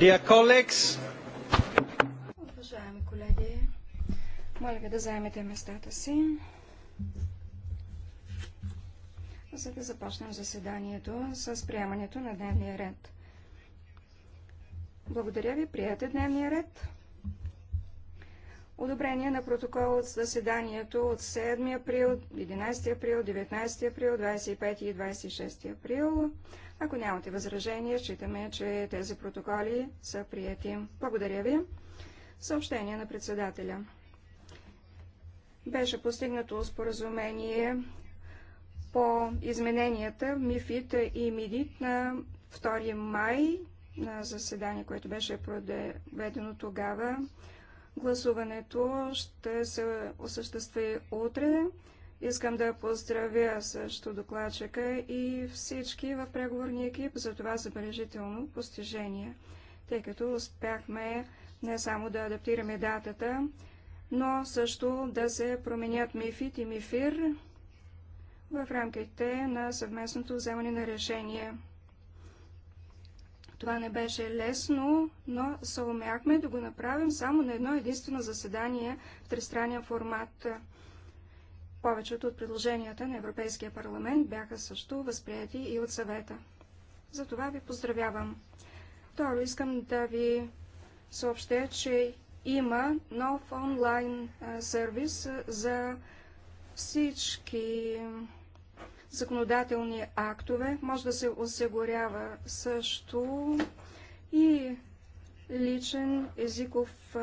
Dear colleagues, Уважаеми колеги, моля ви да заемете местата си, за да започнем заседанието с приемането на дневния ред. Благодаря ви, приятел дневния ред. Одобрение на протокол от заседанието от 7 април, 11 април, 19 април, 25 и 26 април. Ако нямате възражения, считаме, че тези протоколи са прияти. Благодаря ви. Съобщение на председателя. Беше постигнато споразумение по измененията МИФИТ и МИДИТ на 2 май на заседание, което беше проведено тогава. Гласуването ще се осъществи утре. Искам да поздравя също докладчика и всички в преговорния екип за това забележително постижение, тъй като успяхме не само да адаптираме датата, но също да се променят МИФИТ и МИФИР в рамките на съвместното вземане на решение. Това не беше лесно, но съумяхме да го направим само на едно единствено заседание в тристранен формат. Повечето от предложенията на Европейския парламент бяха също възприяти и от съвета. За това ви поздравявам. Второ, искам да ви съобщя, че има нов онлайн сервис за всички законодателни актове. Може да се осигурява също и личен езиков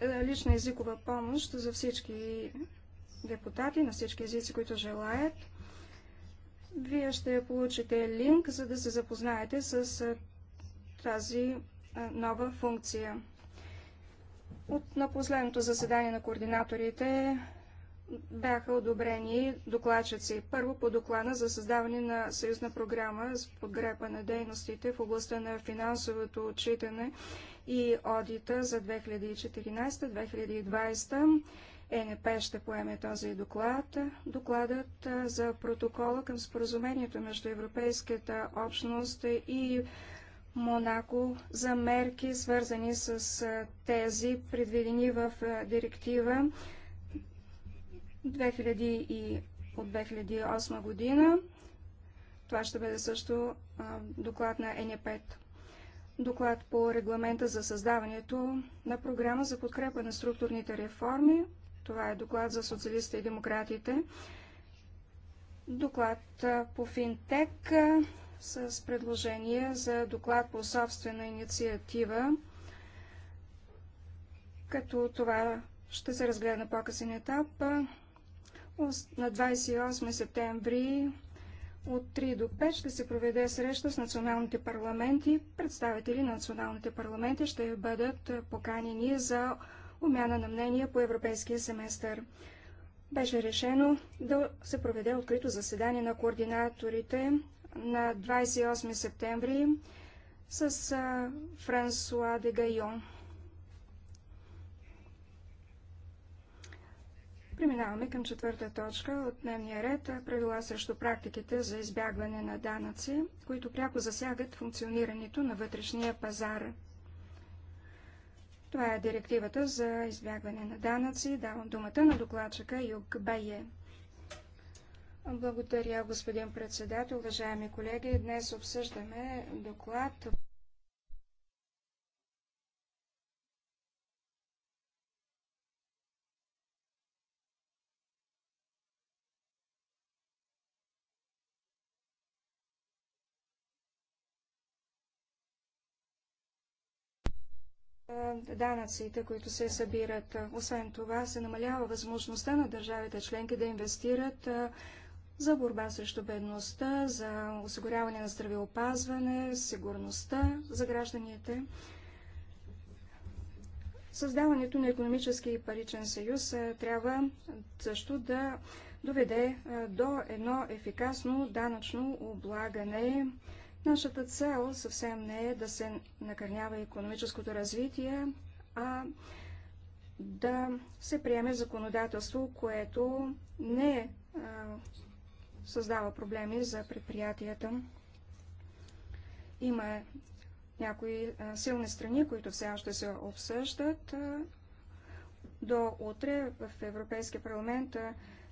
е, лична езикова помощ за всички депутати на всички езици, които желаят. Вие ще получите линк, за да се запознаете с е, тази е, нова функция. От на последното заседание на координаторите бяха одобрени докладчици. Първо по доклада за създаване на съюзна програма с подгрепа на дейностите в областта на финансовото отчитане и одита за 2014-2020. ЕНП ще поеме този доклад. Докладът за протокола към споразумението между Европейската общност и Монако за мерки, свързани с тези, предвидени в директива 2000 от 2008 година. Това ще бъде също доклад на ЕНЕПЕТ доклад по регламента за създаването на програма за подкрепа на структурните реформи. Това е доклад за социалистите и демократите. Доклад по финтек с предложение за доклад по собствена инициатива, като това ще се разгледа на по-късен етап. На 28 септември от 3 до 5 ще се проведе среща с националните парламенти. Представители на националните парламенти ще бъдат поканени за умяна на мнения по европейския семестър. Беше решено да се проведе открито заседание на координаторите на 28 септември с Франсуа де Гайон. Преминаваме към четвърта точка от дневния ред – правила срещу практиките за избягване на данъци, които пряко засягат функционирането на вътрешния пазар. Това е директивата за избягване на данъци. Давам думата на докладчика Юг Бае. Благодаря, господин председател. Уважаеми колеги, днес обсъждаме доклад данъците, които се събират. Освен това, се намалява възможността на държавите членки да инвестират за борба срещу бедността, за осигуряване на здравеопазване, сигурността за гражданите. Създаването на економически и паричен съюз трябва също да доведе до едно ефикасно данъчно облагане, Нашата цел съвсем не е да се накърнява економическото развитие, а да се приеме законодателство, което не е, създава проблеми за предприятията. Има някои силни страни, които все още се обсъждат. До утре в Европейския парламент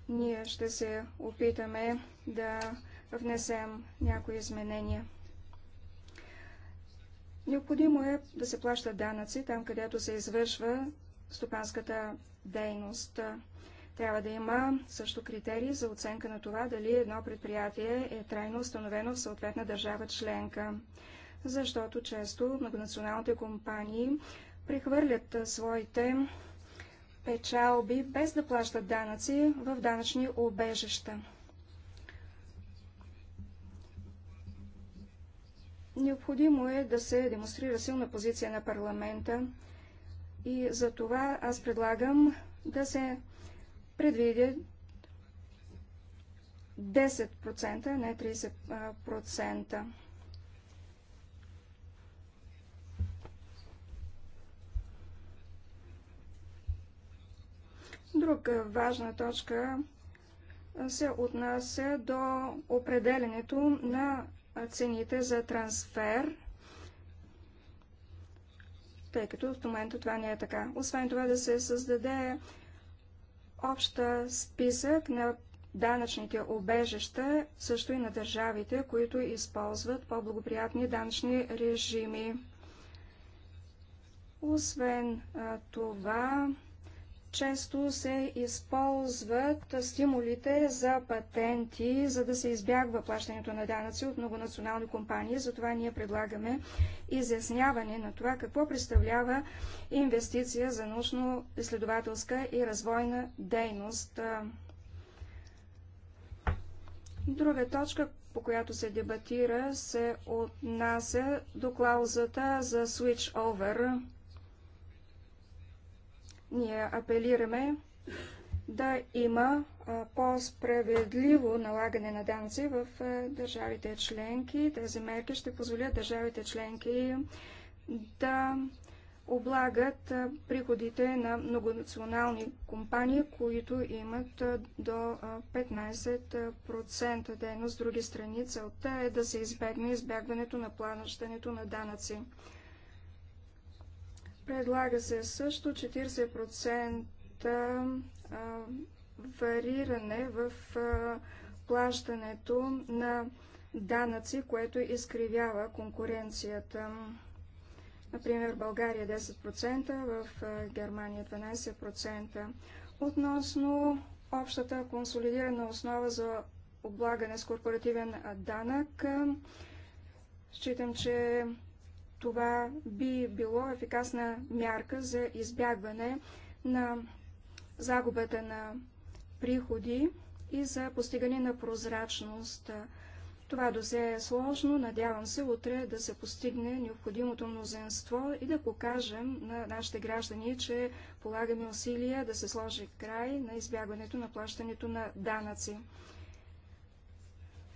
ние ще се опитаме да внесем някои изменения. Необходимо е да се плащат данъци там, където се извършва стопанската дейност. Трябва да има също критерии за оценка на това дали едно предприятие е трайно установено в съответна държава членка. Защото често многонационалните компании прехвърлят своите печалби без да плащат данъци в данъчни обежища. Необходимо е да се демонстрира силна позиция на парламента и за това аз предлагам да се предвиди 10%, не 30%. Друга важна точка се отнася до определенето на цените за трансфер, тъй като в момента това не е така. Освен това да се създаде обща списък на данъчните обежища, също и на държавите, които използват по-благоприятни данъчни режими. Освен това, често се използват стимулите за патенти, за да се избягва плащането на данъци от многонационални компании. Затова ние предлагаме изясняване на това какво представлява инвестиция за научно-изследователска и развойна дейност. Друга точка, по която се дебатира, се отнася до клаузата за switch over ние апелираме да има по-справедливо налагане на данци в държавите членки. Тези мерки ще позволят държавите членки да облагат приходите на многонационални компании, които имат до 15% дейност с други страни. Целта е да се избегне избягването на плащането на данъци. Предлага се също 40% вариране в плащането на данъци, което изкривява конкуренцията. Например, в България 10%, в Германия 12%. Относно общата консолидирана основа за облагане с корпоративен данък, считам, че това би било ефикасна мярка за избягване на загубата на приходи и за постигане на прозрачност. Това дозе е сложно. Надявам се утре да се постигне необходимото мнозинство и да покажем на нашите граждани, че полагаме усилия да се сложи край на избягването на плащането на данъци.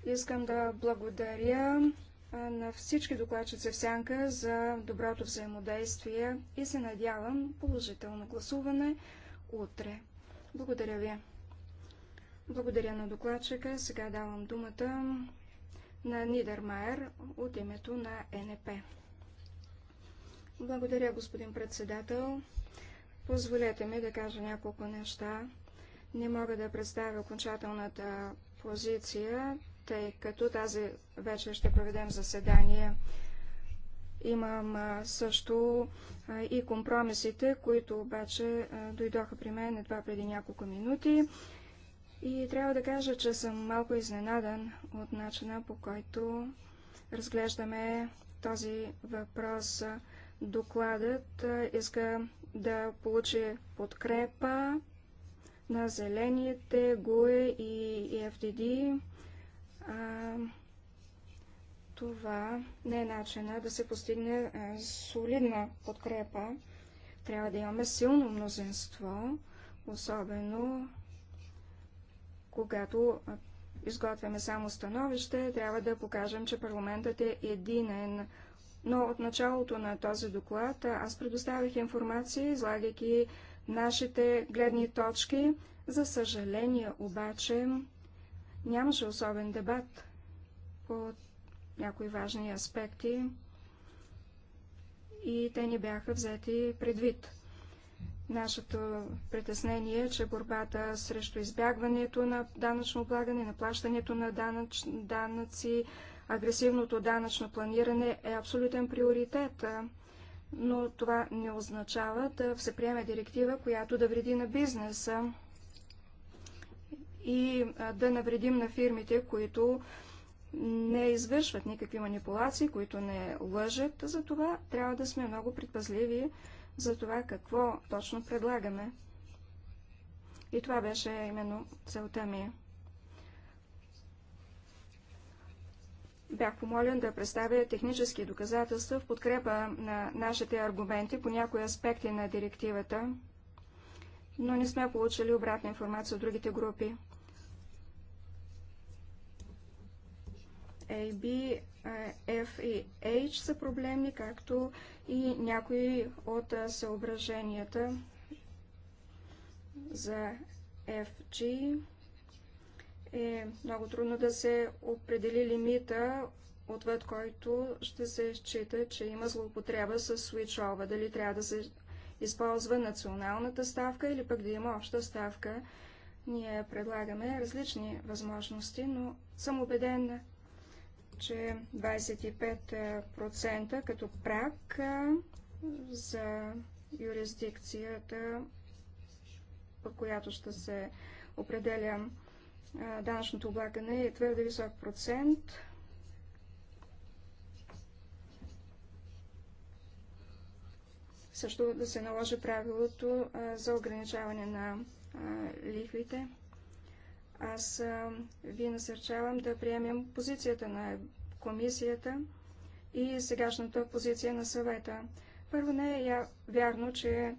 Искам да благодаря на всички докладчици в сянка за доброто взаимодействие и се надявам положително гласуване утре. Благодаря ви. Благодаря на докладчика. Сега давам думата на Нидермайер от името на НП. Благодаря, господин председател. Позволете ми да кажа няколко неща. Не мога да представя окончателната позиция тъй като тази вечер ще проведем заседание. Имам също и компромисите, които обаче дойдоха при мен едва преди няколко минути. И трябва да кажа, че съм малко изненадан от начина по който разглеждаме този въпрос. Докладът иска да получи подкрепа на зелените, ГУЕ и ЕФТД а, това не е начина да се постигне а, солидна подкрепа. Трябва да имаме силно мнозинство, особено когато изготвяме само становище, трябва да покажем, че парламентът е единен. Но от началото на този доклад аз предоставих информация, излагайки нашите гледни точки. За съжаление обаче Нямаше особен дебат по някои важни аспекти и те ни бяха взети предвид. Нашето притеснение е, че борбата срещу избягването на данъчно облагане, на плащането на данъч, данъци, агресивното данъчно планиране е абсолютен приоритет, но това не означава да се приеме директива, която да вреди на бизнеса и да навредим на фирмите, които не извършват никакви манипулации, които не лъжат. За това трябва да сме много предпазливи за това какво точно предлагаме. И това беше именно целта ми. Бях помолен да представя технически доказателства в подкрепа на нашите аргументи по някои аспекти на директивата, но не сме получили обратна информация от другите групи. A, B, F и H са проблемни, както и някои от съображенията за FG. Е много трудно да се определи лимита, отвъд който ще се счита, че има злоупотреба с -over. Дали трябва да се използва националната ставка или пък да има обща ставка. Ние предлагаме различни възможности, но съм убеден, че 25% като прак за юрисдикцията, по която ще се определя данъчното облагане, е твърде висок процент. Също да се наложи правилото за ограничаване на лихвите. Аз ви насърчавам да приемем позицията на комисията и сегашната позиция на съвета. Първо не е вярно, че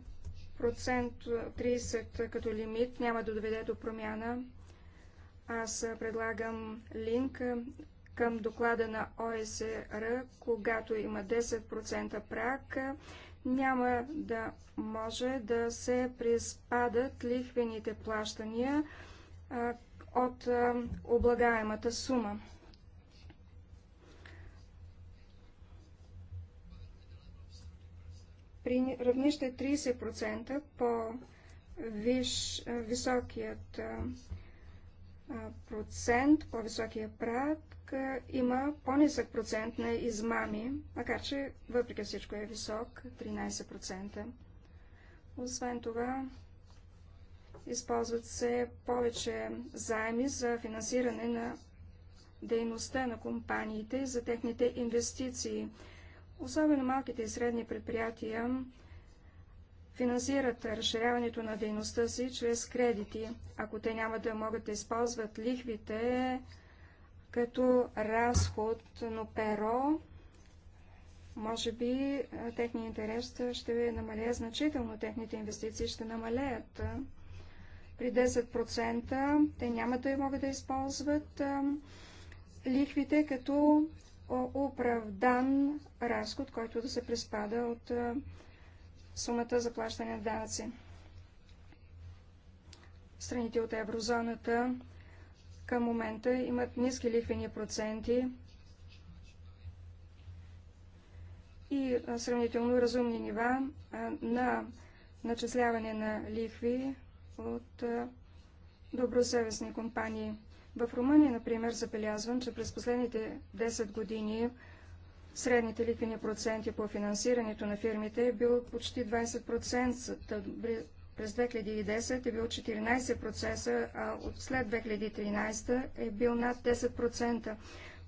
процент 30 като лимит няма да доведе до промяна. Аз предлагам линк към доклада на ОСР, е когато има 10% прак, няма да може да се приспадат лихвените плащания от е, облагаемата сума. При равнище 30% по виш, е, високият е, процент, по-високия прак, има по-нисък процент на измами, макар че въпреки всичко е висок, 13%. Освен това, Използват се повече заеми за финансиране на дейността на компаниите и за техните инвестиции. Особено малките и средни предприятия финансират разширяването на дейността си чрез кредити, ако те няма да могат да използват лихвите като разход, но перо, може би техния интерес ще намалее значително, техните инвестиции ще намалеят при 10% те няма да могат да използват лихвите като оправдан разход, който да се приспада от сумата за плащане на данъци. Страните от еврозоната към момента имат ниски лихвени проценти и сравнително разумни нива на начисляване на лихви от е, добросъвестни компании. В Румъния, например, забелязвам, че през последните 10 години средните ликвени проценти по финансирането на фирмите е бил почти 20%. През 2010 е бил 14%, а от след 2013 е бил над 10%.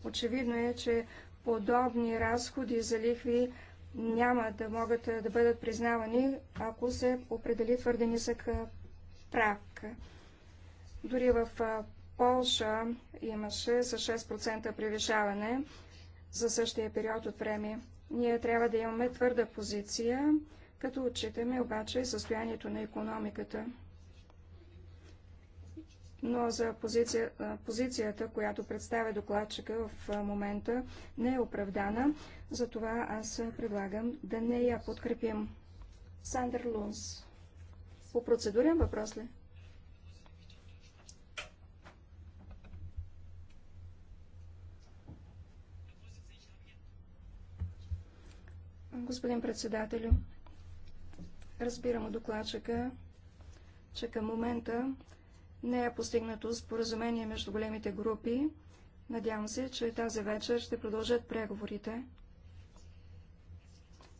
Очевидно е, че подобни разходи за лихви няма да могат е, да бъдат признавани, ако се определи твърде нисък е, прак. Дори в Полша имаше с 6% превишаване за същия период от време. Ние трябва да имаме твърда позиция, като отчитаме обаче състоянието на економиката. Но за позиция, позицията, която представя докладчика в момента, не е оправдана, затова аз предлагам да не я подкрепим. Сандър Лунс. По процедурен въпрос ли? Господин председателю, разбирам от докладчика, че към момента не е постигнато споразумение между големите групи. Надявам се, че тази вечер ще продължат преговорите.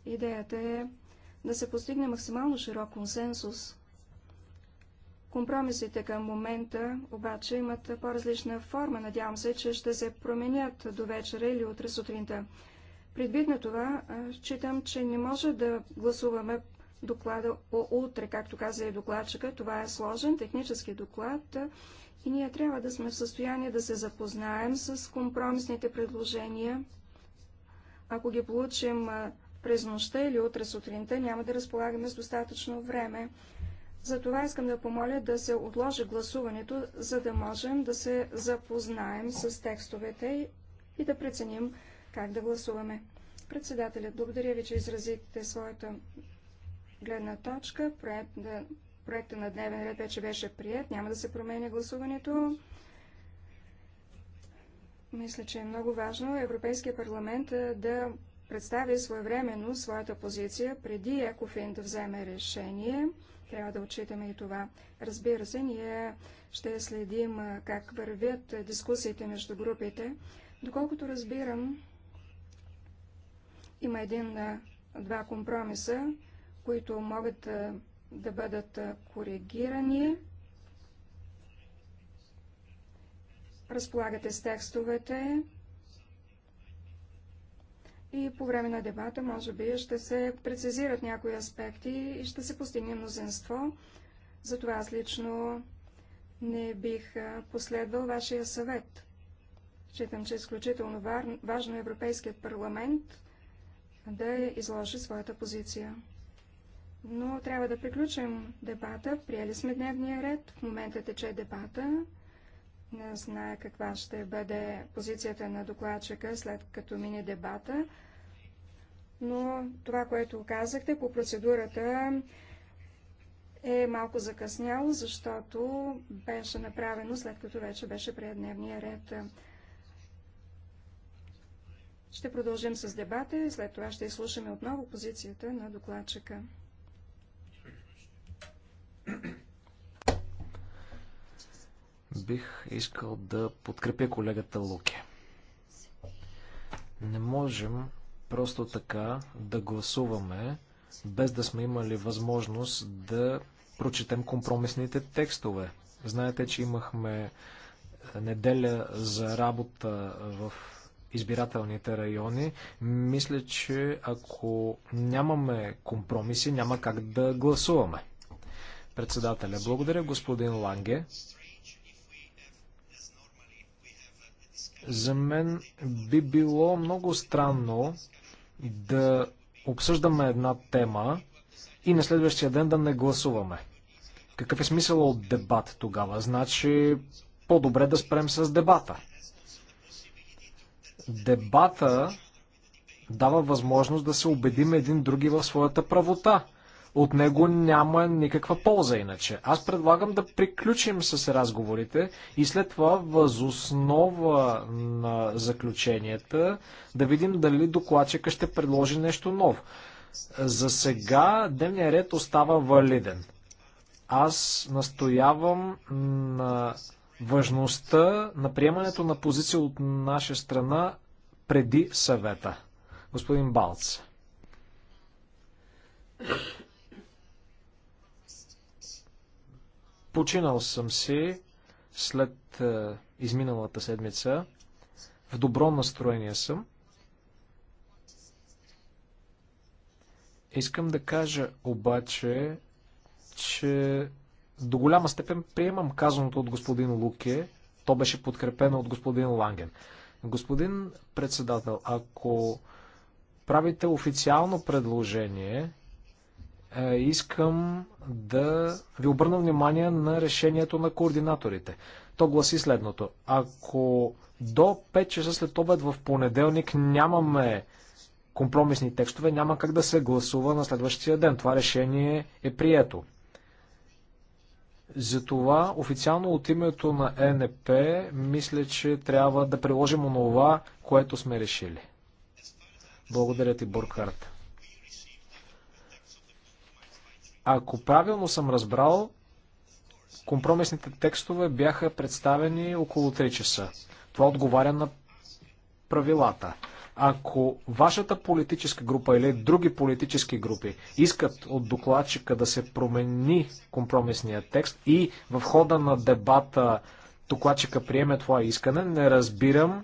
Идеята е да се постигне максимално широк консенсус Компромисите към момента обаче имат по-различна форма. Надявам се, че ще се променят до вечера или утре сутринта. Предвид на това, считам, че не може да гласуваме доклада утре, както каза и докладчика. Това е сложен технически доклад и ние трябва да сме в състояние да се запознаем с компромисните предложения. Ако ги получим през нощта или утре сутринта, няма да разполагаме с достатъчно време. Затова искам да помоля да се отложи гласуването, за да можем да се запознаем с текстовете и да преценим как да гласуваме. Председателят, благодаря ви, че изразихте своята гледна точка. Проект, да, проекта на дневен ред вече беше прият. Няма да се променя гласуването. Мисля, че е много важно Европейския парламент да представи своевременно своята позиция преди Екофин да вземе решение. Трябва да отчитаме и това. Разбира се, ние ще следим как вървят дискусиите между групите. Доколкото разбирам, има един-два компромиса, които могат да бъдат коригирани. Разполагате с текстовете, и по време на дебата може би ще се прецизират някои аспекти и ще се постигне мнозинство. Затова аз лично не бих последвал вашия съвет. Считам, че е изключително важно Европейският парламент да изложи своята позиция. Но трябва да приключим дебата. Приели сме дневния ред. В момента тече дебата. Не знае каква ще бъде позицията на докладчика след като мине дебата, но това, което казахте по процедурата е малко закъсняло, защото беше направено след като вече беше пред дневния ред. Ще продължим с дебата и след това ще изслушаме отново позицията на докладчика. Бих искал да подкрепя колегата Луке. Не можем просто така да гласуваме, без да сме имали възможност да прочетем компромисните текстове. Знаете, че имахме неделя за работа в избирателните райони. Мисля, че ако нямаме компромиси, няма как да гласуваме. Председателя, благодаря господин Ланге. За мен би било много странно да обсъждаме една тема и на следващия ден да не гласуваме. Какъв е смисъл от дебат тогава? Значи по-добре да спрем с дебата. Дебата дава възможност да се убедим един други в своята правота. От него няма никаква полза иначе. Аз предлагам да приключим с разговорите и след това възоснова на заключенията да видим дали докладчика ще предложи нещо ново. За сега дневният ред остава валиден. Аз настоявам на важността на приемането на позиция от наша страна преди съвета. Господин Балц. Починал съм си след е, изминалата седмица. В добро настроение съм. Искам да кажа обаче, че до голяма степен приемам казаното от господин Луке. То беше подкрепено от господин Ланген. Господин председател, ако правите официално предложение е, искам да ви обърна внимание на решението на координаторите. То гласи следното. Ако до 5 часа след обед в понеделник нямаме компромисни текстове, няма как да се гласува на следващия ден. Това решение е прието. Затова официално от името на НП мисля, че трябва да приложим онова, което сме решили. Благодаря ти, Буркарта. Ако правилно съм разбрал, компромисните текстове бяха представени около 3 часа. Това отговаря на правилата. Ако вашата политическа група или други политически групи искат от докладчика да се промени компромисния текст и в хода на дебата докладчика приеме това искане, не разбирам е,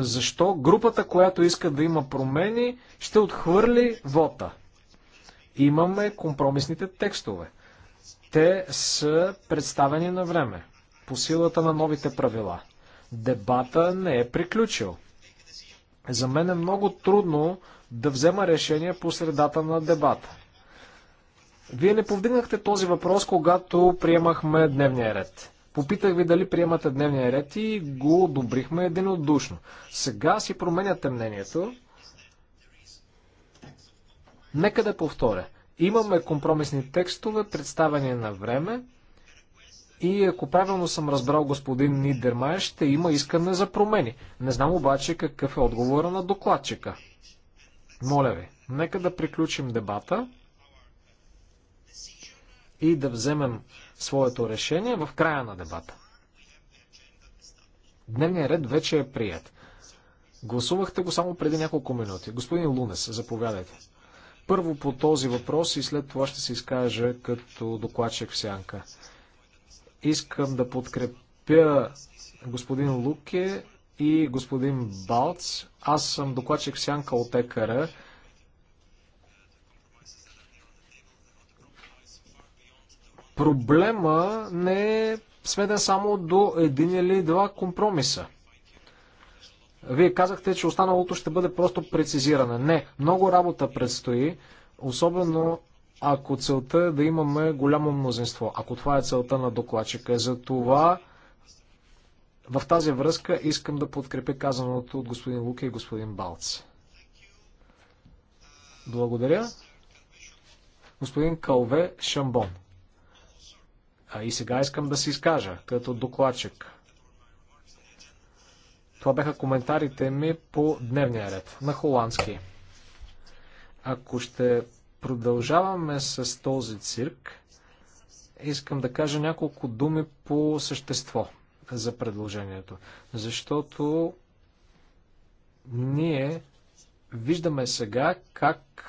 защо групата, която иска да има промени, ще отхвърли вота имаме компромисните текстове. Те са представени на време, по силата на новите правила. Дебата не е приключил. За мен е много трудно да взема решение по средата на дебата. Вие не повдигнахте този въпрос, когато приемахме дневния ред. Попитах ви дали приемате дневния ред и го одобрихме единодушно. Сега си променяте мнението Нека да повторя. Имаме компромисни текстове, представени на време и ако правилно съм разбрал господин Нидермайер, ще има искане за промени. Не знам обаче какъв е отговора на докладчика. Моля ви, нека да приключим дебата и да вземем своето решение в края на дебата. Дневният ред вече е прият. Гласувахте го само преди няколко минути. Господин Лунес, заповядайте. Първо по този въпрос и след това ще се изкажа като докладчик в сянка. Искам да подкрепя господин Луке и господин Балц. Аз съм докладчик в сянка от ЕКР. Проблема не е сведен само до един или два компромиса. Вие казахте, че останалото ще бъде просто прецизиране. Не, много работа предстои, особено ако целта е да имаме голямо мнозинство, ако това е целта на докладчика. За това в тази връзка искам да подкрепя казаното от господин Лука и господин Балц. Благодаря. Господин Калве Шамбон. А и сега искам да се изкажа като докладчик. Това бяха коментарите ми по дневния ред на холандски. Ако ще продължаваме с този цирк, искам да кажа няколко думи по същество за предложението. Защото ние виждаме сега как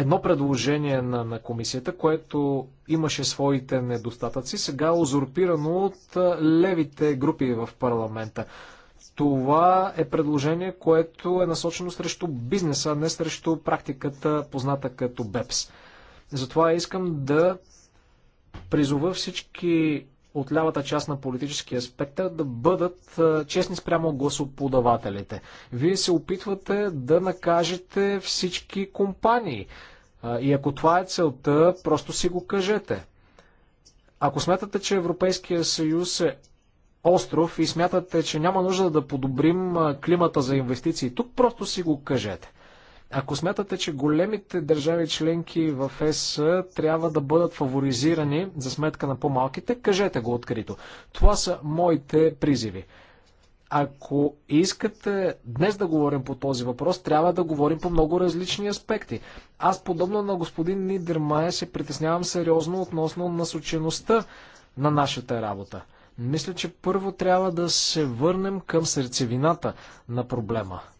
едно предложение на, на комисията, което имаше своите недостатъци, сега е узурпирано от левите групи в парламента. Това е предложение, което е насочено срещу бизнеса, не срещу практиката, позната като БЕПС. Затова искам да призова всички от лявата част на политическия спектър да бъдат честни спрямо гласоподавателите. Вие се опитвате да накажете всички компании. И ако това е целта, просто си го кажете. Ако смятате, че Европейския съюз е остров и смятате, че няма нужда да подобрим климата за инвестиции тук, просто си го кажете. Ако смятате, че големите държави членки в ЕС трябва да бъдат фаворизирани за сметка на по-малките, кажете го открито. Това са моите призиви. Ако искате днес да говорим по този въпрос, трябва да говорим по много различни аспекти. Аз, подобно на господин Нидермайер, се притеснявам сериозно относно насочеността на нашата работа. Мисля, че първо трябва да се върнем към сърцевината на проблема –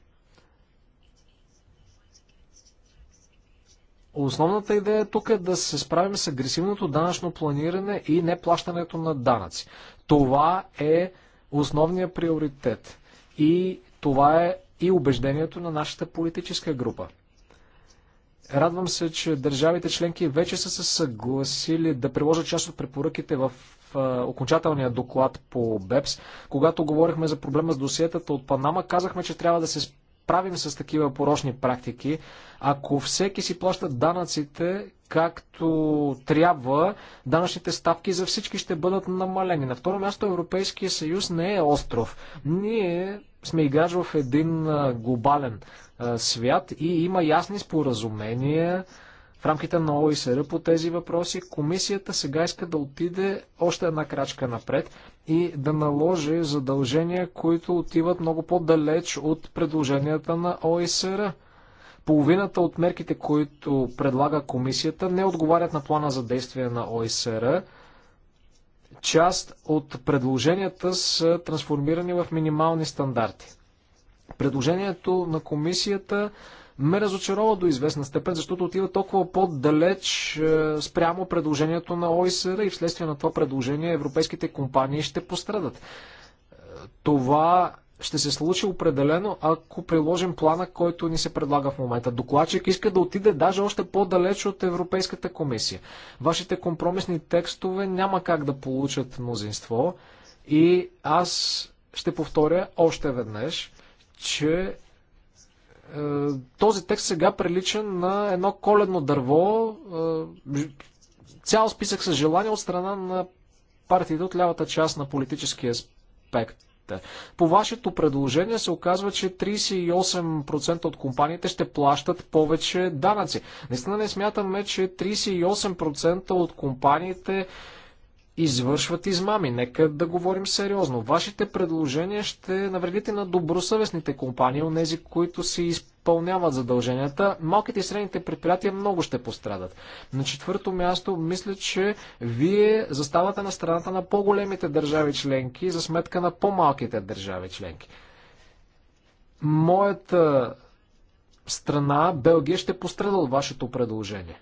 Основната идея тук е да се справим с агресивното данъчно планиране и неплащането на данъци. Това е основният приоритет. И това е и убеждението на нашата политическа група. Радвам се, че държавите членки вече са се съгласили да приложат част от препоръките в окончателния доклад по БЕПС. Когато говорихме за проблема с досиетата от Панама, казахме, че трябва да се справим с такива порочни практики, ако всеки си плаща данъците както трябва, данъчните ставки за всички ще бъдат намалени. На второ място Европейския съюз не е остров. Ние сме играч в един глобален свят и има ясни споразумения, в рамките на ОИСР по тези въпроси. Комисията сега иска да отиде още една крачка напред и да наложи задължения, които отиват много по-далеч от предложенията на ОИСР. Половината от мерките, които предлага комисията, не отговарят на плана за действие на ОИСР. Част от предложенията са трансформирани в минимални стандарти. Предложението на комисията ме разочарова до известна степен, защото отива толкова по-далеч е, спрямо предложението на ОИСР и вследствие на това предложение европейските компании ще пострадат. Е, това ще се случи определено, ако приложим плана, който ни се предлага в момента. Докладчик иска да отиде даже още по-далеч от Европейската комисия. Вашите компромисни текстове няма как да получат мнозинство и аз ще повторя още веднъж, че е, този текст сега прилича на едно коледно дърво, е, цял списък с желания от страна на партиите от лявата част на политическия аспект. По вашето предложение се оказва, че 38% от компаниите ще плащат повече данъци. Наистина не смятаме, че 38% от компаниите извършват измами. Нека да говорим сериозно. Вашите предложения ще навредите на добросъвестните компании, онези, които си изпълняват задълженията. Малките и средните предприятия много ще пострадат. На четвърто място, мисля, че вие заставате на страната на по-големите държави членки за сметка на по-малките държави членки. Моята страна, Белгия, ще пострада от вашето предложение.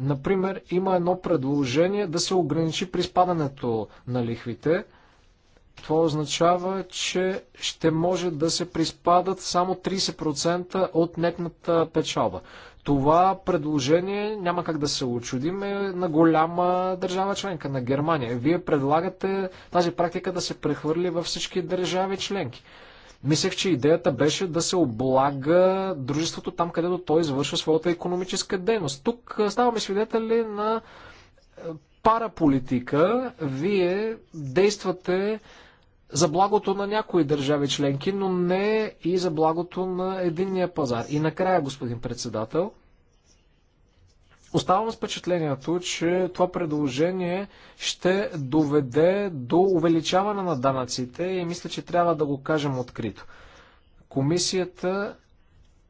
Например, има едно предложение да се ограничи спадането на лихвите. Това означава, че ще може да се приспадат само 30% от нетната печалба. Това предложение няма как да се очудим на голяма държава членка, на Германия. Вие предлагате тази практика да се прехвърли във всички държави членки. Мислех, че идеята беше да се облага дружеството там, където той извършва своята економическа дейност. Тук ставаме свидетели на параполитика. Вие действате за благото на някои държави членки, но не и за благото на единния пазар. И накрая, господин председател, Оставам с впечатлението, че това предложение ще доведе до увеличаване на данъците и мисля, че трябва да го кажем открито. Комисията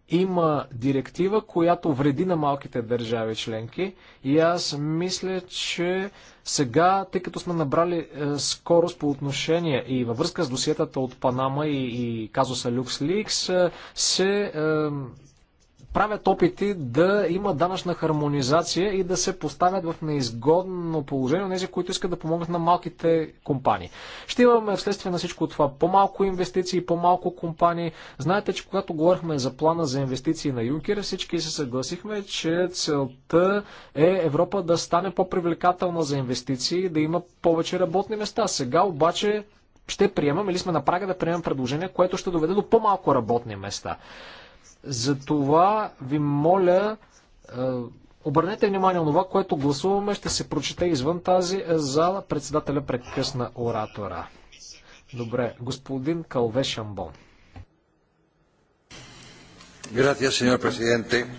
има директива, която вреди на малките държави членки и аз мисля, че сега, тъй като сме набрали е, скорост по отношение и във връзка с досиетата от Панама и, и казуса LuxLeaks, Ликс, е, се е, правят опити да има данъчна хармонизация и да се поставят в неизгодно положение тези, които искат да помогнат на малките компании. Ще имаме вследствие на всичко това по-малко инвестиции, по-малко компании. Знаете, че когато говорихме за плана за инвестиции на Юнкер, всички се съгласихме, че целта е Европа да стане по-привлекателна за инвестиции, да има повече работни места. Сега обаче ще приемам или сме на прага да приемем предложение, което ще доведе до по-малко работни места. Затова ви моля, е, обърнете внимание на това, което гласуваме, ще се прочете извън тази е, зала. Председателя прекъсна оратора. Добре, господин Калве Шамбон. Грация, сеньор президенте.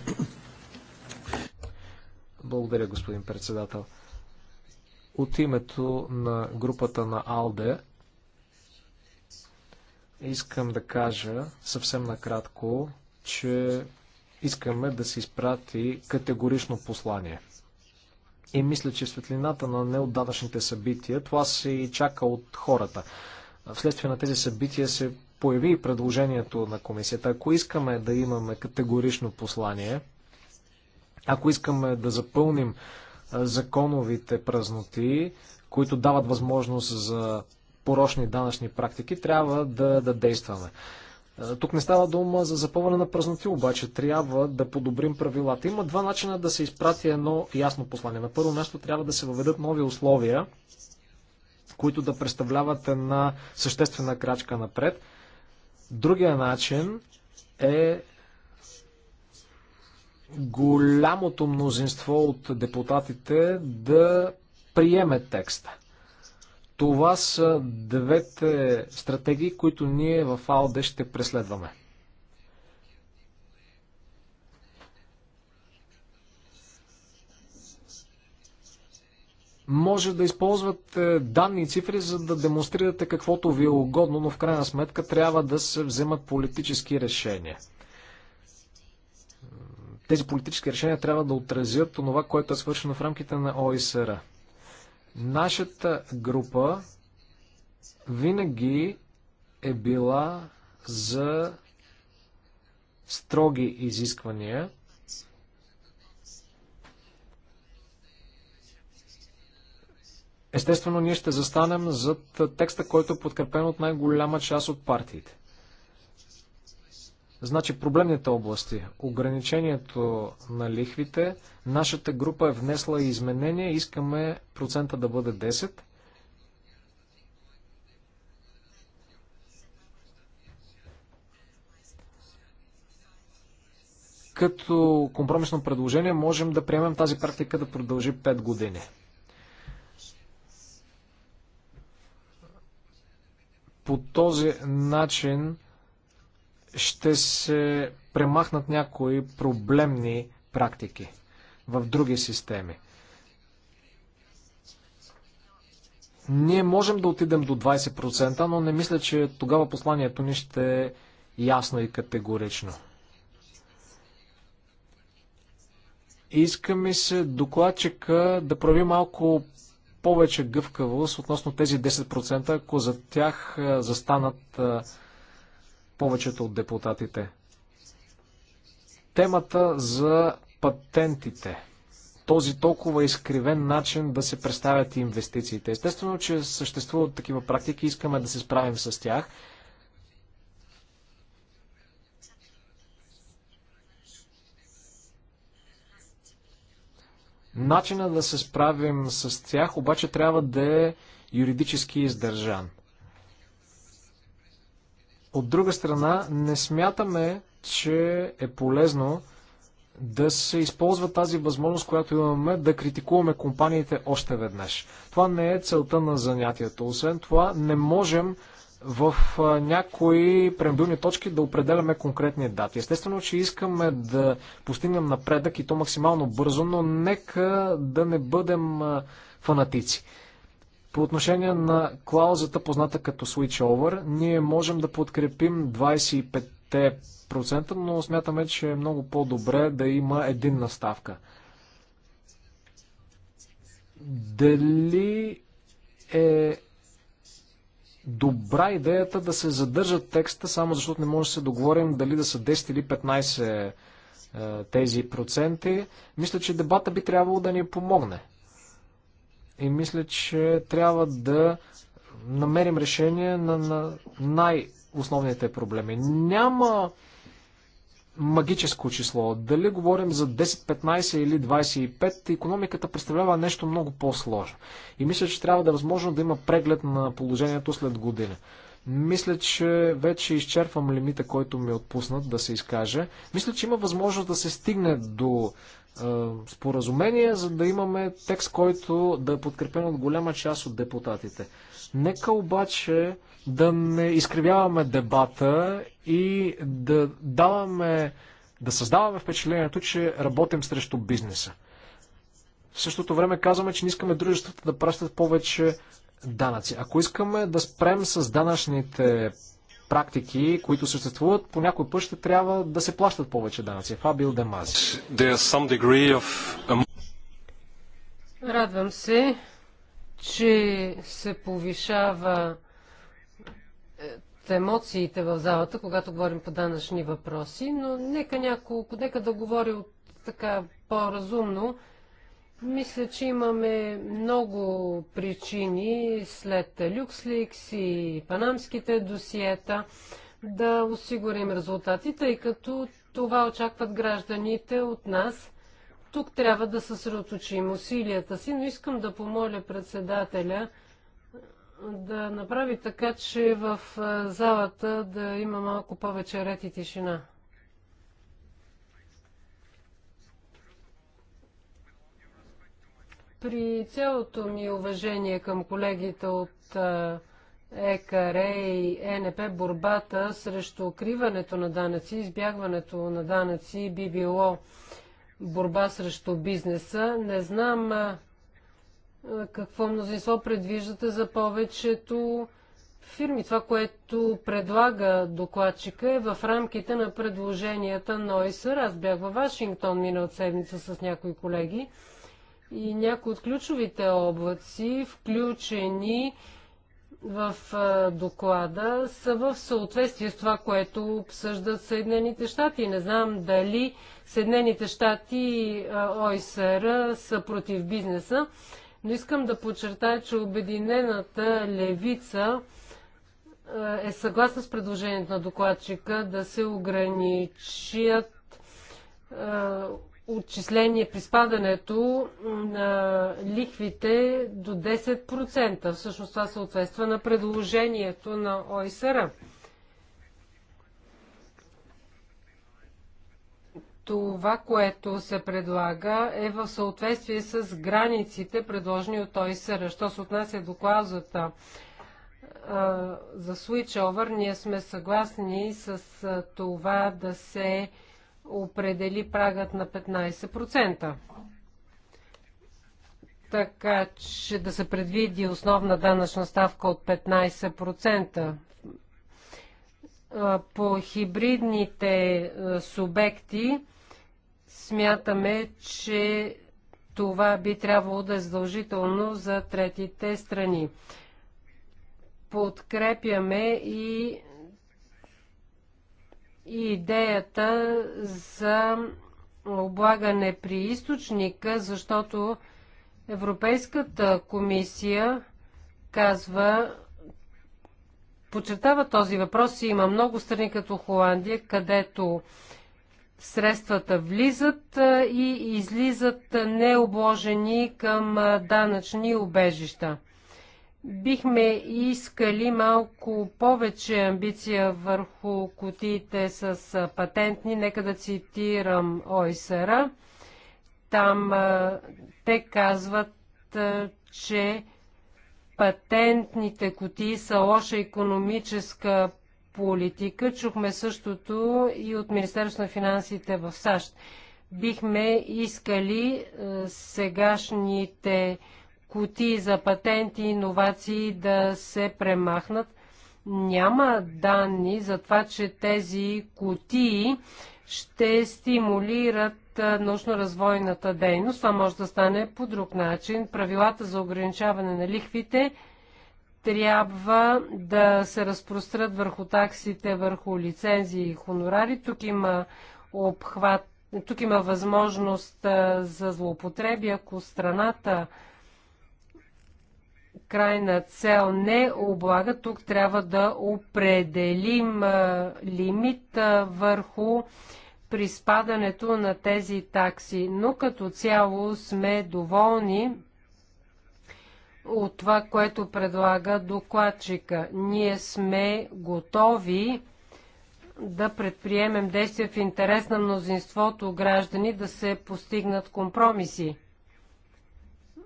Благодаря, господин председател. От името на групата на АЛДЕ искам да кажа съвсем накратко, че искаме да се изпрати категорично послание. И мисля, че светлината на неотдавашните събития, това се и чака от хората. Вследствие на тези събития се появи предложението на комисията. Ако искаме да имаме категорично послание, ако искаме да запълним законовите празноти, които дават възможност за порочни данъчни практики, трябва да, да действаме. Е, тук не става дума за запълване на празноти, обаче трябва да подобрим правилата. Има два начина да се изпрати едно ясно послание. На първо място трябва да се въведат нови условия, които да представляват една съществена крачка напред. Другия начин е голямото мнозинство от депутатите да приеме текста. Това са двете стратегии, които ние в АОД ще преследваме. Може да използвате данни и цифри, за да демонстрирате каквото ви е угодно, но в крайна сметка трябва да се вземат политически решения. Тези политически решения трябва да отразят това, което е свършено в рамките на ОИСР. Нашата група винаги е била за строги изисквания. Естествено, ние ще застанем зад текста, който е подкрепен от най-голяма част от партиите. Значи проблемните области, ограничението на лихвите, нашата група е внесла изменения, искаме процента да бъде 10. Като компромисно предложение можем да приемем тази практика да продължи 5 години. По този начин ще се премахнат някои проблемни практики в други системи. Ние можем да отидем до 20%, но не мисля, че тогава посланието ни ще е ясно и категорично. Иска ми се докладчика да прави малко повече гъвкавост относно тези 10%, ако за тях застанат повечето от депутатите. Темата за патентите. Този толкова изкривен начин да се представят инвестициите. Естествено, че съществуват такива практики, искаме да се справим с тях. Начина да се справим с тях обаче трябва да е юридически издържан. От друга страна, не смятаме, че е полезно да се използва тази възможност, която имаме да критикуваме компаниите още веднъж. Това не е целта на занятието. Освен това, не можем в някои преамбилни точки да определяме конкретни дати. Естествено, че искаме да постигнем напредък и то максимално бързо, но нека да не бъдем фанатици. По отношение на клаузата, позната като switch over, ние можем да подкрепим 25%, но смятаме, че е много по-добре да има един наставка. Дали е добра идеята да се задържа текста, само защото не може да се договорим дали да са 10 или 15 е, тези проценти. Мисля, че дебата би трябвало да ни помогне и мисля, че трябва да намерим решение на, на най-основните проблеми. Няма магическо число. Дали говорим за 10, 15 или 25, економиката представлява нещо много по-сложно. И мисля, че трябва да е възможно да има преглед на положението след година. Мисля, че вече изчерпвам лимита, който ми е отпуснат да се изкаже. Мисля, че има възможност да се стигне до споразумение, за да имаме текст, който да е подкрепен от голяма част от депутатите. Нека обаче да не изкривяваме дебата и да даваме, да създаваме впечатлението, че работим срещу бизнеса. В същото време казваме, че не искаме дружествата да пращат повече данъци. Ако искаме да спрем с данъчните практики, които съществуват, по някой път ще трябва да се плащат повече данъци. Фабил Демази. Радвам се, че се повишава е, емоциите в залата, когато говорим по данъчни въпроси, но нека няколко, нека да говори от така по-разумно. Мисля, че имаме много причини след Люксликс и панамските досиета да осигурим резултати, тъй като това очакват гражданите от нас. Тук трябва да съсредоточим усилията си, но искам да помоля председателя да направи така, че в залата да има малко повече ред и тишина. При цялото ми уважение към колегите от ЕКР и ЕНП, борбата срещу укриването на данъци, избягването на данъци би било борба срещу бизнеса. Не знам какво мнозинство предвиждате за повечето фирми. Това, което предлага докладчика е в рамките на предложенията на ОИСР. Аз бях във Вашингтон минал седмица с някои колеги и някои от ключовите облаци, включени в доклада, са в съответствие с това, което обсъждат Съединените щати. Не знам дали Съединените щати и ОИСР са против бизнеса, но искам да подчертая, че Обединената левица е съгласна с предложението на докладчика да се ограничат отчисление при спадането на лихвите до 10%. Всъщност това съответства на предложението на ОИСР. Това, което се предлага, е в съответствие с границите, предложени от ОИСР. Що се отнася до клаузата за switch over, ние сме съгласни с това да се определи прагът на 15%. Така че да се предвиди основна данъчна ставка от 15%. По хибридните субекти смятаме, че това би трябвало да е задължително за третите страни. Подкрепяме и и идеята за облагане при източника, защото Европейската комисия казва, подчертава този въпрос и има много страни като Холандия, където средствата влизат и излизат необложени към данъчни убежища. Бихме искали малко повече амбиция върху кутиите с патентни. Нека да цитирам ОИСР. Там а, те казват, а, че патентните кутии са лоша економическа политика. Чухме същото и от Министерството на финансите в САЩ. Бихме искали а, сегашните кутии за патенти и иновации да се премахнат. Няма данни за това, че тези кутии ще стимулират научно-развойната дейност. Това може да стане по друг начин. Правилата за ограничаване на лихвите трябва да се разпрострат върху таксите, върху лицензии и хонорари. Тук има обхват, тук има възможност за злоупотреби, ако страната крайна цел не облага, тук трябва да определим лимит върху приспадането на тези такси. Но като цяло сме доволни от това, което предлага докладчика. Ние сме готови да предприемем действия в интерес на мнозинството граждани да се постигнат компромиси.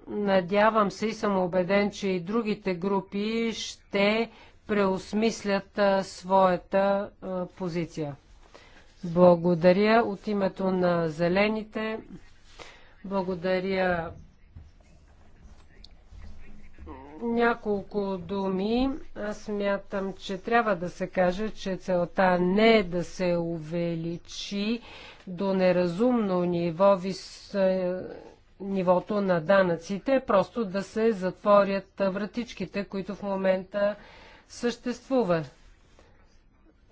Надявам се и съм убеден, че и другите групи ще преосмислят а, своята а, позиция. Благодаря от името на зелените. Благодаря няколко думи. Аз мятам, че трябва да се каже, че целта не е да се увеличи до неразумно ниво вис нивото на данъците, е просто да се затворят вратичките, които в момента съществуват.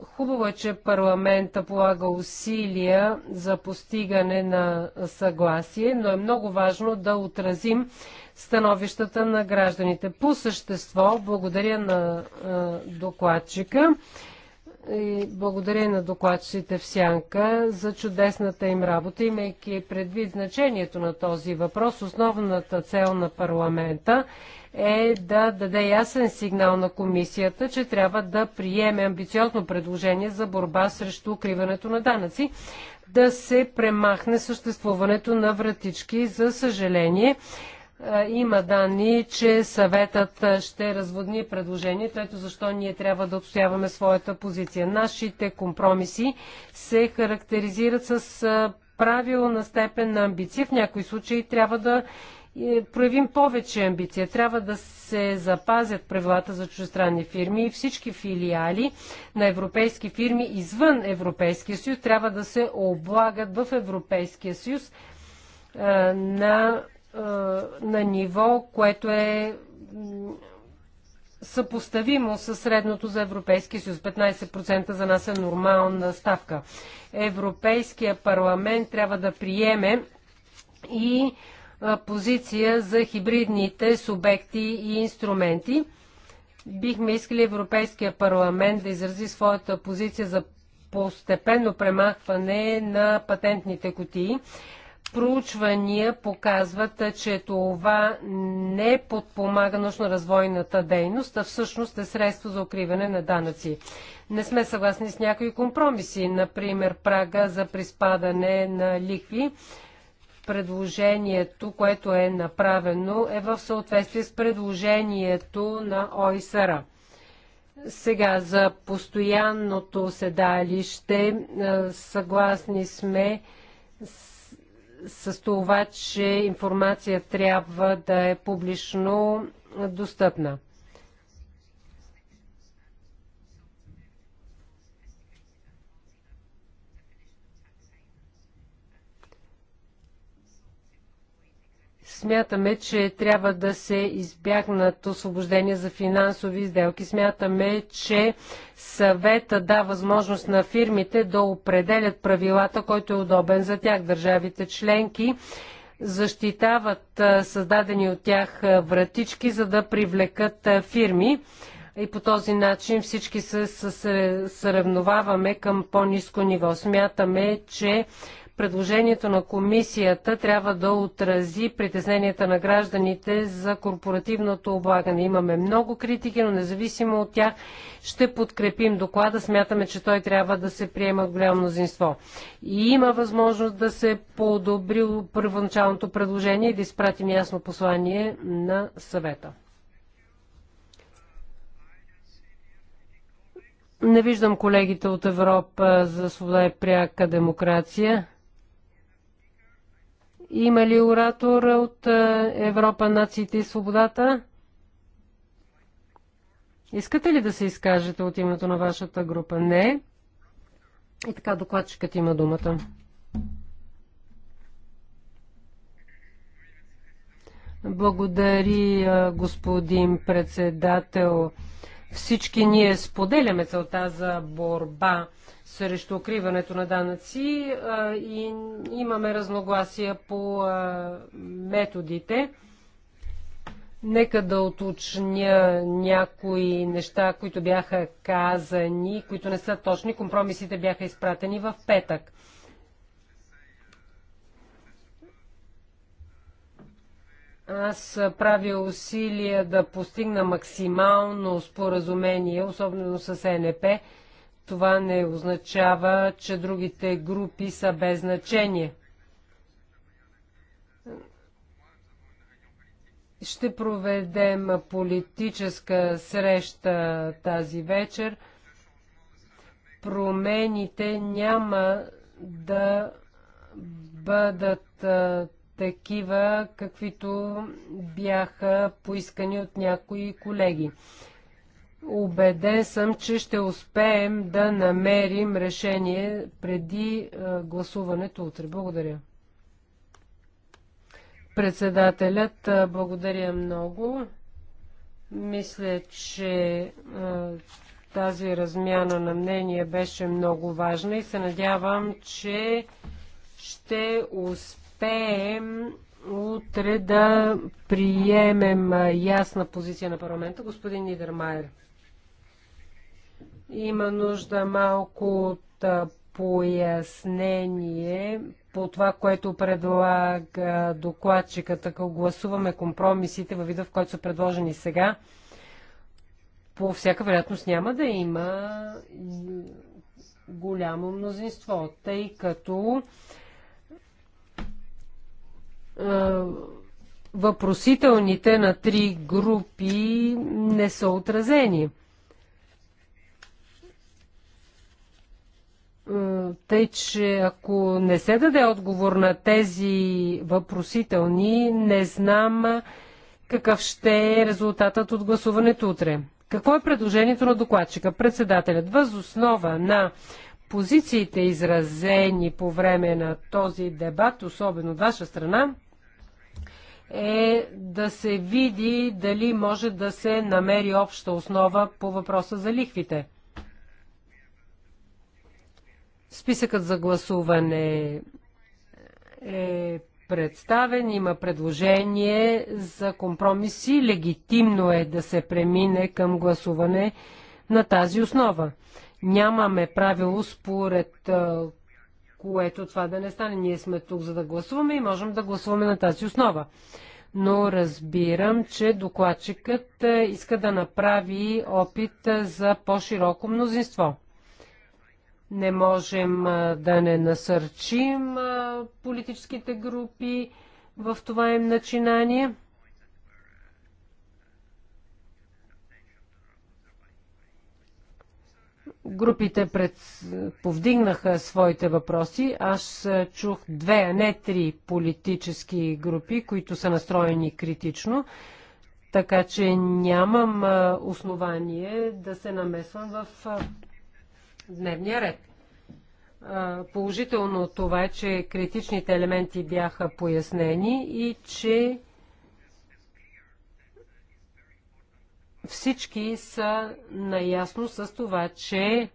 Хубаво е, че парламента полага усилия за постигане на съгласие, но е много важно да отразим становищата на гражданите. По същество, благодаря на докладчика и благодаря на докладчите в Сянка за чудесната им работа, имайки предвид значението на този въпрос. Основната цел на парламента е да даде ясен сигнал на комисията, че трябва да приеме амбициозно предложение за борба срещу укриването на данъци, да се премахне съществуването на вратички. За съжаление, е, има данни, че съветът е, ще разводни предложението, ето защо ние трябва да отстояваме своята позиция. Нашите компромиси се характеризират с е, правилна степен на амбиция. В някои случаи трябва да проявим повече амбиция. Трябва да се запазят правилата за чужестранни фирми и всички филиали на европейски фирми извън Европейския съюз трябва да се облагат в Европейския съюз на е, на ниво, което е съпоставимо с средното за Европейския съюз. 15% за нас е нормална ставка. Европейския парламент трябва да приеме и е, позиция за хибридните субекти и инструменти. Бихме искали Европейския парламент да изрази своята позиция за постепенно премахване на патентните кутии Проучвания показват, че това не подпомага нощно развойната дейност, а всъщност е средство за укриване на данъци. Не сме съгласни с някои компромиси, например прага за приспадане на ликви. Предложението, което е направено, е в съответствие с предложението на ОИСР. Сега за постоянното седалище съгласни сме с с това, че информация трябва да е публично достъпна. Смятаме, че трябва да се избягнат освобождения за финансови изделки. Смятаме, че съвета да възможност на фирмите да определят правилата, който е удобен за тях. Държавите членки защитават създадени от тях вратички, за да привлекат фирми и по този начин всички се съревноваваме към по-низко ниво. Смятаме, че Предложението на комисията трябва да отрази притесненията на гражданите за корпоративното облагане. Имаме много критики, но независимо от тях ще подкрепим доклада. Смятаме, че той трябва да се приема в голямо мнозинство. И има възможност да се подобри първоначалното предложение и да изпратим ясно послание на съвета. Не виждам колегите от Европа за свобода и пряка демокрация. Има ли оратор от е, Европа, нациите и свободата? Искате ли да се изкажете от името на вашата група? Не. И така докладчикът има думата. Благодари, е, господин председател. Всички ние споделяме целта за борба срещу укриването на данъци а, и имаме разногласия по а, методите. Нека да уточня някои неща, които бяха казани, които не са точни. Компромисите бяха изпратени в петък. Аз правя усилия да постигна максимално споразумение, особено с НП това не означава, че другите групи са без значение. Ще проведем политическа среща тази вечер. Промените няма да бъдат такива, каквито бяха поискани от някои колеги. Убеден съм, че ще успеем да намерим решение преди е, гласуването утре. Благодаря. Председателят, е, благодаря много. Мисля, че е, тази размяна на мнение беше много важна и се надявам, че ще успеем утре да приемем ясна позиция на парламента. Господин Нидермайер. Има нужда малко от пояснение по това, което предлага докладчиката, ако гласуваме компромисите във вида, в който са предложени сега, по всяка вероятност няма да има голямо мнозинство, тъй като въпросителните на три групи не са отразени. Тъй, че ако не се даде отговор на тези въпросителни, не знам какъв ще е резултатът от гласуването утре. Какво е предложението на докладчика? Председателят възоснова на позициите изразени по време на този дебат, особено от ваша страна, е да се види дали може да се намери обща основа по въпроса за лихвите. Списъкът за гласуване е представен, има предложение за компромиси. Легитимно е да се премине към гласуване на тази основа. Нямаме правило според което това да не стане. Ние сме тук за да гласуваме и можем да гласуваме на тази основа. Но разбирам, че докладчикът иска да направи опит за по-широко мнозинство. Не можем да не насърчим политическите групи в това им начинание. Групите пред... повдигнаха своите въпроси. Аз чух две, а не три политически групи, които са настроени критично. Така че нямам основание да се намесвам в дневния ред. Положително това е, че критичните елементи бяха пояснени и че всички са наясно с това, че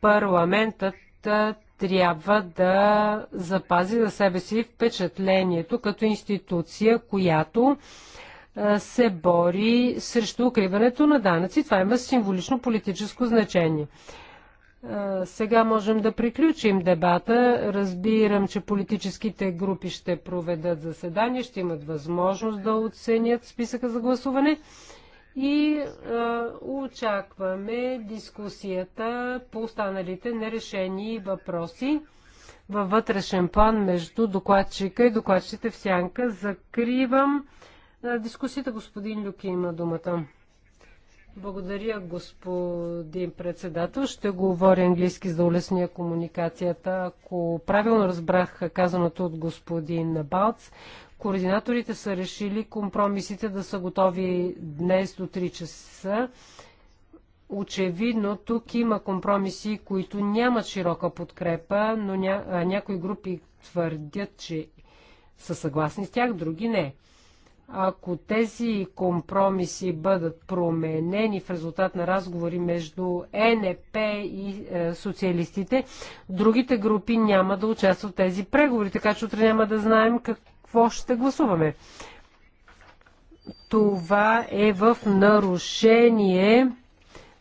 парламентът трябва да запази за себе си впечатлението като институция, която се бори срещу укриването на данъци. Това има символично политическо значение. Сега можем да приключим дебата. Разбирам, че политическите групи ще проведат заседание, ще имат възможност да оценят списъка за гласуване и а, очакваме дискусията по останалите нерешени въпроси във вътрешен план между докладчика и докладчите в сянка. Закривам дискусията. Господин Люки има думата. Благодаря, господин председател. Ще говоря английски, за улесния улесня комуникацията. Ако правилно разбрах казаното от господин Балц, координаторите са решили компромисите да са готови днес до 3 часа. Очевидно, тук има компромиси, които нямат широка подкрепа, но ня... някои групи твърдят, че са съгласни с тях, други не. Ако тези компромиси бъдат променени в резултат на разговори между НП и е, социалистите, другите групи няма да участват в тези преговори, така че утре няма да знаем какво ще гласуваме. Това е в нарушение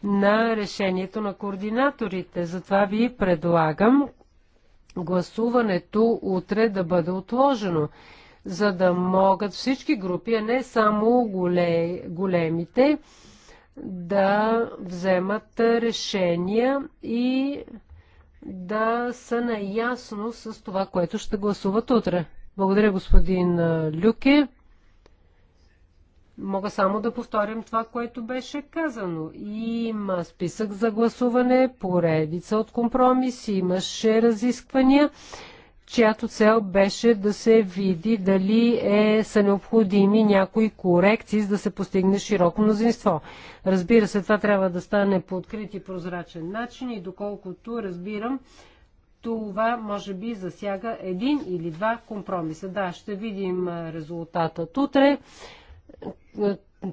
на решението на координаторите. Затова ви предлагам гласуването утре да бъде отложено за да могат всички групи, а не само голе, големите, да вземат решения и да са наясно с това, което ще гласуват утре. Благодаря, господин Люке. Мога само да повторим това, което беше казано. Има списък за гласуване, поредица от компромиси, имаше разисквания чиято цел беше да се види дали е, са необходими някои корекции, за да се постигне широко мнозинство. Разбира се, това трябва да стане по открит и прозрачен начин и доколкото разбирам, това може би засяга един или два компромиса. Да, ще видим резултатът утре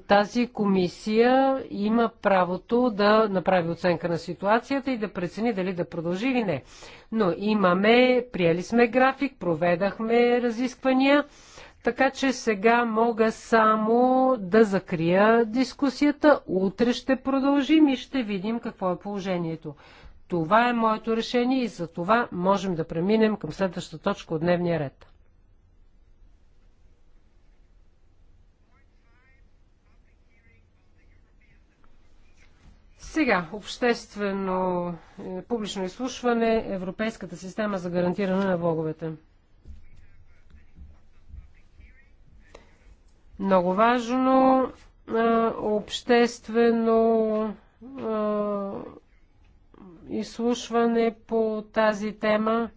тази комисия има правото да направи оценка на ситуацията и да прецени дали да продължи или не. Но имаме, приели сме график, проведахме разисквания, така че сега мога само да закрия дискусията. Утре ще продължим и ще видим какво е положението. Това е моето решение и за това можем да преминем към следващата точка от дневния ред. Сега, обществено е, публично изслушване, Европейската система за гарантиране на влоговете. Много важно е, обществено е, изслушване по тази тема.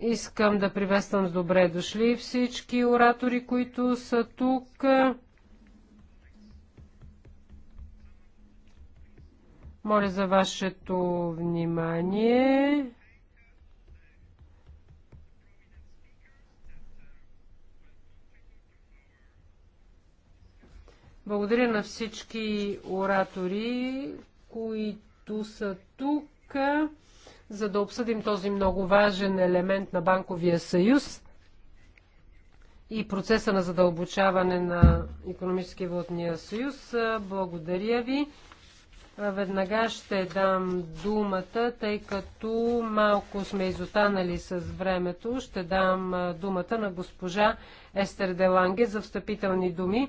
Искам да приветствам с добре дошли всички оратори, които са тук. Моля за вашето внимание. Благодаря на всички оратори, които са тук, за да обсъдим този много важен елемент на Банковия съюз и процеса на задълбочаване на економически и валутния съюз. Благодаря ви. Веднага ще дам думата, тъй като малко сме изостанали с времето. Ще дам думата на госпожа Естер Деланге за встъпителни думи.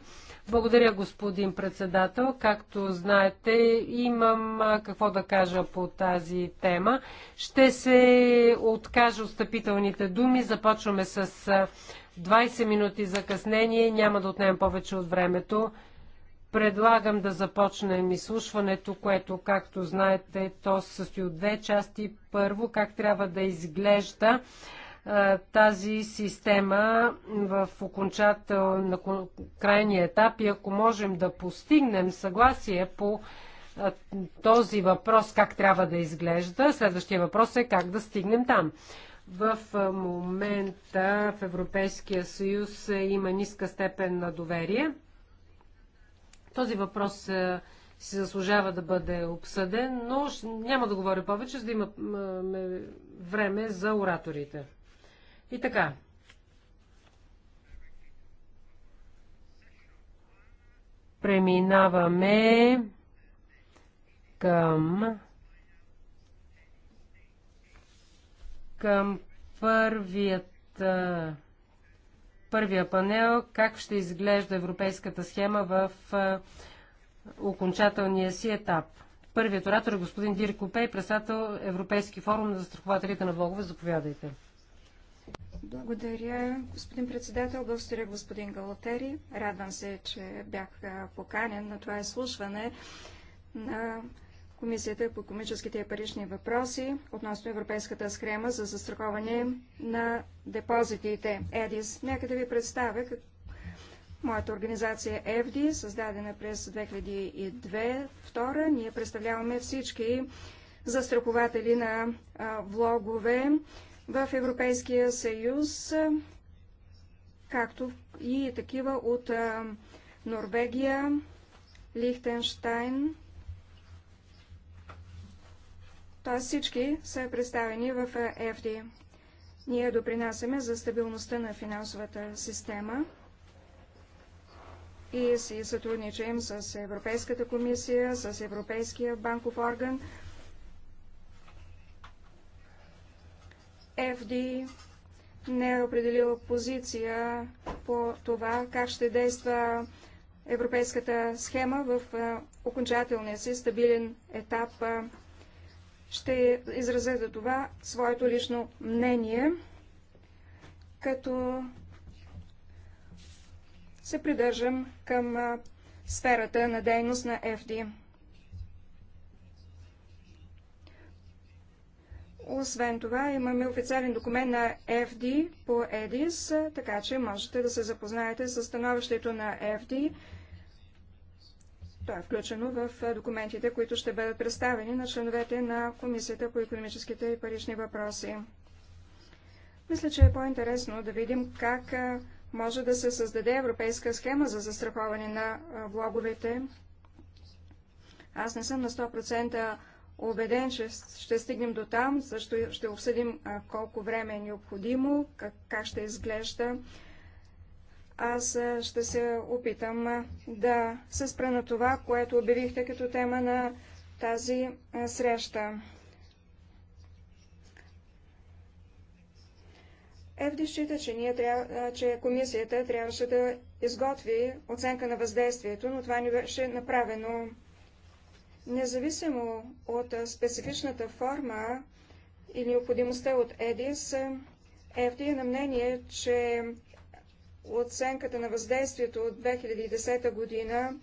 Благодаря, господин председател. Както знаете, имам какво да кажа по тази тема. Ще се откажа от встъпителните думи. Започваме с 20 минути закъснение. Няма да отнем повече от времето. Предлагам да започнем изслушването, което, както знаете, то се състои от две части. Първо, как трябва да изглежда а, тази система в окончател на крайния етап и ако можем да постигнем съгласие по а, този въпрос как трябва да изглежда, следващия въпрос е как да стигнем там. В момента в Европейския съюз има ниска степен на доверие този въпрос е, си заслужава да бъде обсъден, но няма да говоря повече, за да има време за ораторите. И така. Преминаваме към към първият първия панел как ще изглежда европейската схема в окончателния си етап. Първият оратор е господин Дир Купей, председател Европейски форум на застрахователите на влогове. Заповядайте. Благодаря, господин председател. Благодаря, господин Галатери. Радвам се, че бях поканен на това изслушване на Комисията по економическите и парични въпроси относно Европейската схема за застраховане на депозитите ЕДИС. Нека да ви представя моята организация ЕВДИ, създадена през 2002. Втора, ние представляваме всички застрахователи на влогове в Европейския съюз, както и такива от Норвегия, Лихтенштайн, т.е. всички са представени в ЕФДИ. Ние допринасяме за стабилността на финансовата система и си сътрудничаем с Европейската комисия, с Европейския банков орган, Ефди не е определила позиция по това как ще действа европейската схема в окончателния си стабилен етап ще изразя за това своето лично мнение, като се придържам към сферата на дейност на FD. Освен това, имаме официален документ на FD по ЕДИС, така че можете да се запознаете с становището на FD това е включено в документите, които ще бъдат представени на членовете на Комисията по економическите и парични въпроси. Мисля, че е по-интересно да видим как може да се създаде европейска схема за застраховане на влоговете. Аз не съм на 100% убеден, че ще стигнем до там, също ще обсъдим колко време е необходимо, как, как ще изглежда аз ще се опитам да се спра на това, което обявихте като тема на тази среща. Евди счита, че, ние трябва, че комисията трябваше да изготви оценка на въздействието, но това не беше направено. Независимо от специфичната форма и необходимостта от ЕДИС, ЕФДИ е на мнение, че оценката на въздействието от 2010 година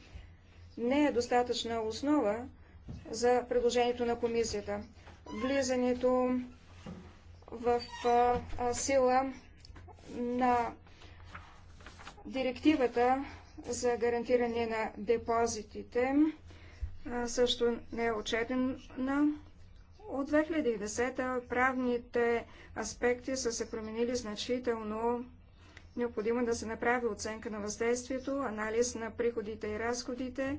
не е достатъчна основа за предложението на комисията. Влизането в сила на директивата за гарантиране на депозитите също не е отчетена. От 2010 правните аспекти са се променили значително Необходимо е да се направи оценка на въздействието, анализ на приходите и разходите.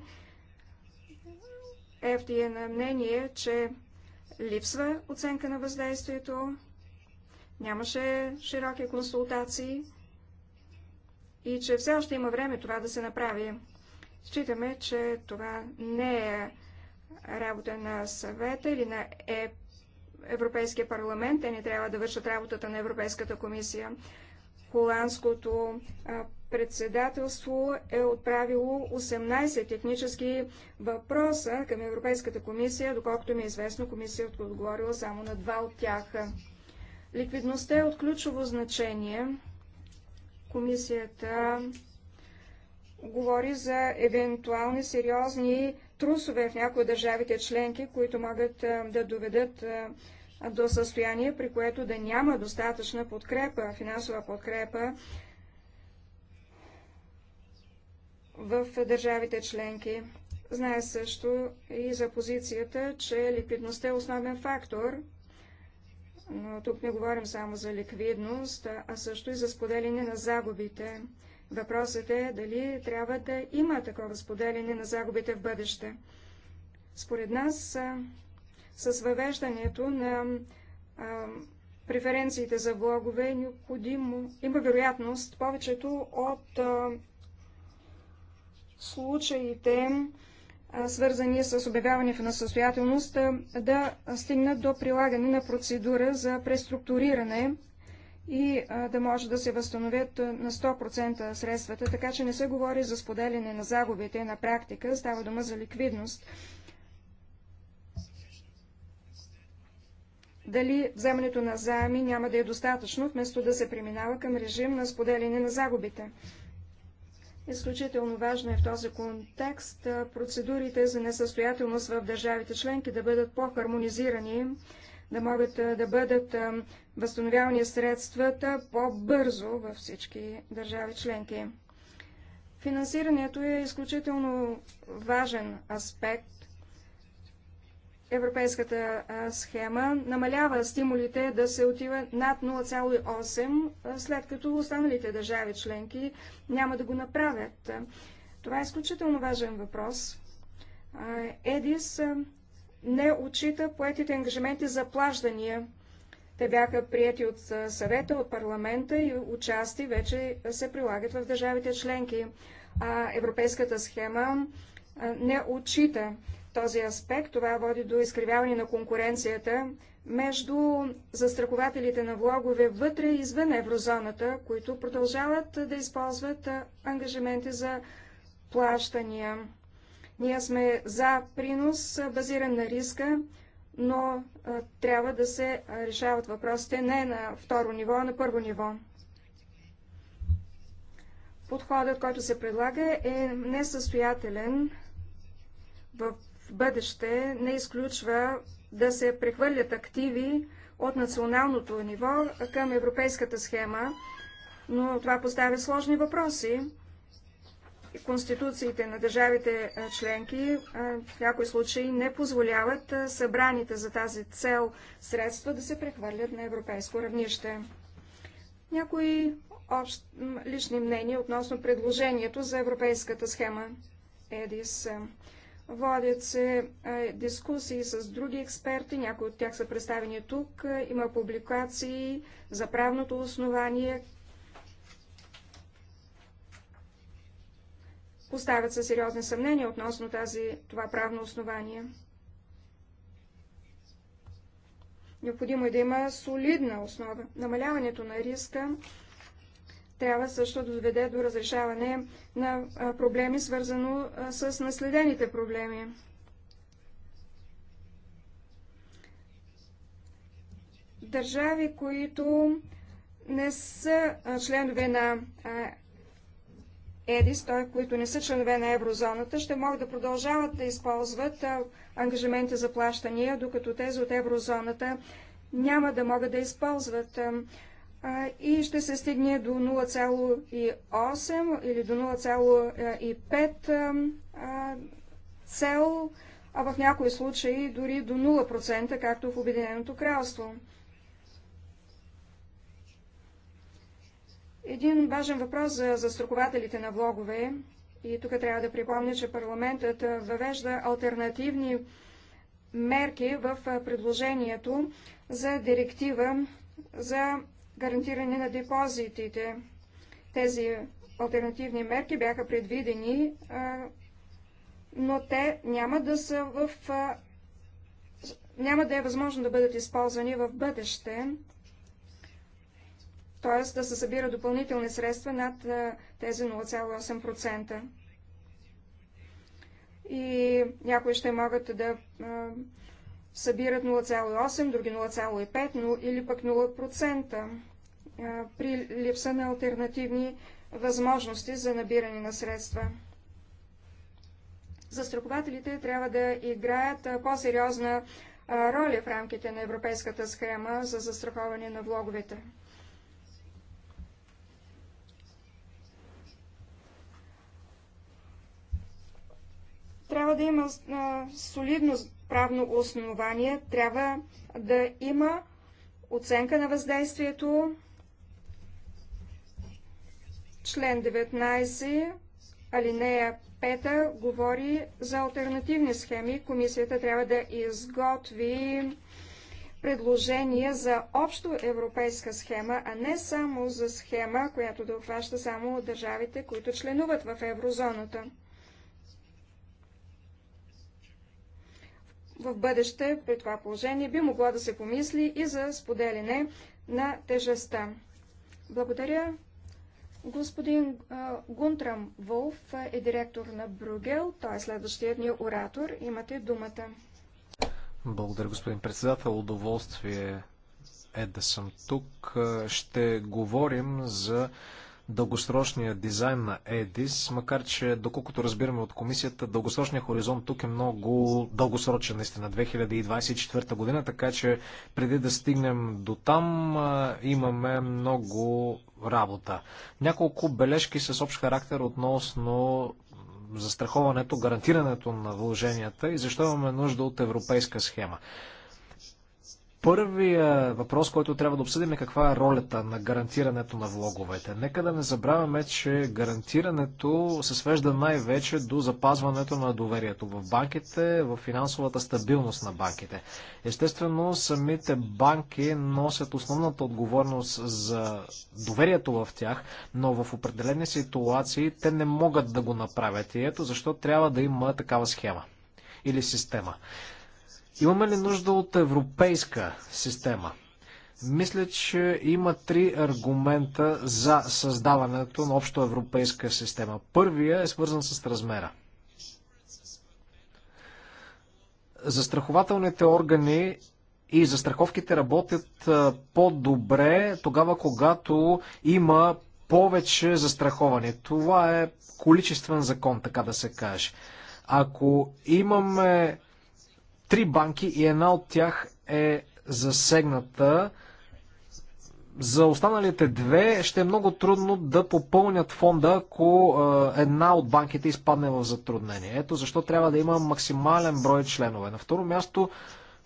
Ефти е, е на мнение, че липсва оценка на въздействието, нямаше широки консултации и че все още има време това да се направи. Считаме, че това не е работа на съвета или на е Европейския парламент, те не трябва да вършат работата на Европейската комисия холандското председателство е отправило 18 технически въпроса към Европейската комисия, доколкото ми е известно, комисията е отговорила само на два от тях. Ликвидността е от ключово значение. Комисията говори за евентуални сериозни трусове в някои от държавите членки, които могат да доведат до състояние, при което да няма достатъчна подкрепа, финансова подкрепа в държавите членки. Знае също и за позицията, че ликвидността е основен фактор, но тук не говорим само за ликвидност, а също и за споделяне на загубите. Въпросът е дали трябва да има такова споделяне на загубите в бъдеще. Според нас с въвеждането на а, преференциите за влогове е необходимо, има вероятност повечето от а, случаите, а, свързани с обявяване в насъстоятелност, а, да стигнат до прилагане на процедура за преструктуриране и а, да може да се възстановят на 100% средствата, така че не се говори за споделяне на загубите на практика, става дума за ликвидност. дали вземането на заеми няма да е достатъчно, вместо да се преминава към режим на споделяне на загубите. Изключително важно е в този контекст процедурите за несъстоятелност в държавите членки да бъдат по-хармонизирани, да могат да бъдат възстановявани средствата по-бързо във всички държави членки. Финансирането е изключително важен аспект европейската схема намалява стимулите да се отива над 0,8, след като останалите държави членки няма да го направят. Това е изключително важен въпрос. ЕДИС не отчита поетите ангажименти за плаждания. Те бяха прияти от съвета, от парламента и участи вече се прилагат в държавите членки. А европейската схема не отчита този аспект. Това води до изкривяване на конкуренцията между застрахователите на влогове вътре и извън еврозоната, които продължават да използват ангажименти за плащания. Ние сме за принос, базиран на риска, но трябва да се решават въпросите не на второ ниво, а на първо ниво. Подходът, който се предлага, е несъстоятелен в бъдеще не изключва да се прехвърлят активи от националното ниво към европейската схема, но това поставя сложни въпроси. Конституциите на държавите членки в някои случаи не позволяват събраните за тази цел средства да се прехвърлят на европейско равнище. Някои общ, лични мнения относно предложението за европейската схема ЕДИС. Водят се дискусии с други експерти, някои от тях са представени тук. Има публикации за правното основание. Поставят се сериозни съмнения относно тази, това правно основание. Необходимо е да има солидна основа. Намаляването на риска трябва също да доведе до разрешаване на проблеми, свързано с наследените проблеми. Държави, които не са членове на ЕДИС, т.е. които не са членове на еврозоната, ще могат да продължават да използват ангажименти за плащания, докато тези от еврозоната няма да могат да използват и ще се стигне до 0,8 или до 0,5 цел, а в някои случаи дори до 0%, както в Обединеното кралство. Един важен въпрос за застрахователите на влогове, и тук трябва да припомня, че парламентът въвежда альтернативни мерки в предложението за директива за гарантиране на депозитите. Тези альтернативни мерки бяха предвидени, но те няма да са в няма да е възможно да бъдат използвани в бъдеще, т.е. да се събира допълнителни средства над тези 0,8%. И някои ще могат да събират 0,8, други 0,5, или пък 0% при липса на альтернативни възможности за набиране на средства. Застрахователите трябва да играят по-сериозна роля в рамките на европейската схема за застраховане на влоговете. Трябва да има солидно правно основание, трябва да има оценка на въздействието Член 19, алинея 5 говори за альтернативни схеми. Комисията трябва да изготви предложение за общо европейска схема, а не само за схема, която да обхваща само държавите, които членуват в еврозоната. В бъдеще, при това положение, би могло да се помисли и за споделяне на тежестта. Благодаря. Господин Гунтрам Волф е директор на Бругел. Той е следващия ни оратор. Имате думата. Благодаря, господин председател. Удоволствие е да съм тук. Ще говорим за дългосрочния дизайн на ЕДИС, макар че, доколкото разбираме от комисията, дългосрочният хоризонт тук е много дългосрочен, наистина, 2024 година, така че преди да стигнем до там, имаме много работа. Няколко бележки с общ характер относно застраховането, гарантирането на вложенията и защо имаме нужда от европейска схема. Първия въпрос, който трябва да обсъдим е каква е ролята на гарантирането на влоговете. Нека да не забравяме, че гарантирането се свежда най-вече до запазването на доверието в банките, в финансовата стабилност на банките. Естествено, самите банки носят основната отговорност за доверието в тях, но в определени ситуации те не могат да го направят. И ето защо трябва да има такава схема или система. Имаме ли нужда от европейска система? Мисля, че има три аргумента за създаването на общо европейска система. Първия е свързан с размера. Застрахователните органи и застраховките работят по-добре тогава, когато има повече застраховане. Това е количествен закон, така да се каже. Ако имаме три банки и една от тях е засегната. За останалите две ще е много трудно да попълнят фонда, ако една от банките изпадне в затруднение. Ето защо трябва да има максимален брой членове. На второ място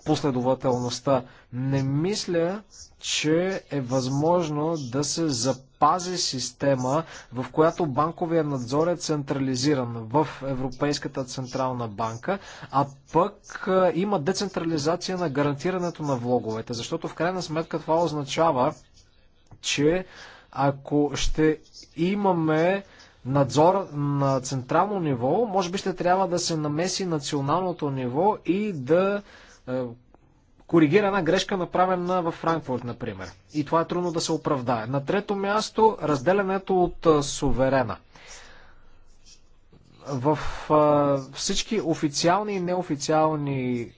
последователността. Не мисля, че е възможно да се запази система, в която банковия надзор е централизиран в Европейската централна банка, а пък е, има децентрализация на гарантирането на влоговете, защото в крайна сметка това означава, че ако ще имаме надзор на централно ниво, може би ще трябва да се намеси националното ниво и да е, коригира една грешка, направена във Франкфурт, например. И това е трудно да се оправдае. На трето място, разделянето от е, суверена. В е, всички официални и неофициални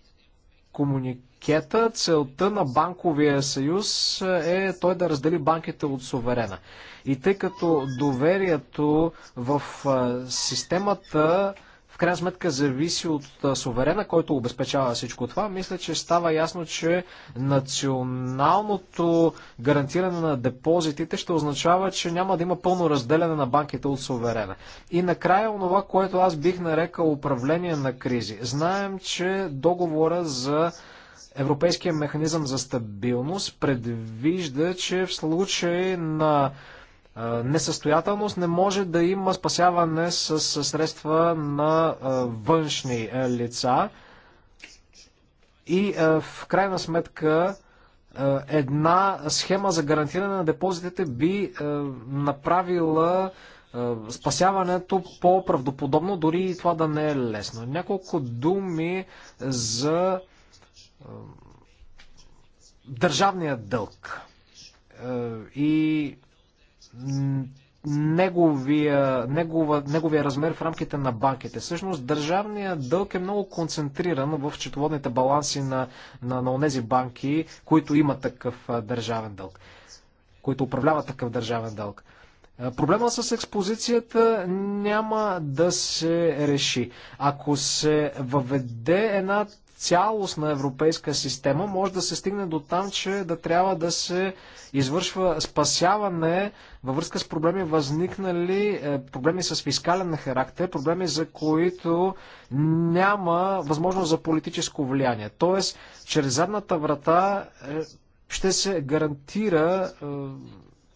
комуникета целта на банковия съюз е той да раздели банките от суверена. И тъй като доверието в системата в крайна сметка зависи от суверена, който обезпечава всичко това. Мисля, че става ясно, че националното гарантиране на депозитите ще означава, че няма да има пълно разделяне на банките от суверена. И накрая онова, което аз бих нарекал управление на кризи. Знаем, че договора за Европейския механизъм за стабилност предвижда, че в случай на несъстоятелност не може да има спасяване с средства на външни е, лица. И е, в крайна сметка е, една схема за гарантиране на депозитите би направила спасяването по-правдоподобно, дори и това да не е лесно. Няколко думи за държавния дълг и неговия, негова, неговия размер в рамките на банките. Всъщност държавният дълг е много концентриран в четоводните баланси на, на, на онези банки, които имат такъв държавен дълг, които управляват такъв държавен дълг. Проблема с експозицията няма да се реши. Ако се въведе една цялостна европейска система, може да се стигне до там, че да трябва да се извършва спасяване във връзка с проблеми възникнали, е, проблеми с фискален характер, проблеми за които няма възможност за политическо влияние. Тоест, чрез задната врата е, ще се гарантира е,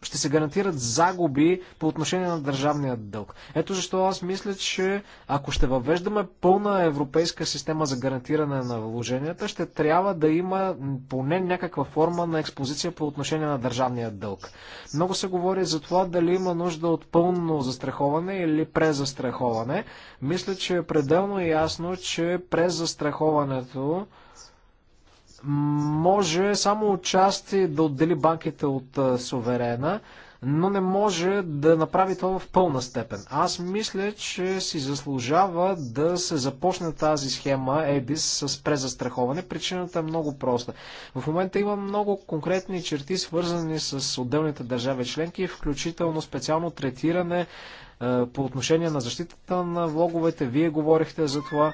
ще се гарантират загуби по отношение на държавния дълг. Ето защо аз мисля, че ако ще въвеждаме пълна европейска система за гарантиране на вложенията, ще трябва да има поне някаква форма на експозиция по отношение на държавния дълг. Много се говори за това дали има нужда от пълно застраховане или презастраховане. Мисля, че е пределно ясно, че презастраховането може само отчасти да отдели банките от суверена, но не може да направи това в пълна степен. Аз мисля, че си заслужава да се започне тази схема ЕБИС с презастраховане. Причината е много проста. В момента има много конкретни черти, свързани с отделните държави членки, включително специално третиране по отношение на защитата на влоговете. Вие говорихте за това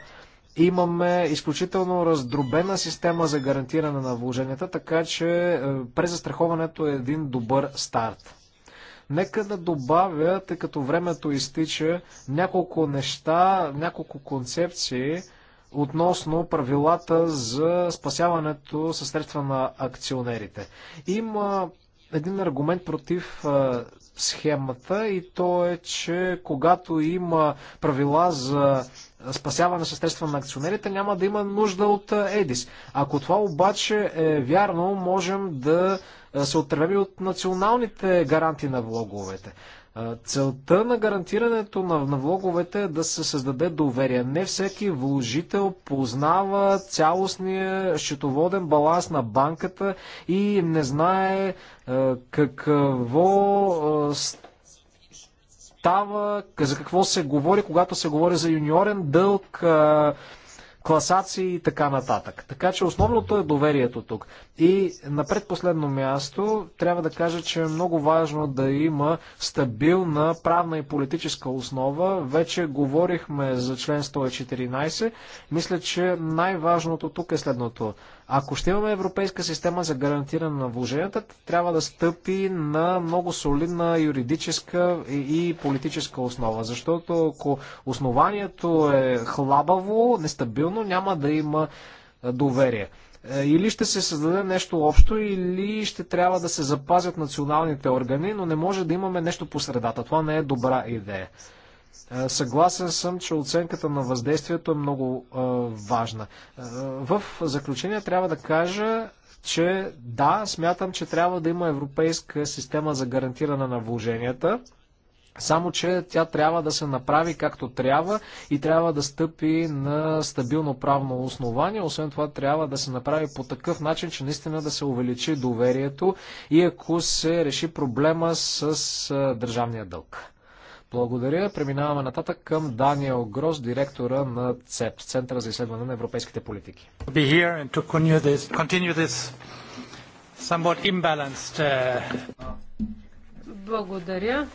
имаме изключително раздробена система за гарантиране на вложенията, така че е, презастраховането е един добър старт. Нека да добавя, тъй като времето изтича, няколко неща, няколко концепции относно правилата за спасяването със средства на акционерите. Има един аргумент против е, схемата и то е, че когато има правила за спасяване със средства на акционерите, няма да има нужда от ЕДИС. Ако това обаче е вярно, можем да се отървем от националните гаранти на влоговете. Целта на гарантирането на, на влоговете е да се създаде доверие. Не всеки вложител познава цялостния счетоводен баланс на банката и не знае е, какво е, става, за какво се говори, когато се говори за юниорен дълг, класации и така нататък. Така че основното е доверието тук. И на предпоследно място трябва да кажа, че е много важно да има стабилна правна и политическа основа. Вече говорихме за член 114. Мисля, че най-важното тук е следното. Ако ще имаме европейска система за гарантиране на вложенията, трябва да стъпи на много солидна юридическа и политическа основа, защото ако основанието е хлабаво, нестабилно, няма да има доверие. Е, или ще се създаде нещо общо, или ще трябва да се запазят националните органи, но не може да имаме нещо по средата. Това не е добра идея. Е, съгласен съм, че оценката на въздействието е много а, е, важна. Е, в заключение трябва да кажа, че да, смятам, че трябва да има европейска система за гарантиране на вложенията. Само, че тя трябва да се направи както трябва и трябва да стъпи на стабилно правно основание. Освен това, трябва да се направи по такъв начин, че наистина да се увеличи доверието и ако се реши проблема с държавния дълг. Благодаря. Преминаваме нататък към Даниел Гроз, директора на ЦЕП, Центъра за изследване на европейските политики. Uh, Благодаря.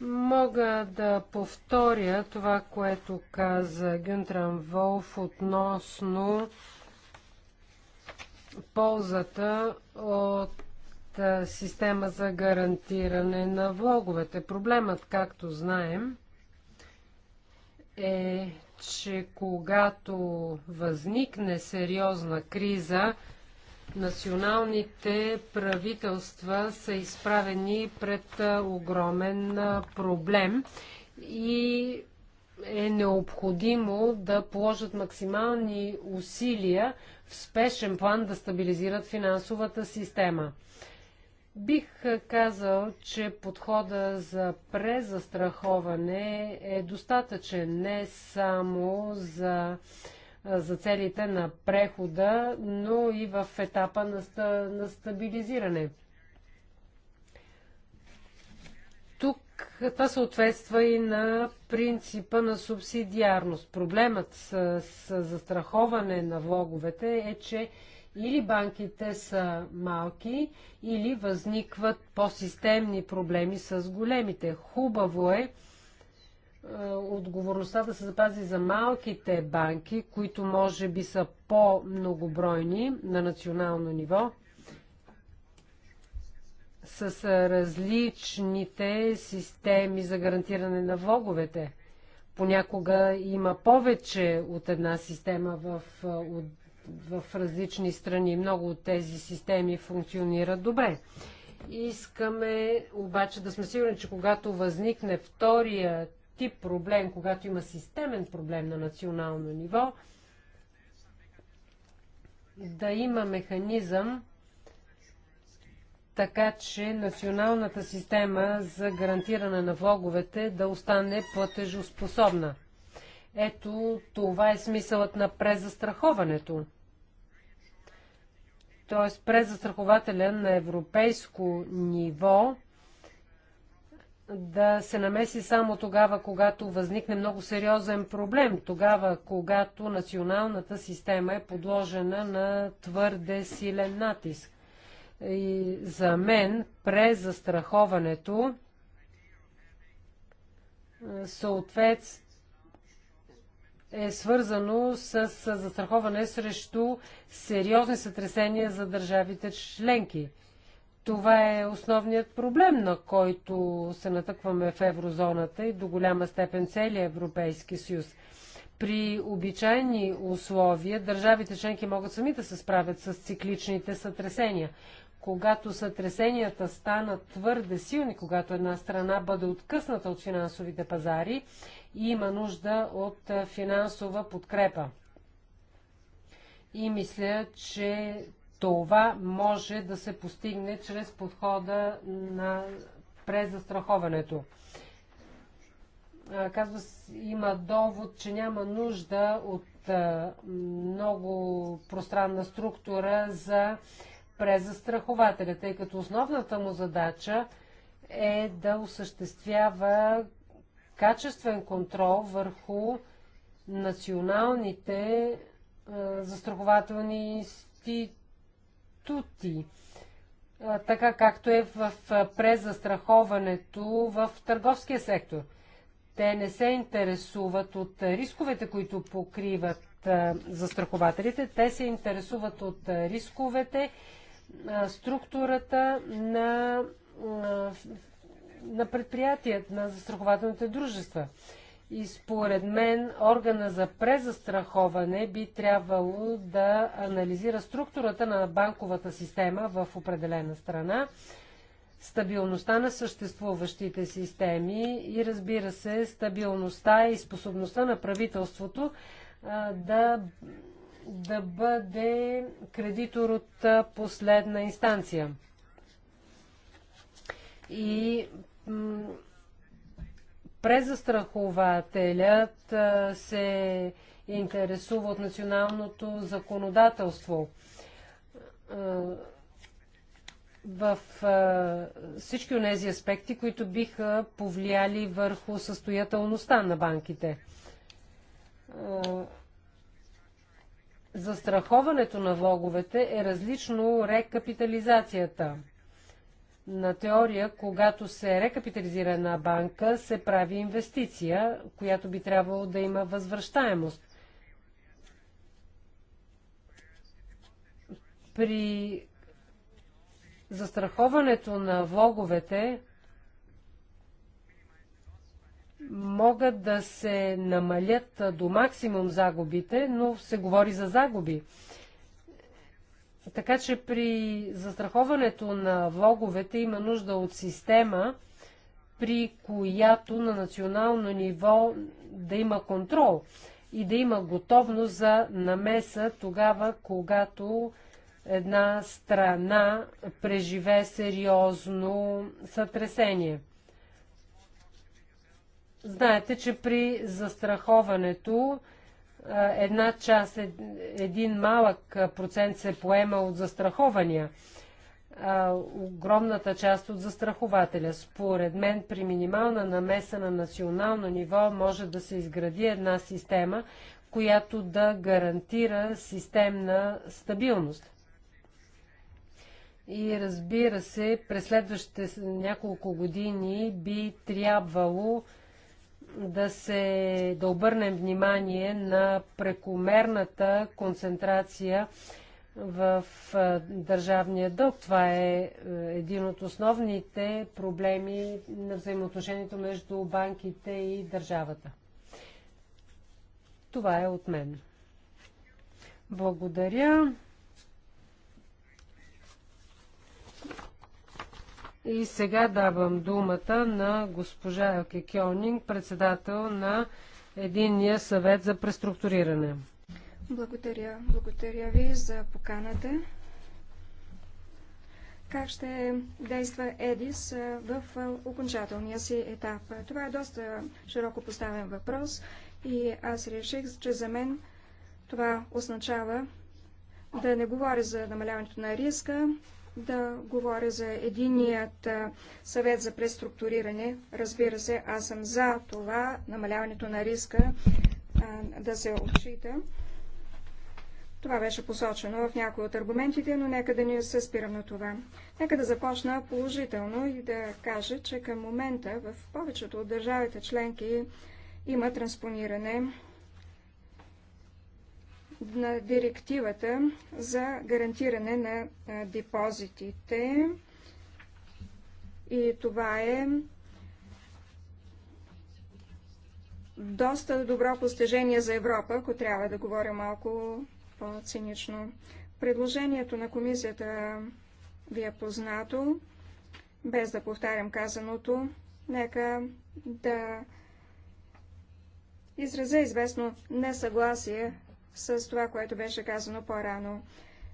Мога да повторя това, което каза Гюнтран Волф относно ползата от е, система за гарантиране на влоговете. Проблемът, както знаем, е, че когато възникне сериозна криза, националните правителства са изправени пред е, огромен е, проблем и е необходимо да положат максимални усилия в спешен план да стабилизират финансовата система. Бих казал, че подхода за презастраховане е достатъчен не само за, за целите на прехода, но и в етапа на, на стабилизиране. Тук това съответства и на принципа на субсидиарност. Проблемът с, с застраховане на влоговете е, че или банките са малки, или възникват по-системни проблеми с големите. Хубаво е, е, отговорността да се запази за малките банки, които може би са по-многобройни на национално ниво, с различните системи за гарантиране на влоговете понякога има повече от една система в е, в различни страни. Много от тези системи функционират добре. Искаме обаче да сме сигурни, че когато възникне втория тип проблем, когато има системен проблем на национално ниво, да има механизъм, така че националната система за гарантиране на влоговете да остане платежоспособна. Ето това е смисълът на презастраховането т.е. презастрахователя на европейско ниво да се намеси само тогава, когато възникне много сериозен проблем, тогава, когато националната система е подложена на твърде силен натиск. И за мен презастраховането съответства е свързано с застраховане срещу сериозни сътресения за държавите членки. Това е основният проблем, на който се натъкваме в еврозоната и до голяма степен целият Европейски съюз. При обичайни условия държавите членки могат сами да се справят с цикличните сътресения. Когато сътресенията станат твърде силни, когато една страна бъде откъсната от финансовите пазари и има нужда от финансова подкрепа. И мисля, че това може да се постигне чрез подхода на презастраховането. Казва, има довод, че няма нужда от много пространна структура за презастрахователя, тъй като основната му задача е да осъществява качествен контрол върху националните а, застрахователни институти, а, така както е в презастраховането в търговския сектор. Те не се интересуват от рисковете, които покриват застрахователите, те се интересуват от рисковете, структурата на на предприятията, на застрахователните дружества. И според мен органа за презастраховане би трябвало да анализира структурата на банковата система в определена страна, стабилността на съществуващите системи и разбира се стабилността и способността на правителството а, да, да бъде кредитор от последна инстанция. И презастрахователят се интересува от националното законодателство. В всички от тези аспекти, които биха повлияли върху състоятелността на банките. Застраховането на влоговете е различно рекапитализацията – на теория, когато се рекапитализира една банка, се прави инвестиция, която би трябвало да има възвръщаемост. При застраховането на влоговете могат да се намалят до максимум загубите, но се говори за загуби. Така че при застраховането на влоговете има нужда от система, при която на национално ниво да има контрол и да има готовност за намеса тогава, когато една страна преживе сериозно сътресение. Знаете, че при застраховането една част, един малък процент се поема от застрахования, а огромната част от застрахователя. Според мен при минимална намеса на национално ниво може да се изгради една система, която да гарантира системна стабилност. И разбира се, през следващите няколко години би трябвало да се да обърнем внимание на прекомерната концентрация в държавния дълг. Това е, е един от основните проблеми на взаимоотношението между банките и държавата. Това е от мен. Благодаря. И сега давам думата на госпожа Елке Кьонинг, председател на Единния съвет за преструктуриране. Благодаря. Благодаря ви за поканата. Как ще действа ЕДИС в окончателния си етап? Това е доста широко поставен въпрос и аз реших, че за мен това означава да не говоря за намаляването на риска, да говоря за единият съвет за преструктуриране. Разбира се, аз съм за това намаляването на риска да се отчита. Това беше посочено в някои от аргументите, но нека да ни се спирам на това. Нека да започна положително и да кажа, че към момента в повечето от държавите членки има транспониране на директивата за гарантиране на депозитите. И това е доста добро постижение за Европа, ако трябва да говоря малко по-цинично. Предложението на комисията ви е познато, без да повтарям казаното. Нека да изразя известно несъгласие с това, което беше казано по-рано.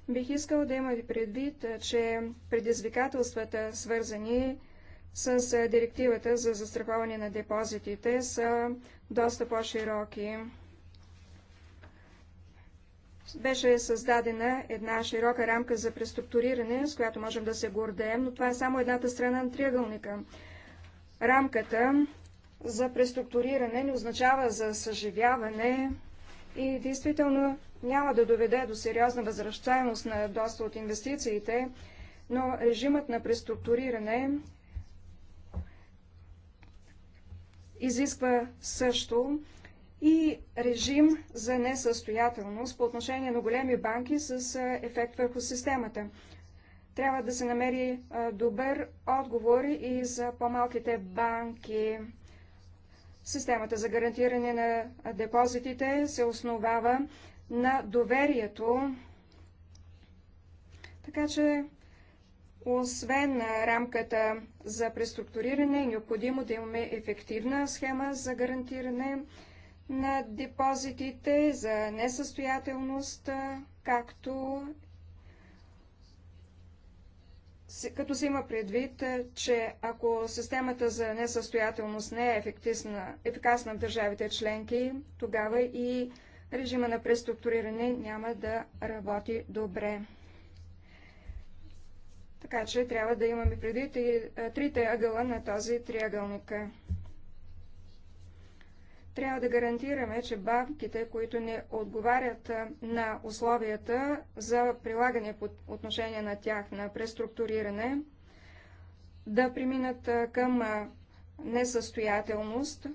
Бих искал да имате предвид, че предизвикателствата, свързани с директивата за застраховане на депозитите, са доста по-широки. Беше създадена една широка рамка за преструктуриране, с която можем да се гордеем, но това е само едната страна на триъгълника. Рамката за преструктуриране не означава за съживяване и действително няма да доведе до сериозна възвръщаемост на доста от инвестициите, но режимът на преструктуриране изисква също и режим за несъстоятелност по отношение на големи банки с ефект върху системата. Трябва да се намери добър отговор и за по-малките банки. Системата за гарантиране на депозитите се основава на доверието. Така че, освен на рамката за преструктуриране, е необходимо да имаме ефективна схема за гарантиране на депозитите, за несъстоятелност, както като се има предвид, е, че ако системата за несъстоятелност не е ефективна, ефикасна в държавите членки, тогава и режима на преструктуриране няма да работи добре. Така че трябва да имаме предвид и е, трите ъгъла на този триъгълник. Трябва да гарантираме, че банките, които не отговарят на условията за прилагане по отношение на тях на преструктуриране, да преминат към несъстоятелност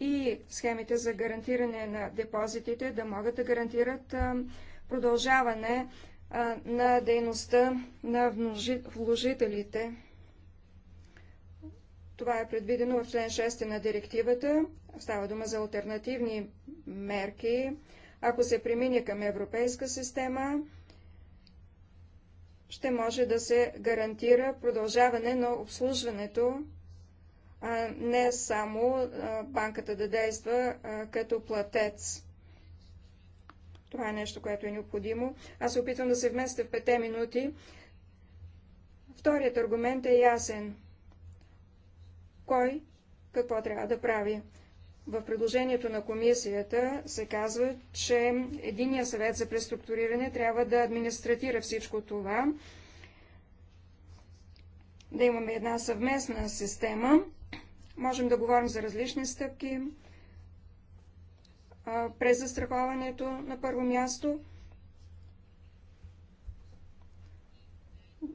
и схемите за гарантиране на депозитите да могат да гарантират продължаване на дейността на вложителите. Това е предвидено в член 6 на директивата. Става дума за альтернативни мерки. Ако се премине към европейска система, ще може да се гарантира продължаване на обслужването, а не само банката да действа като платец. Това е нещо, което е необходимо. Аз се опитвам да се вместя в пете минути. Вторият аргумент е ясен кой какво трябва да прави. В предложението на комисията се казва, че Единия съвет за преструктуриране трябва да администратира всичко това, да имаме една съвместна система. Можем да говорим за различни стъпки през застраховането на първо място –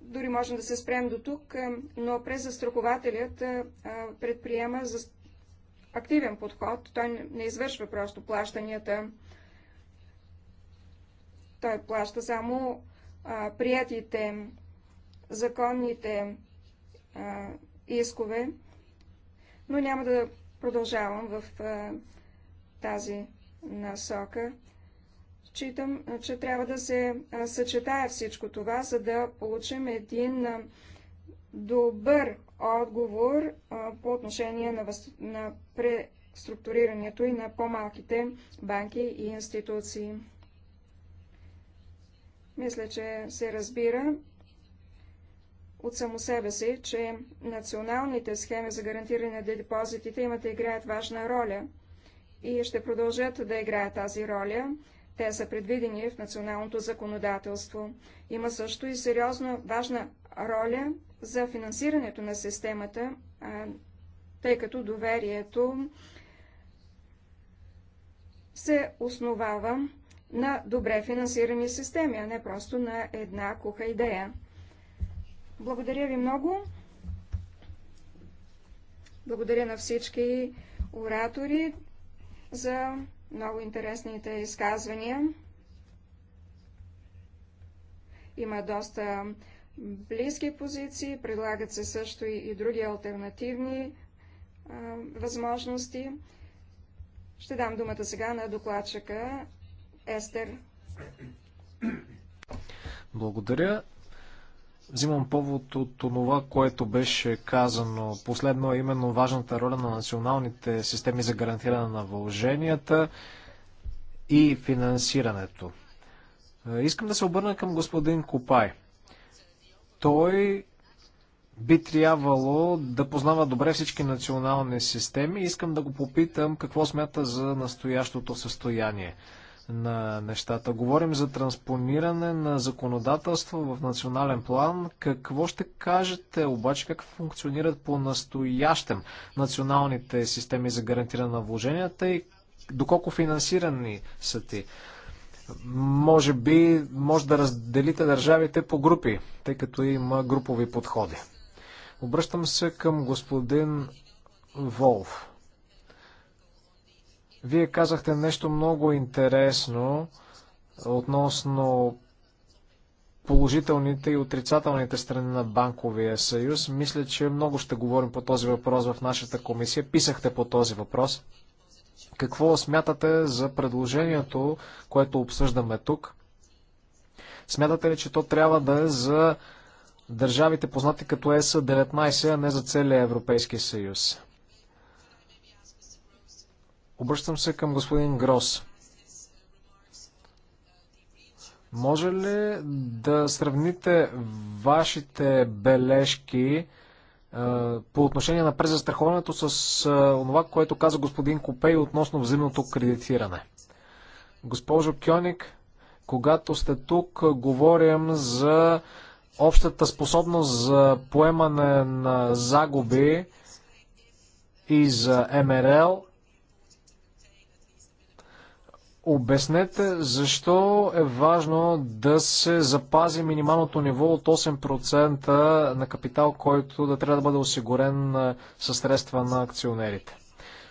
Дори можем да се спрем до тук, е, но през застрахователят е, е, предприема за активен подход. Той не извършва просто плащанията. Той плаща само приятите законните искове, но няма да продължавам в тази насока. Читам, че трябва да се съчетая всичко това, за да получим един добър отговор по отношение на, въз... на преструктурирането и на по-малките банки и институции. Мисля, че се разбира от само себе си, че националните схеми за гарантиране на депозитите имат да играят важна роля и ще продължат да играят тази роля, те са предвидени в националното законодателство. Има също и сериозна важна роля за финансирането на системата, тъй като доверието се основава на добре финансирани системи, а не просто на една куха идея. Благодаря ви много. Благодаря на всички оратори за много интересните изказвания. Има доста близки позиции, предлагат се също и, и други альтернативни а, възможности. Ще дам думата сега на докладчика Естер. Благодаря. Взимам повод от това, което беше казано последно, е именно важната роля на националните системи за гарантиране на вълженията и финансирането. Е, искам да се обърна към господин Купай, Той би трябвало да познава добре всички национални системи. Искам да го попитам какво смята за настоящото състояние на нещата. Говорим за транспониране на законодателство в национален план. Какво ще кажете обаче как функционират по настоящем националните системи за гарантиране на вложенията и доколко финансирани са ти? Може би може да разделите държавите по групи, тъй като има групови подходи. Обръщам се към господин Волф. Вие казахте нещо много интересно относно положителните и отрицателните страни на банковия съюз. Мисля, че много ще говорим по този въпрос в нашата комисия. Писахте по този въпрос. Какво смятате за предложението, което обсъждаме тук? Смятате ли, че то трябва да е за държавите познати като ЕС-19, а не за целия Европейски съюз? Обръщам се към господин Грос. Може ли да сравните вашите бележки по отношение на презастраховането с това, което каза господин Копей относно взаимното кредитиране? Госпожо Кьоник, когато сте тук, говорим за общата способност за поемане на загуби и за МРЛ. Обяснете защо е важно да се запази минималното ниво от 8% на капитал, който да трябва да бъде осигурен със средства на акционерите.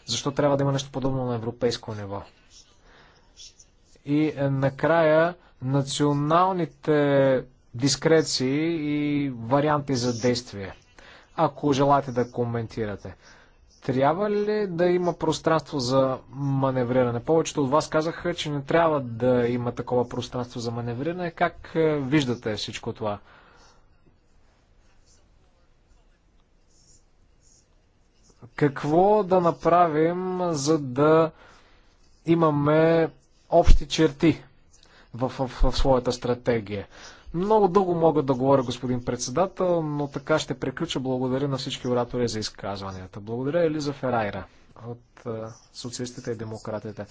Защо трябва да има нещо подобно на европейско ниво? И е, накрая националните дискреции и варианти за действие, ако желаете да коментирате трябва ли да има пространство за маневриране? Повечето от вас казаха, че не трябва да има такова пространство за маневриране. Как е, виждате всичко това? Какво да направим, за да имаме общи черти в, в, в своята стратегия? Много дълго мога да говоря, господин председател, но така ще приключа. Благодаря на всички оратори за изказванията. Благодаря Елиза Ферайра от е, Социалистите и Демократите.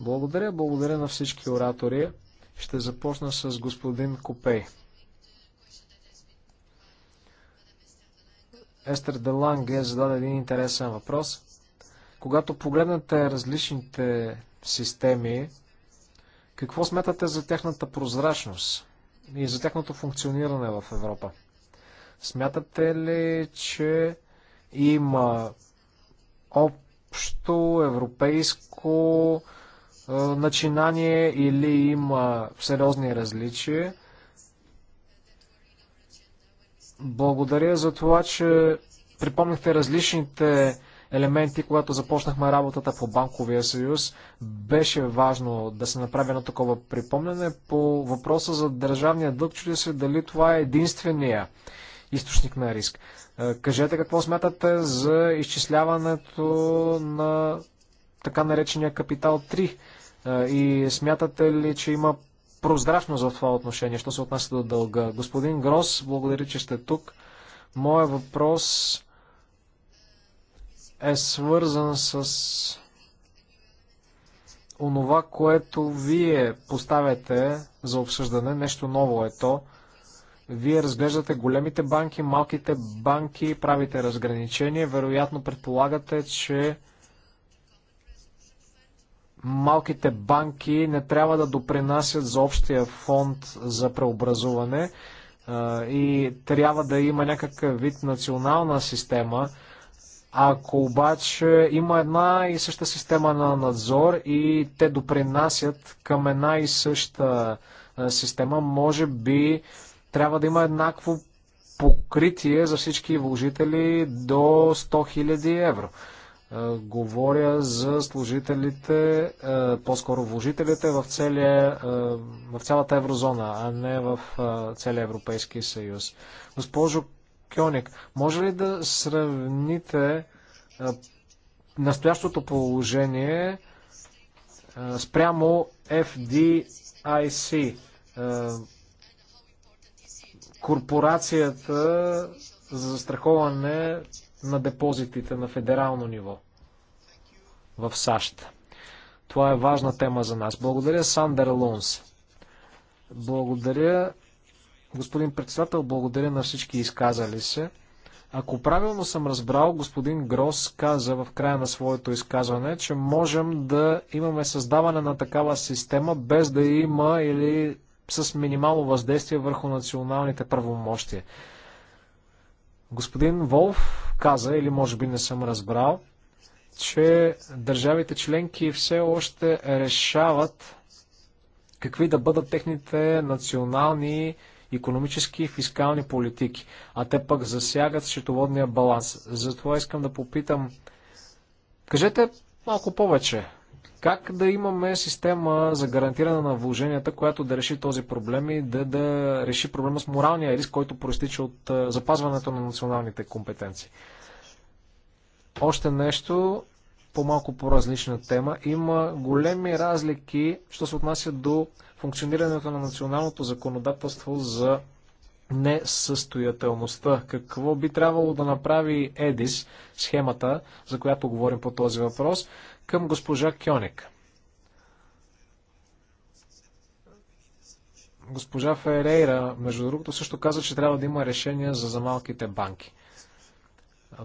Благодаря, благодаря на всички оратори. Ще започна с господин Копей. Естер Деланге зададе един интересен въпрос. Когато погледнете различните системи, какво смятате за тяхната прозрачност? и за тяхното функциониране в Европа. Смятате ли, че има общо европейско е, начинание или има сериозни различия? Благодаря за това, че припомнихте различните елементи, когато започнахме работата по Банковия съюз. Беше важно да се направи едно такова припомнене по въпроса за държавния дълг. Чуди се дали това е единствения източник на риск. Е, кажете какво смятате за изчисляването на така наречения капитал 3 е, и смятате ли, че има прозрачно за това отношение, що се отнася до дълга. Господин Грос, благодаря, че сте тук. Моя въпрос е свързан с онова, което вие поставяте за обсъждане, нещо ново е то. Вие разглеждате големите банки, малките банки, правите разграничение, вероятно предполагате, че малките банки не трябва да допринасят за общия фонд за преобразуване и трябва да има някакъв вид национална система, ако обаче има една и съща система на надзор и те допринасят към една и съща система, може би трябва да има еднакво покритие за всички вложители до 100 000 евро. Говоря за служителите, по-скоро вложителите в, целия, в цялата еврозона, а не в целия Европейски съюз. Госпожо Кьоник, може ли да сравните настоящото положение спрямо FDIC, корпорацията за застраховане на депозитите на федерално ниво в САЩ. Това е важна тема за нас. Благодаря, Сандер Лунс. Благодаря. Господин председател, благодаря на всички изказали се. Ако правилно съм разбрал, господин Грос каза в края на своето изказване, че можем да имаме създаване на такава система без да има или с минимално въздействие върху националните правомощия. Господин Волф каза, или може би не съм разбрал, че държавите членки все още решават какви да бъдат техните национални економически и фискални политики, а те пък засягат счетоводния баланс. Затова искам да попитам, кажете малко повече. Как да имаме система за гарантиране на вложенията, която да реши този проблем и да, да реши проблема с моралния риск, който проистича от запазването на националните компетенции? Още нещо, по-малко по-различна тема. Има големи разлики, що се отнася до функционирането на националното законодателство за несъстоятелността. Какво би трябвало да направи ЕДИС, схемата, за която говорим по този въпрос, към госпожа Кьоник. Госпожа Ферейра, между другото, също каза, че трябва да има решение за, за малките банки.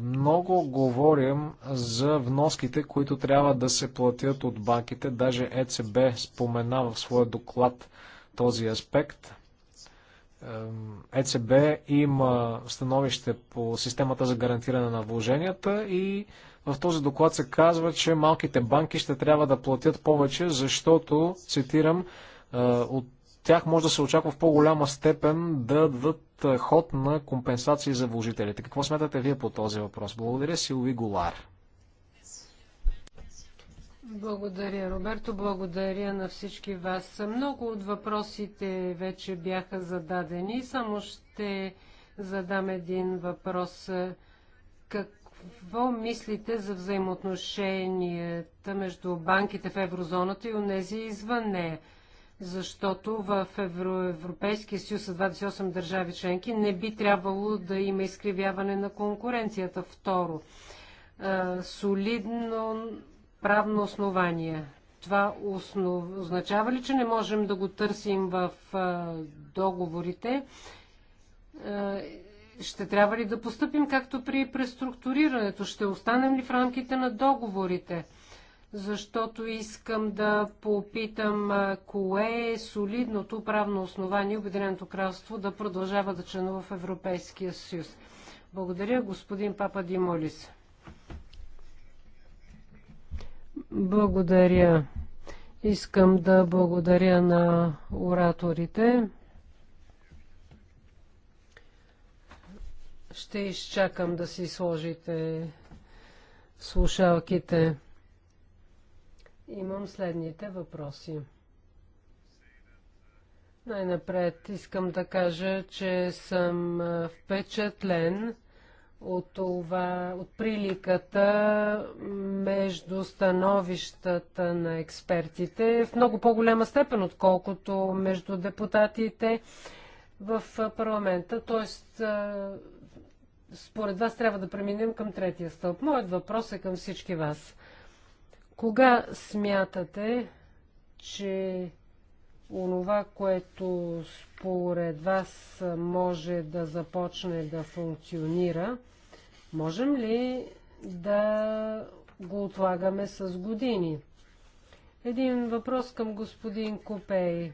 Много говорим за вноските, които трябва да се платят от банките. Даже ЕЦБ спомена в своя доклад този аспект. ЕЦБ има становище по системата за гарантиране на вложенията и в този доклад се казва, че малките банки ще трябва да платят повече, защото, цитирам, е, от тях може да се очаква в по-голяма степен да дадат ход на компенсации за вложителите. Какво смятате вие по този въпрос? Благодаря, Силови Голар. Благодаря, Роберто. Благодаря на всички вас. Много от въпросите вече бяха зададени. Само ще задам един въпрос. Какво мислите за взаимоотношенията между банките в еврозоната и унези извън нея? защото в Европейския съюз с 28 държави членки не би трябвало да има изкривяване на конкуренцията. Второ, солидно правно основание. Това основ... означава ли, че не можем да го търсим в договорите? Ще трябва ли да поступим както при преструктурирането? Ще останем ли в рамките на договорите? защото искам да попитам кое е солидното правно основание Обединеното кралство да продължава да членува в Европейския съюз. Благодаря, господин Папа Димолис. Благодаря. Искам да благодаря на ораторите. Ще изчакам да си сложите слушалките имам следните въпроси. Най-напред искам да кажа, че съм впечатлен от това, от приликата между становищата на експертите в много по-голяма степен, отколкото между депутатите в парламента. Тоест, според вас трябва да преминем към третия стълб. Моят въпрос е към всички вас. Кога смятате, че онова, което според вас може да започне да функционира, можем ли да го отлагаме с години? Един въпрос към господин Копей.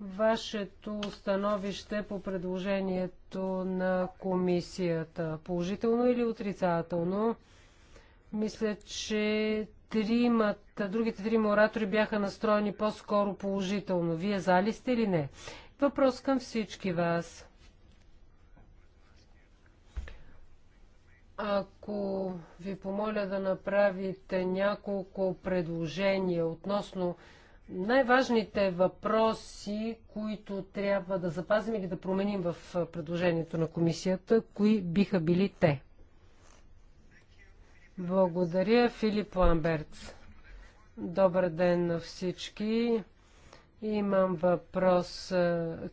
Вашето становище по предложението на комисията, положително или отрицателно? Мисля, че тримата, другите три оратори бяха настроени по-скоро положително. Вие за ли сте или не? Въпрос към всички вас. Ако ви помоля да направите няколко предложения относно най-важните въпроси, които трябва да запазим или да променим в предложението на комисията, кои биха били те? Благодаря, Филип Ламберц. Добър ден на всички. Имам въпрос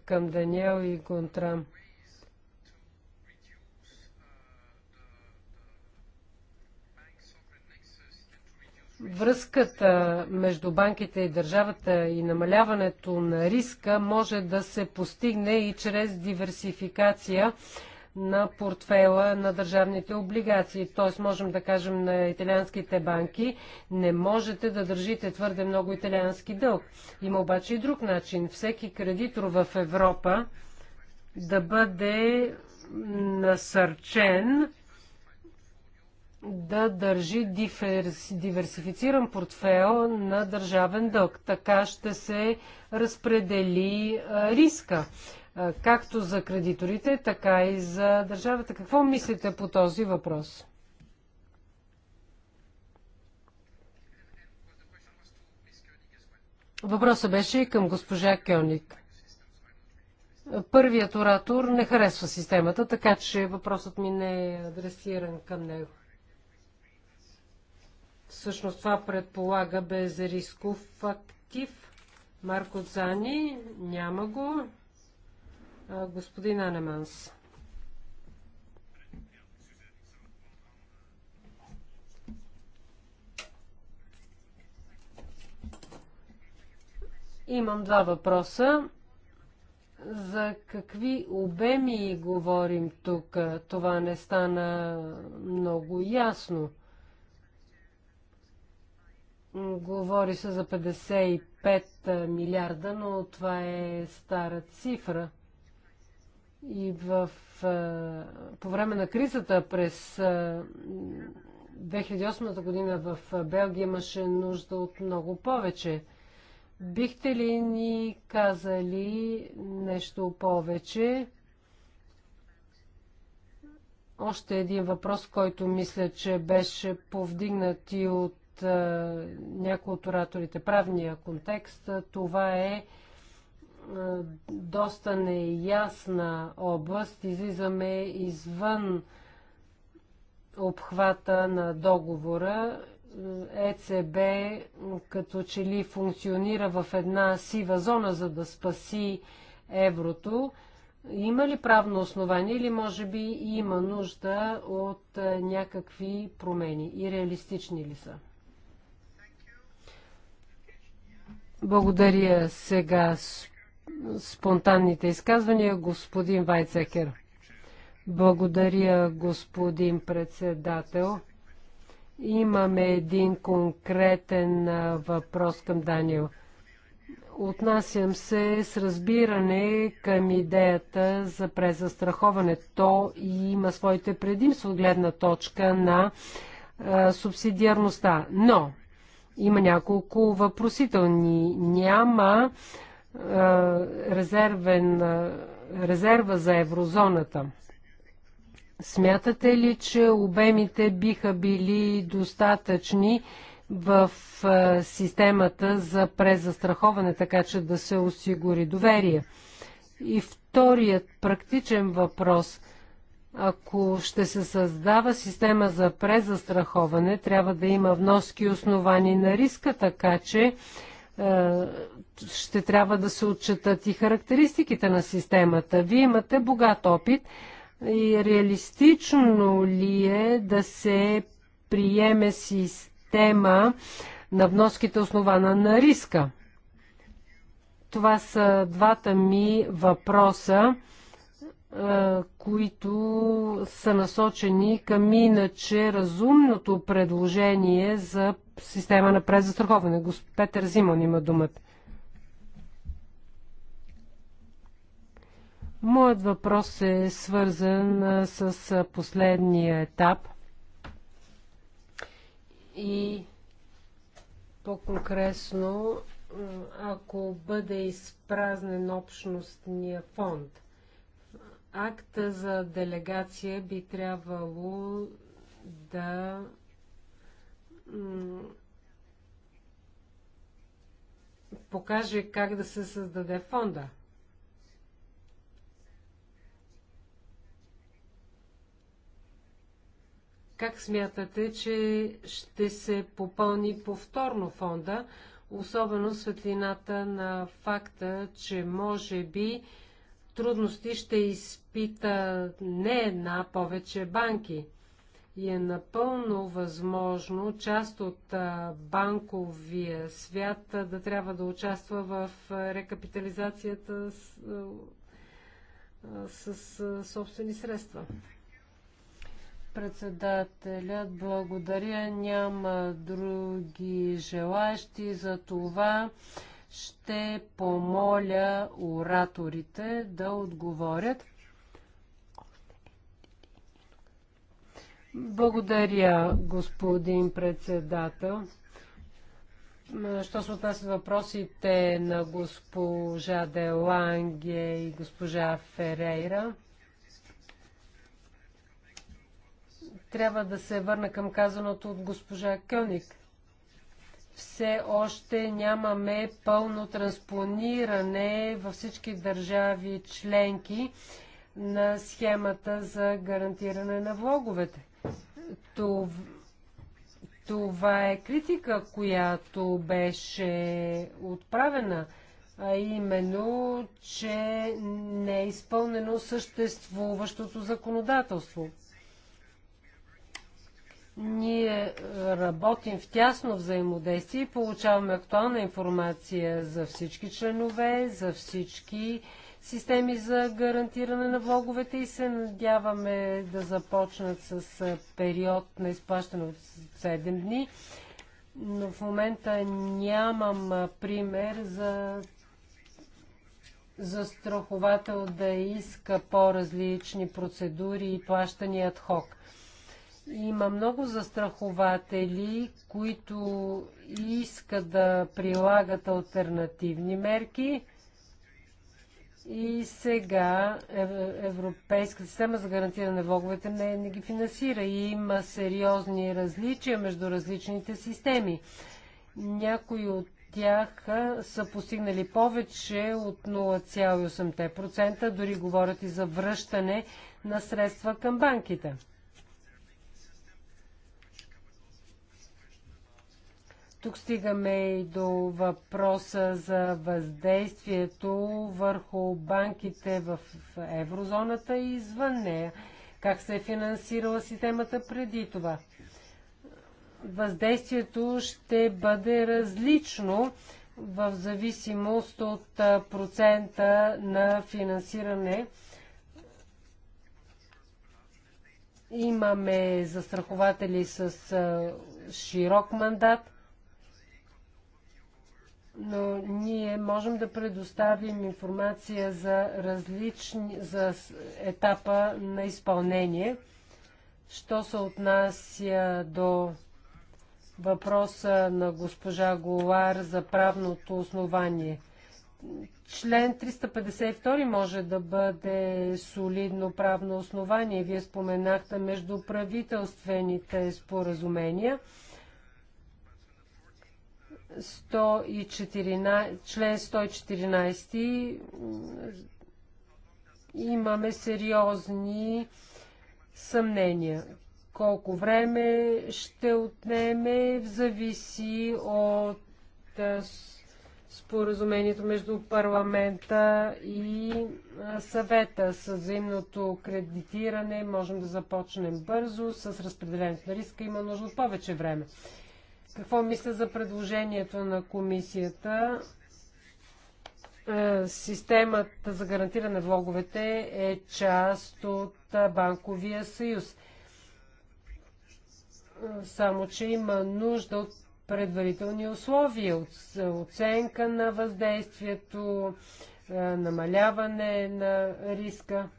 към Даниел и Гонтрам. Връзката между банките и държавата и намаляването на риска може да се постигне и чрез диверсификация на портфела на държавните облигации. Т.е. можем да кажем на италианските банки, не можете да държите твърде много италиански дълг. Има обаче и друг начин. Всеки кредитор в Европа да бъде насърчен да държи диверсифициран портфел на държавен дълг. Така ще се разпредели риска както за кредиторите, така и за държавата. Какво мислите по този въпрос? Въпросът беше и към госпожа Кьоник. Първият оратор не харесва системата, така че въпросът ми не е адресиран към него. Всъщност това предполага безрисков актив. Марко Цани, няма го. Господин Анеманс. Имам два въпроса. За какви обеми говорим тук? Това не стана много ясно. Говори се за 55 милиарда, но това е стара цифра. И в, по време на кризата през 2008 година в Белгия имаше нужда от много повече. Бихте ли ни казали нещо повече? Още един въпрос, който мисля, че беше повдигнат и от някои от ораторите. Правния контекст, това е е, доста неясна област. Излизаме извън обхвата на договора. ЕЦБ като че ли функционира в една сива зона, за да спаси еврото. Има ли правно основание или може би има нужда от е, някакви промени и реалистични ли са? Благодаря сега спонтанните изказвания. Господин Вайцекер. Благодаря, господин председател. Имаме един конкретен въпрос към Данил. Отнасям се с разбиране към идеята за презастраховане. То и има своите предимства от гледна точка на а, субсидиарността. Но има няколко въпросителни. Няма резервен, резерва за еврозоната. Смятате ли, че обемите биха били достатъчни в системата за презастраховане, така че да се осигури доверие? И вторият практичен въпрос. Ако ще се създава система за презастраховане, трябва да има вноски основани на риска, така че ще трябва да се отчитат и характеристиките на системата. Вие имате богат опит и реалистично ли е да се приеме система на вноските основана на риска? Това са двата ми въпроса, е, които са насочени към иначе разумното предложение за система на презастраховане. Петър Зимон има думата. Моят въпрос е свързан с последния етап и по-конкретно, ако бъде изпразнен общностния фонд. Акта за делегация би трябвало да покаже как да се създаде фонда. Как смятате, че ще се попълни повторно фонда, особено светлината на факта, че може би трудности ще изпита не една, повече банки? И е напълно възможно част от банковия свят да трябва да участва в рекапитализацията с, с, с собствени средства. Председателят, благодаря. Няма други желаящи. За това ще помоля ораторите да отговорят. Благодаря, господин председател. Що се отнася въпросите на госпожа Деланге и госпожа Ферейра? Трябва да се върна към казаното от госпожа Кълник. Все още нямаме пълно транспониране във всички държави членки на схемата за гарантиране на влоговете. Това, това е критика, която беше отправена, а именно, че не е изпълнено съществуващото законодателство. Ние е, работим в тясно взаимодействие и получаваме актуална информация за всички членове, за всички системи за гарантиране на влоговете и се надяваме да започнат с е, период на изплащане от 7 дни. Но в момента нямам е, пример за застраховател да иска по-различни процедури и плащания ад хок. Има много застрахователи, които искат да прилагат альтернативни мерки. И сега Европейската система за гарантиране на влоговете не, не ги финансира. И има сериозни различия между различните системи. Някои от тях са постигнали повече от 0,8%, дори говорят и за връщане на средства към банките. Тук стигаме и до въпроса за въздействието върху банките в еврозоната и извън нея. Как се е финансирала системата преди това? Въздействието ще бъде различно в зависимост от процента на финансиране. Имаме застрахователи с широк мандат – но ние можем да предоставим информация за различни, за етапа на изпълнение. Що се отнася до въпроса на госпожа Голар за правното основание. Член 352 може да бъде солидно правно основание. Вие споменахте между правителствените споразумения. 114, член 114 имаме сериозни съмнения. Колко време ще отнеме, зависи от споразумението между парламента и съвета. С взаимното кредитиране можем да започнем бързо, с разпределението на риска има нужда от повече време. Какво мисля за предложението на комисията? Е, системата за гарантиране влоговете е част от банковия съюз. Само, че има нужда от предварителни условия, от оценка на въздействието, е, намаляване на риска.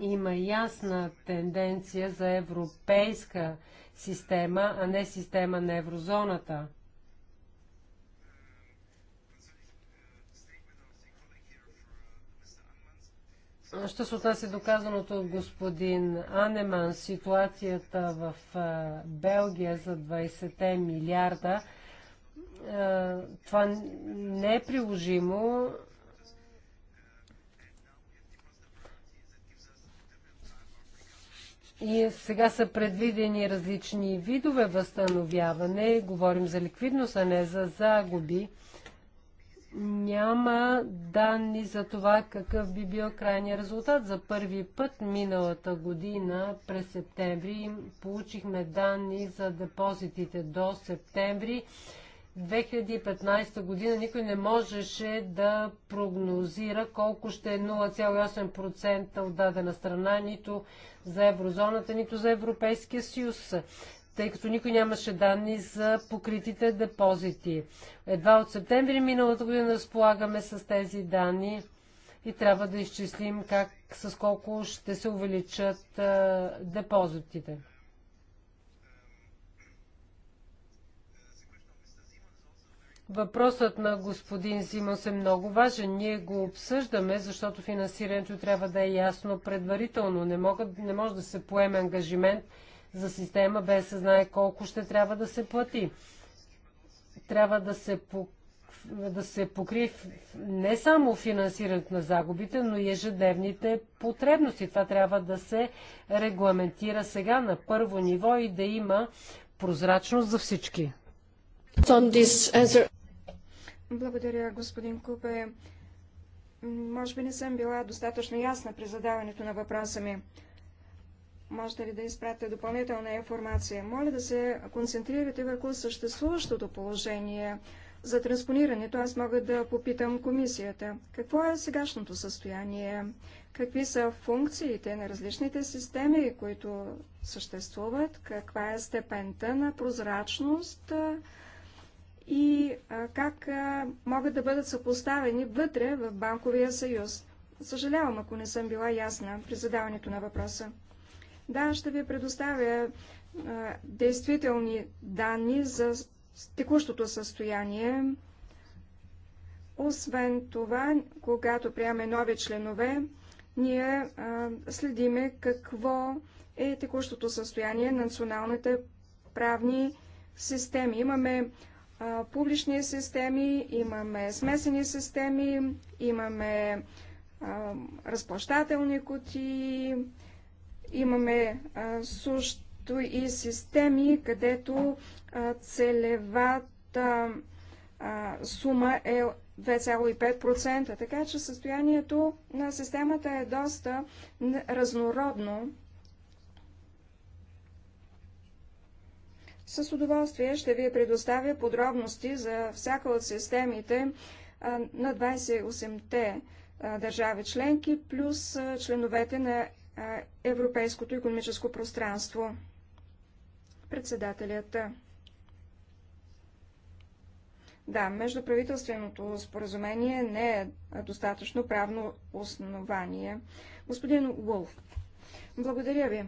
Има ясна тенденция за европейска система, а не система на еврозоната. Що се отнася до казаното от господин Анеман, ситуацията в Белгия за 20 милиарда, това не е приложимо И е- сега са предвидени различни видове възстановяване. Говорим за ликвидност, а не за загуби. Няма данни за това какъв би бил крайният резултат. За първи път миналата година през септември получихме данни за депозитите до септември 2015 година никой не можеше да прогнозира колко ще е 0,8% от дадена страна, нито за еврозоната, нито за Европейския съюз, тъй като никой нямаше данни за покритите депозити. Едва от септември миналата година разполагаме с тези данни и трябва да изчислим как, с колко ще се увеличат депозитите. Въпросът на господин Симос е много важен. Ние го обсъждаме, защото финансирането трябва да е ясно предварително. Не, могат, не може да се поеме ангажимент за система без да знае колко ще трябва да се плати. Трябва да се, да се покри не само финансирането на загубите, но и ежедневните потребности. Това трябва да се регламентира сега на първо ниво и да има прозрачност за всички. Благодаря, господин Купе. Може би не съм била достатъчно ясна при задаването на въпроса ми. Можете ли да изпратите допълнителна информация? Моля да се концентрирате върху съществуващото положение. За транспонирането аз мога да попитам комисията. Какво е сегашното състояние? Какви са функциите на различните системи, които съществуват? Каква е степента на прозрачност? и как могат да бъдат съпоставени вътре в Банковия съюз. Съжалявам, ако не съм била ясна при задаването на въпроса. Да, ще ви предоставя а, действителни данни за текущото състояние. Освен това, когато приемаме нови членове, ние а, следиме какво е текущото състояние на националните правни системи. Имаме публични системи, имаме смесени системи, имаме разплащателни кутии, имаме също и системи, където целевата сума е 2,5%. Така че състоянието на системата е доста разнородно. С удоволствие ще ви предоставя подробности за всяка от системите на 28-те държави членки, плюс членовете на Европейското економическо пространство. Председателят. Да, междуправителственото споразумение не е достатъчно правно основание. Господин Уолф, благодаря ви.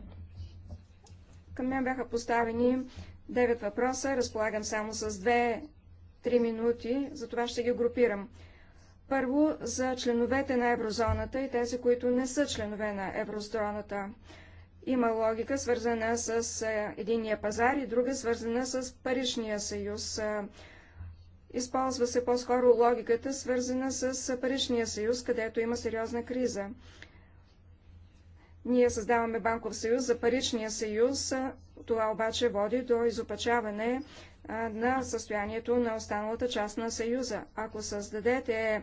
Към мен бяха поставени девет въпроса. Разполагам само с две три минути, затова ще ги групирам. Първо, за членовете на еврозоната и тези, които не са членове на еврозоната. Има логика, свързана с единия пазар и друга, свързана с Парижния съюз. Използва се по-скоро логиката, свързана с Парижния съюз, където има сериозна криза. Ние създаваме банков съюз за паричния съюз, това обаче води до изопачаване на състоянието на останалата част на съюза. Ако създадете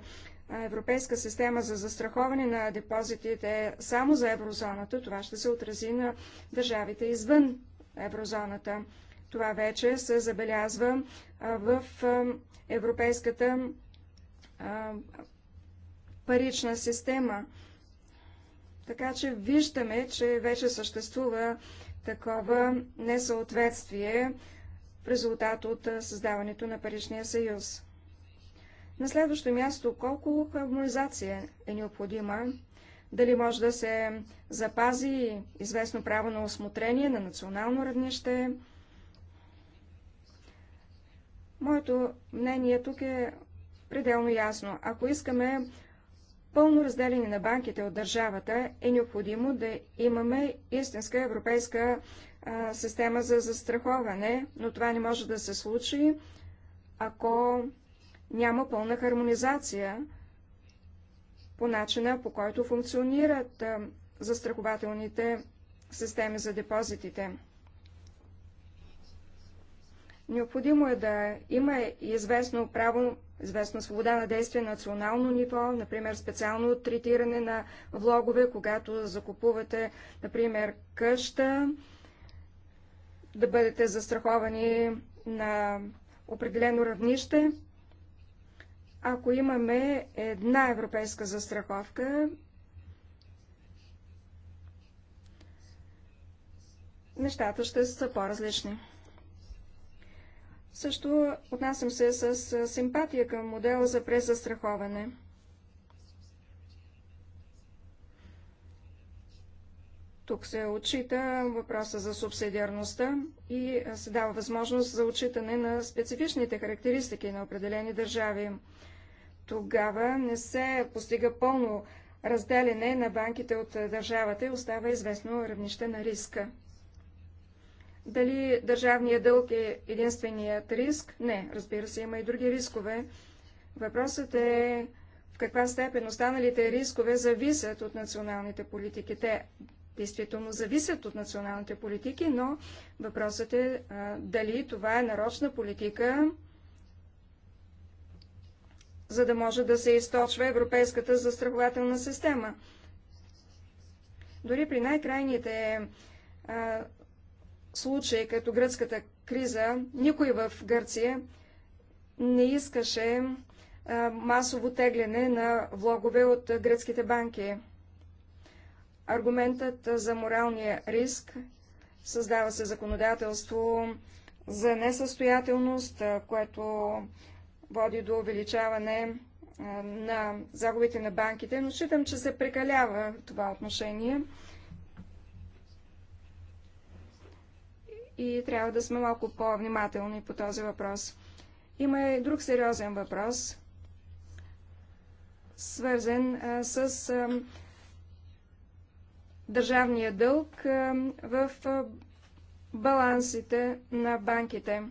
европейска система за застраховане на депозитите само за еврозоната, това ще се отрази на държавите извън еврозоната. Това вече се забелязва в европейската парична система. Така че виждаме, че вече съществува такова несъответствие в резултат от създаването на Паричния съюз. На следващо място, колко хармонизация е необходима, дали може да се запази известно право на осмотрение на национално равнище. Моето мнение тук е пределно ясно. Ако искаме пълно разделение на банките от държавата е необходимо да имаме истинска европейска а, система за застраховане, но това не може да се случи, ако няма пълна хармонизация по начина, по който функционират а, застрахователните системи за депозитите. Необходимо е да има известно право известна свобода на действие на национално ниво, например специално третиране на влогове, когато закупувате, например, къща, да бъдете застраховани на определено равнище. Ако имаме една европейска застраховка, нещата ще са по-различни. Също отнасям се с симпатия към модела за презастраховане. Тук се отчита въпроса за субсидиарността и се дава възможност за отчитане на специфичните характеристики на определени държави. Тогава не се постига пълно разделяне на банките от държавата и остава известно равнище на риска. Дали държавният дълг е единственият риск? Не, разбира се, има и други рискове. Въпросът е в каква степен останалите рискове зависят от националните политики. Те действително зависят от националните политики, но въпросът е а, дали това е нарочна политика, за да може да се източва европейската застрахователна система. Дори при най-крайните случай, като гръцката криза, никой в Гърция не искаше масово тегляне на влогове от гръцките банки. Аргументът за моралния риск създава се законодателство за несъстоятелност, което води до увеличаване на загубите на банките, но считам, че се прекалява това отношение. и трябва да сме малко по-внимателни по този въпрос. Има и друг сериозен въпрос, свързан с а, държавния дълг а, в а, балансите на банките.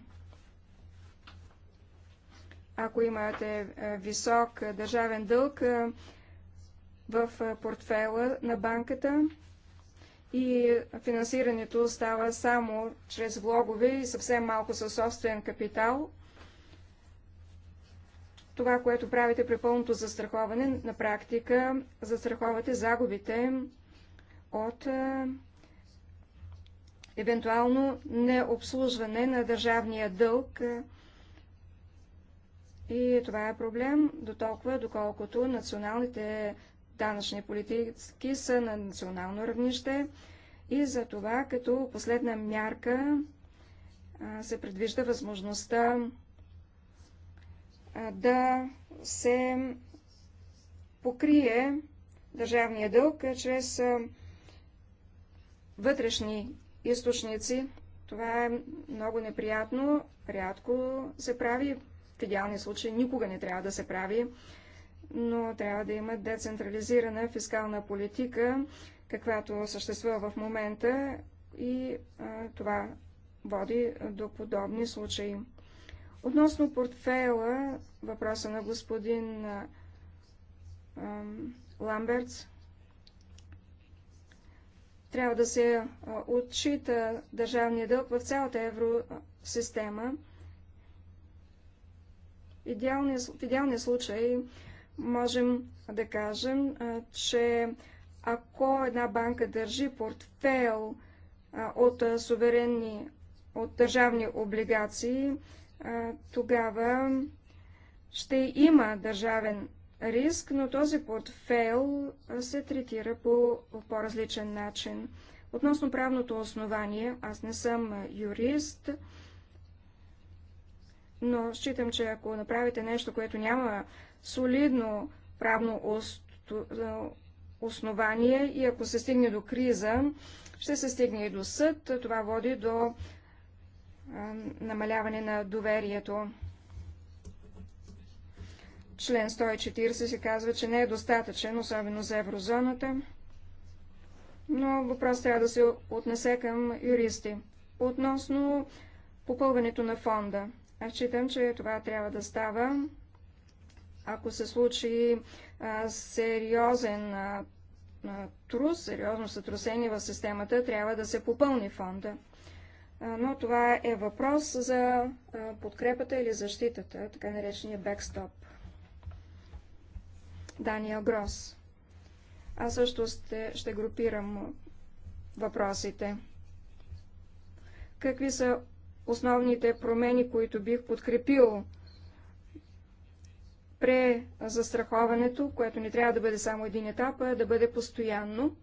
Ако имате а, висок а, държавен дълг а, в а, портфела на банката, и финансирането става само чрез влогове и съвсем малко със собствен капитал. Това, което правите при пълното застраховане, на практика застраховате загубите от е, евентуално необслужване на държавния дълг. И това е проблем до толкова, доколкото националните данъчни политики са на национално равнище и за това като последна мярка се предвижда възможността да се покрие държавния дълг чрез вътрешни източници. Това е много неприятно, рядко се прави, в идеални случаи никога не трябва да се прави но трябва да има децентрализирана фискална политика, каквато съществува в момента и а, това води до подобни случаи. Относно портфела, въпроса на господин а, а, Ламбертс, трябва да се отчита държавния дълг в цялата евросистема. Идеалния, в идеалния случай можем да кажем, че ако една банка държи портфел от суверенни, от държавни облигации, тогава ще има държавен риск, но този портфел се третира по по-различен начин. Относно правното основание, аз не съм юрист, но считам, че ако направите нещо, което няма солидно правно основание и ако се стигне до криза, ще се стигне и до съд. Това води до намаляване на доверието. Член 140 се казва, че не е достатъчен, особено за еврозоната, но въпрос трябва да се отнесе към юристи. Относно попълването на фонда, аз считам, че това трябва да става ако се случи а, сериозен а, трус, сериозно сътрусение в системата, трябва да се попълни фонда. А, но това е въпрос за подкрепата или защитата, така наречения бекстоп. Дания Грос. Аз също ще, ще групирам въпросите. Какви са основните промени, които бих подкрепил презастраховането, което не трябва да бъде само един етап, а да бъде постоянно.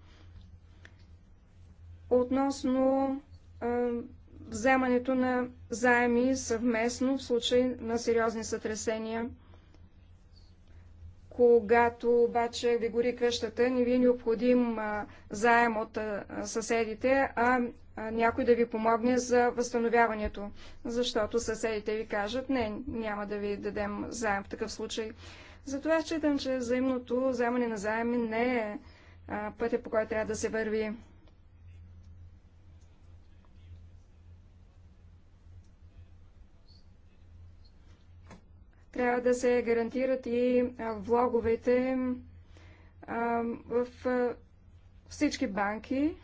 Относно а, вземането на заеми съвместно в случай на сериозни сътресения. Когато обаче ви гори къщата, не ви е необходим а, заем от а, съседите, а някой да ви помогне за възстановяването, защото съседите ви кажат, не, няма да ви дадем заем в такъв случай. Затова считам, че взаимното вземане на заеми не е пътя, по който трябва да се върви. Трябва да се гарантират и влоговете в всички банки,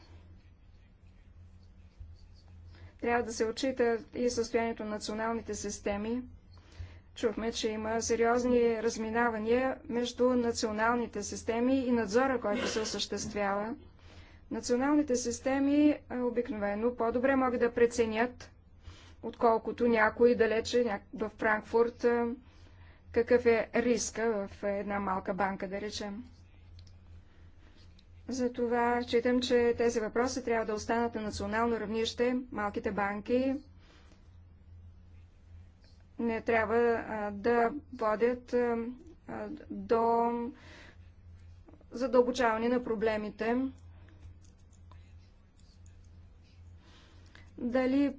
трябва да се отчита и състоянието на националните системи. Чухме, че има сериозни разминавания между националните системи и надзора, който се осъществява. Националните системи обикновено по-добре могат да преценят, отколкото някой далече в Франкфурт, какъв е риска в една малка банка, да речем. Затова считам, че тези въпроси трябва да останат на национално равнище. Малките банки не трябва да водят до задълбочаване на проблемите. Дали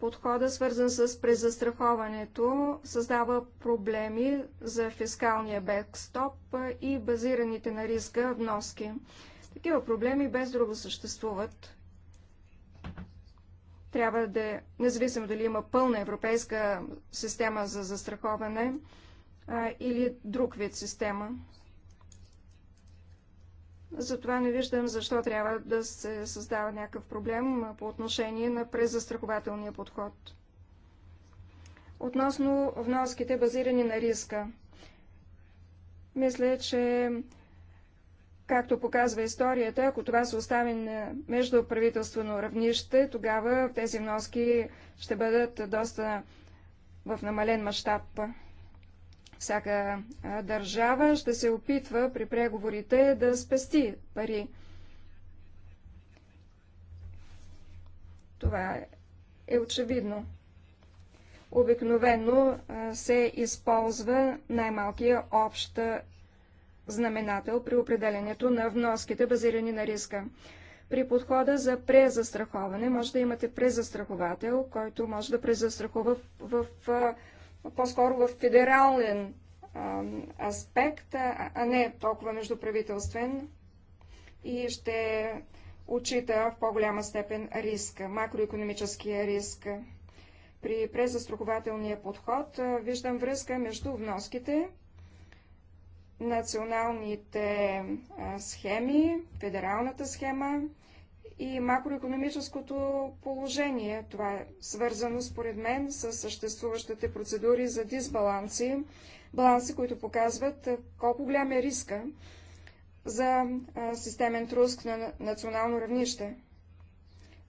подхода, свързан с презастраховането, създава проблеми за фискалния бекстоп и базираните на риска вноски. Такива проблеми без друго съществуват. Трябва да, независимо дали има пълна европейска система за застраховане а, или друг вид система, затова не виждам защо трябва да се създава някакъв проблем по отношение на презастрахователния подход. Относно вноските, базирани на риска. Мисля, че Както показва историята, ако това се остави на междуправителствено равнище, тогава тези вноски ще бъдат доста в намален мащаб. Всяка държава ще се опитва при преговорите да спести пари. Това е очевидно. Обикновено се използва най-малкия общ знаменател при определението на вноските, базирани на риска. При подхода за презастраховане може да имате презастраховател, който може да презастрахува в, в, в по-скоро в федерален а, аспект, а, а не толкова междуправителствен и ще отчита в по-голяма степен риска, макроекономическия риск. При презастрахователния подход а, виждам връзка между вноските, националните а, схеми, федералната схема и макроекономическото положение. Това е свързано, според мен, с съществуващите процедури за дисбаланси, баланси, които показват колко голям е риска за системен труск на национално равнище.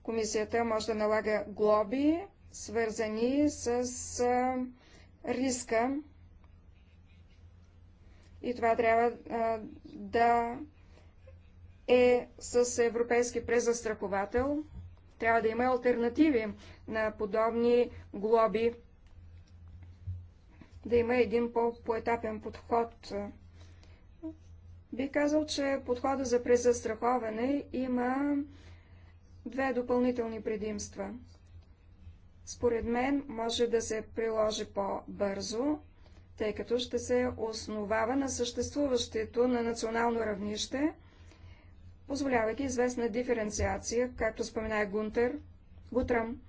Комисията може да налага глоби, свързани с риска и това трябва да е с европейски презастраховател. Трябва да има альтернативи на подобни глоби, да има един по-поетапен подход. Би казал, че подхода за презастраховане има две допълнителни предимства. Според мен може да се приложи по-бързо, тъй като ще се основава на съществуващето на национално равнище – позволявайки известна диференциация, както спомена Гунтер, Гутрам,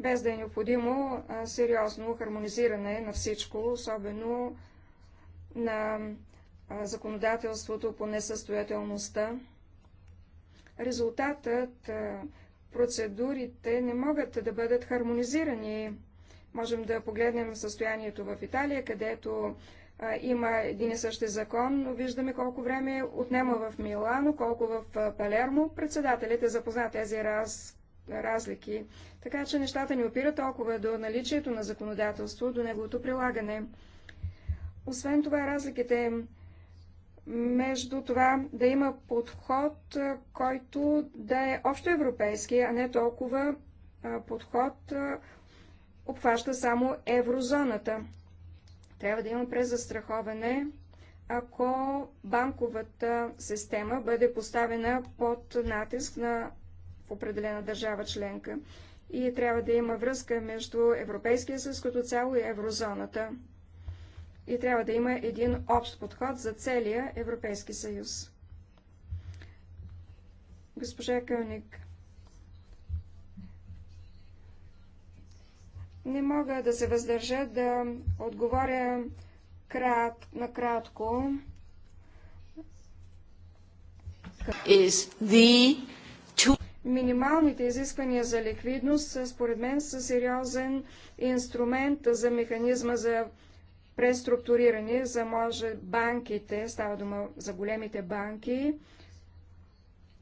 без да е необходимо сериозно хармонизиране на всичко, особено на законодателството по несъстоятелността. Резултатът, процедурите не могат да бъдат хармонизирани. Можем да погледнем състоянието в Италия, където има един и същи закон, но виждаме колко време отнема в Милано, колко в Палермо. Председателите запознат тези раз, разлики. Така че нещата ни опират толкова до наличието на законодателство, до неговото прилагане. Освен това, разликите между това да има подход, който да е общоевропейски, а не толкова подход обхваща само еврозоната. Трябва да има презастраховане, ако банковата система бъде поставена под натиск на в определена държава членка. И трябва да има връзка между Европейския съюз като цяло и еврозоната. И трябва да има един общ подход за целия Европейски съюз. Госпожа Кълник, Не мога да се въздържа да отговоря крат, накратко. The... Минималните изисквания за ликвидност, според мен, са сериозен инструмент за механизма за преструктуриране, за може банките, става дума за големите банки,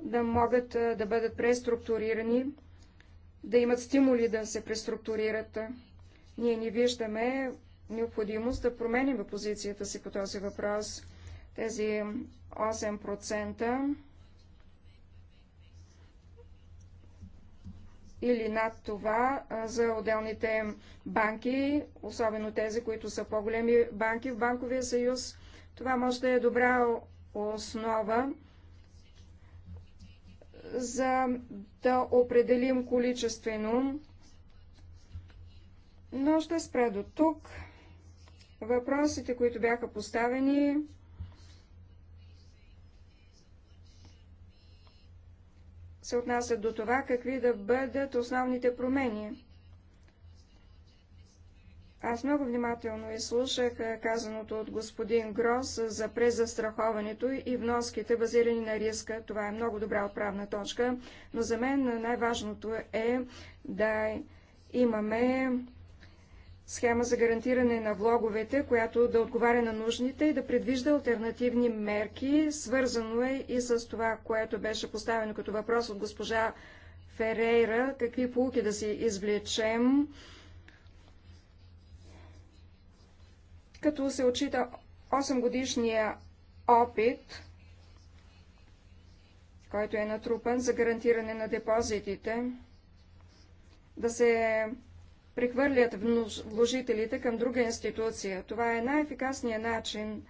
да могат да бъдат преструктурирани да имат стимули да се преструктурират. Ние не виждаме необходимост да променим позицията си по този въпрос. Тези 8% или над това за отделните банки, особено тези, които са по-големи банки в Банковия съюз. Това може да е добра основа за да определим количествено, но ще спра до тук. Въпросите, които бяха поставени, се отнасят до това, какви да бъдат основните промени. Аз много внимателно изслушах е, казаното от господин Грос за презастраховането и вноските, базирани на риска. Това е много добра отправна точка, но за мен най-важното е да имаме схема за гарантиране на влоговете, която да отговаря на нужните и да предвижда альтернативни мерки. Свързано е и с това, което беше поставено като въпрос от госпожа Ферейра, какви полуки да си извлечем като се отчита 8 годишния опит, който е натрупан за гарантиране на депозитите, да се прехвърлят вложителите към друга институция. Това е най-ефикасният начин,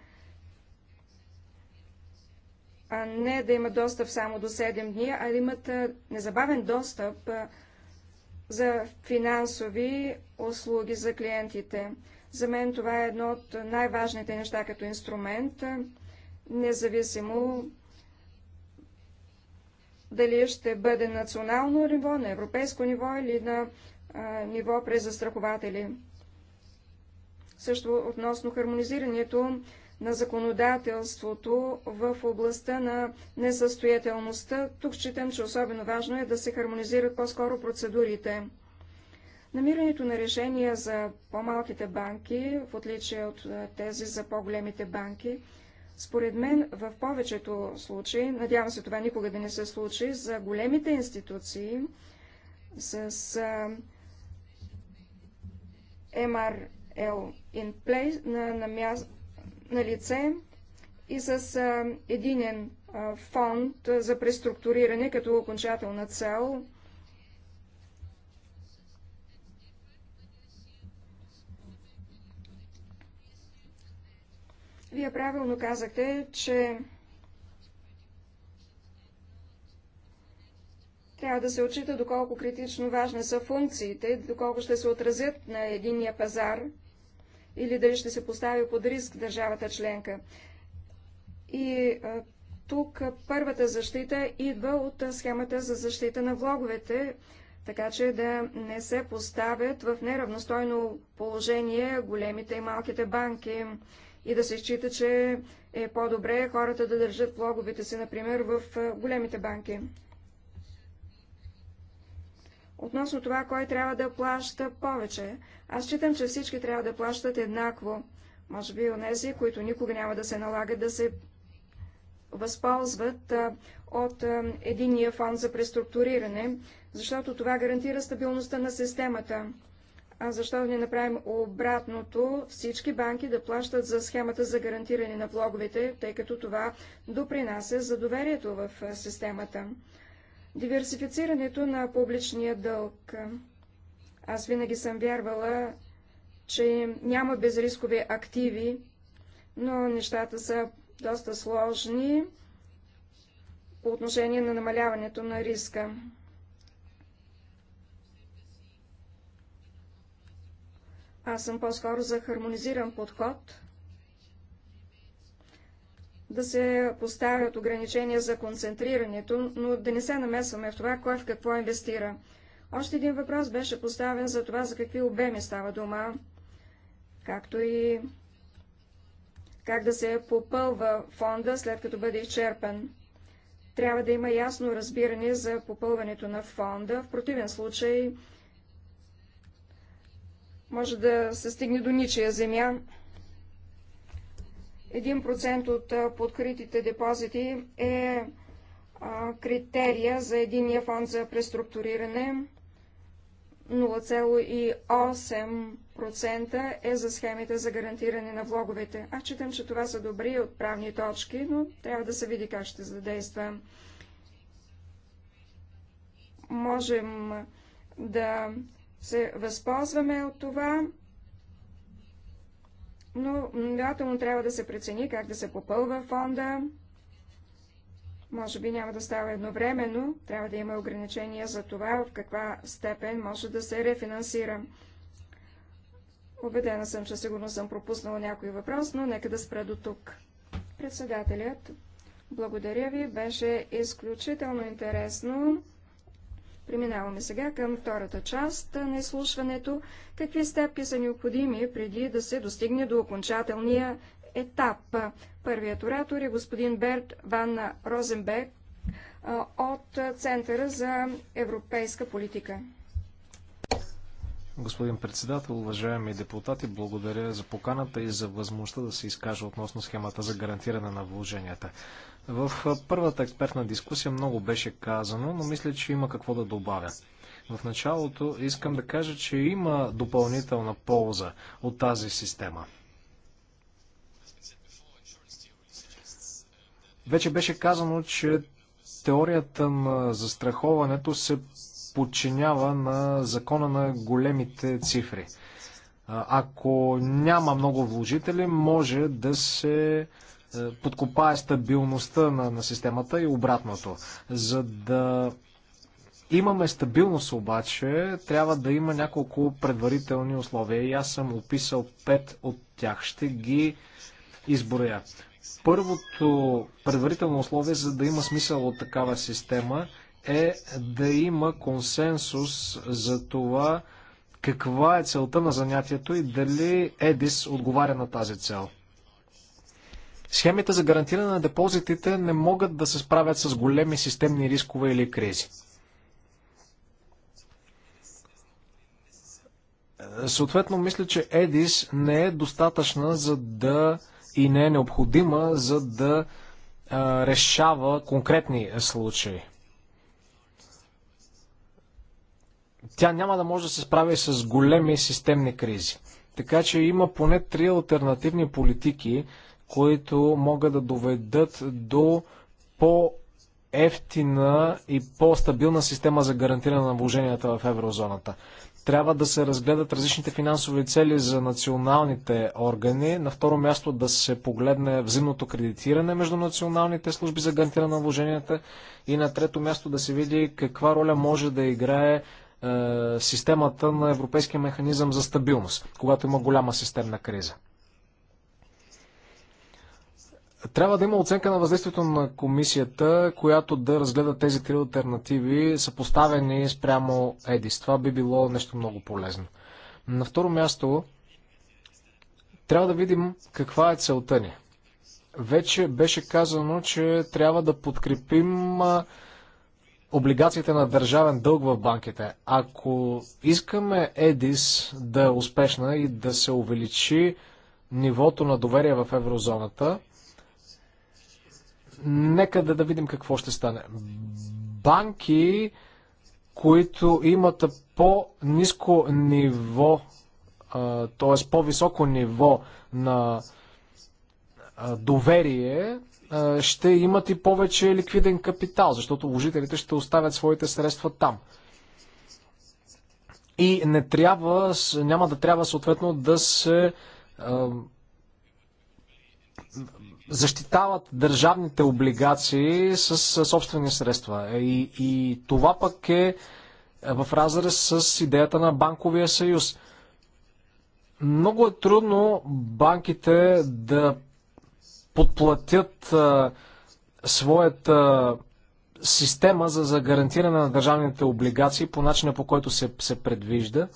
а не да имат достъп само до 7 дни, а да имат незабавен достъп за финансови услуги за клиентите. За мен това е едно от най-важните неща като инструмент, независимо дали ще бъде национално ниво, на европейско ниво или на а, ниво през застрахователи. Също относно хармонизирането на законодателството в областта на несъстоятелността, тук считам, че особено важно е да се хармонизират по-скоро процедурите. Намирането на решения за по-малките банки, в отличие от тези за по-големите банки, според мен в повечето случаи, надявам се това никога да не се случи, за големите институции с MRL in play на, на, мя... на лице и с а, единен а, фонд за преструктуриране като окончателна цел Вие правилно казахте, че трябва да се отчита доколко критично важни са функциите, доколко ще се отразят на единния пазар или дали ще се постави под риск държавата членка. И а, тук първата защита идва от схемата за защита на влоговете, така че да не се поставят в неравностойно положение големите и малките банки и да се счита, че е по-добре хората да държат влоговете си, например, в големите банки. Относно това, кой трябва да плаща повече, аз считам, че всички трябва да плащат еднакво. Може би онези, които никога няма да се налагат да се възползват от единния единия фонд за преструктуриране, защото това гарантира стабилността на системата защо да не направим обратното, всички банки да плащат за схемата за гарантиране на влоговете, тъй като това допринася за доверието в системата. Диверсифицирането на публичния дълг. Аз винаги съм вярвала, че няма безрискови активи, но нещата са доста сложни по отношение на намаляването на риска. Аз съм по-скоро за хармонизиран подход, да се поставят ограничения за концентрирането, но да не се намесваме в това, кой в какво инвестира. Още един въпрос беше поставен за това, за какви обеми става дума, както и как да се попълва фонда, след като бъде изчерпан. Трябва да има ясно разбиране за попълването на фонда, в противен случай може да се стигне до ничия земя. 1% от подкритите депозити е критерия за единия фонд за преструктуриране. 0,8% е за схемите за гарантиране на влоговете. Аз читам, че това са добри отправни точки, но трябва да се види как ще задейства. Можем да се възползваме от това, но му трябва да се прецени как да се попълва фонда. Може би няма да става едновременно, трябва да има ограничения за това, в каква степен може да се рефинансира. Обедена съм, че сигурно съм пропуснала някой въпрос, но нека да спра до тук. Председателят, благодаря ви, беше изключително интересно. Преминаваме сега към втората част на изслушването. Какви стъпки са необходими преди да се достигне до окончателния етап? Първият оратор е господин Берт Ван Розенбек от Центъра за европейска политика. Господин председател, уважаеми депутати, благодаря за поканата и за възможността да се изкажа относно схемата за гарантиране на вложенията. В първата експертна дискусия много беше казано, но мисля, че има какво да добавя. В началото искам да кажа, че има допълнителна полза от тази система. Вече беше казано, че теорията на застраховането се подчинява на закона на големите цифри. Ако няма много вложители, може да се е, подкопае стабилността на, на системата и обратното. За да имаме стабилност обаче, трябва да има няколко предварителни условия и аз съм описал пет от тях. Ще ги изброя. Първото предварително условие, за да има смисъл от такава система, е да има консенсус за това каква е целта на занятието и дали ЕДИС отговаря на тази цел. Схемите за гарантиране на депозитите не могат да се справят с големи системни рискове или кризи. Съответно, мисля, че ЕДИС не е достатъчна за да и не е необходима за да а, решава конкретни случаи. Тя няма да може да се справи с големи системни кризи. Така че има поне три альтернативни политики, които могат да доведат до по- ефтина и по-стабилна система за гарантиране на вложенията в еврозоната. Трябва да се разгледат различните финансови цели за националните органи. На второ място да се погледне взаимното кредитиране между националните служби за гарантиране на вложенията. И на трето място да се види каква роля може да играе е, системата на Европейския механизъм за стабилност, когато има голяма системна криза. Трябва да има оценка на въздействието на комисията, която да разгледа тези три альтернативи, съпоставени спрямо ЕДИС. Това би било нещо много полезно. На второ място, трябва да видим каква е целта ни. Вече беше казано, че трябва да подкрепим облигациите на държавен дълг в банките. Ако искаме ЕДИС да е успешна и да се увеличи нивото на доверие в еврозоната, Нека да, да видим какво ще стане. Банки, които имат по-низко ниво, т.е. по-високо ниво на доверие, ще имат и повече ликвиден капитал, защото вложителите ще оставят своите средства там. И не трябва, няма да трябва съответно да се защитават държавните облигации с собствени средства. И, и това пък е в разрез с идеята на банковия съюз. Много е трудно банките да подплатят а, своята система за, за гарантиране на държавните облигации по начина по който се, се предвижда.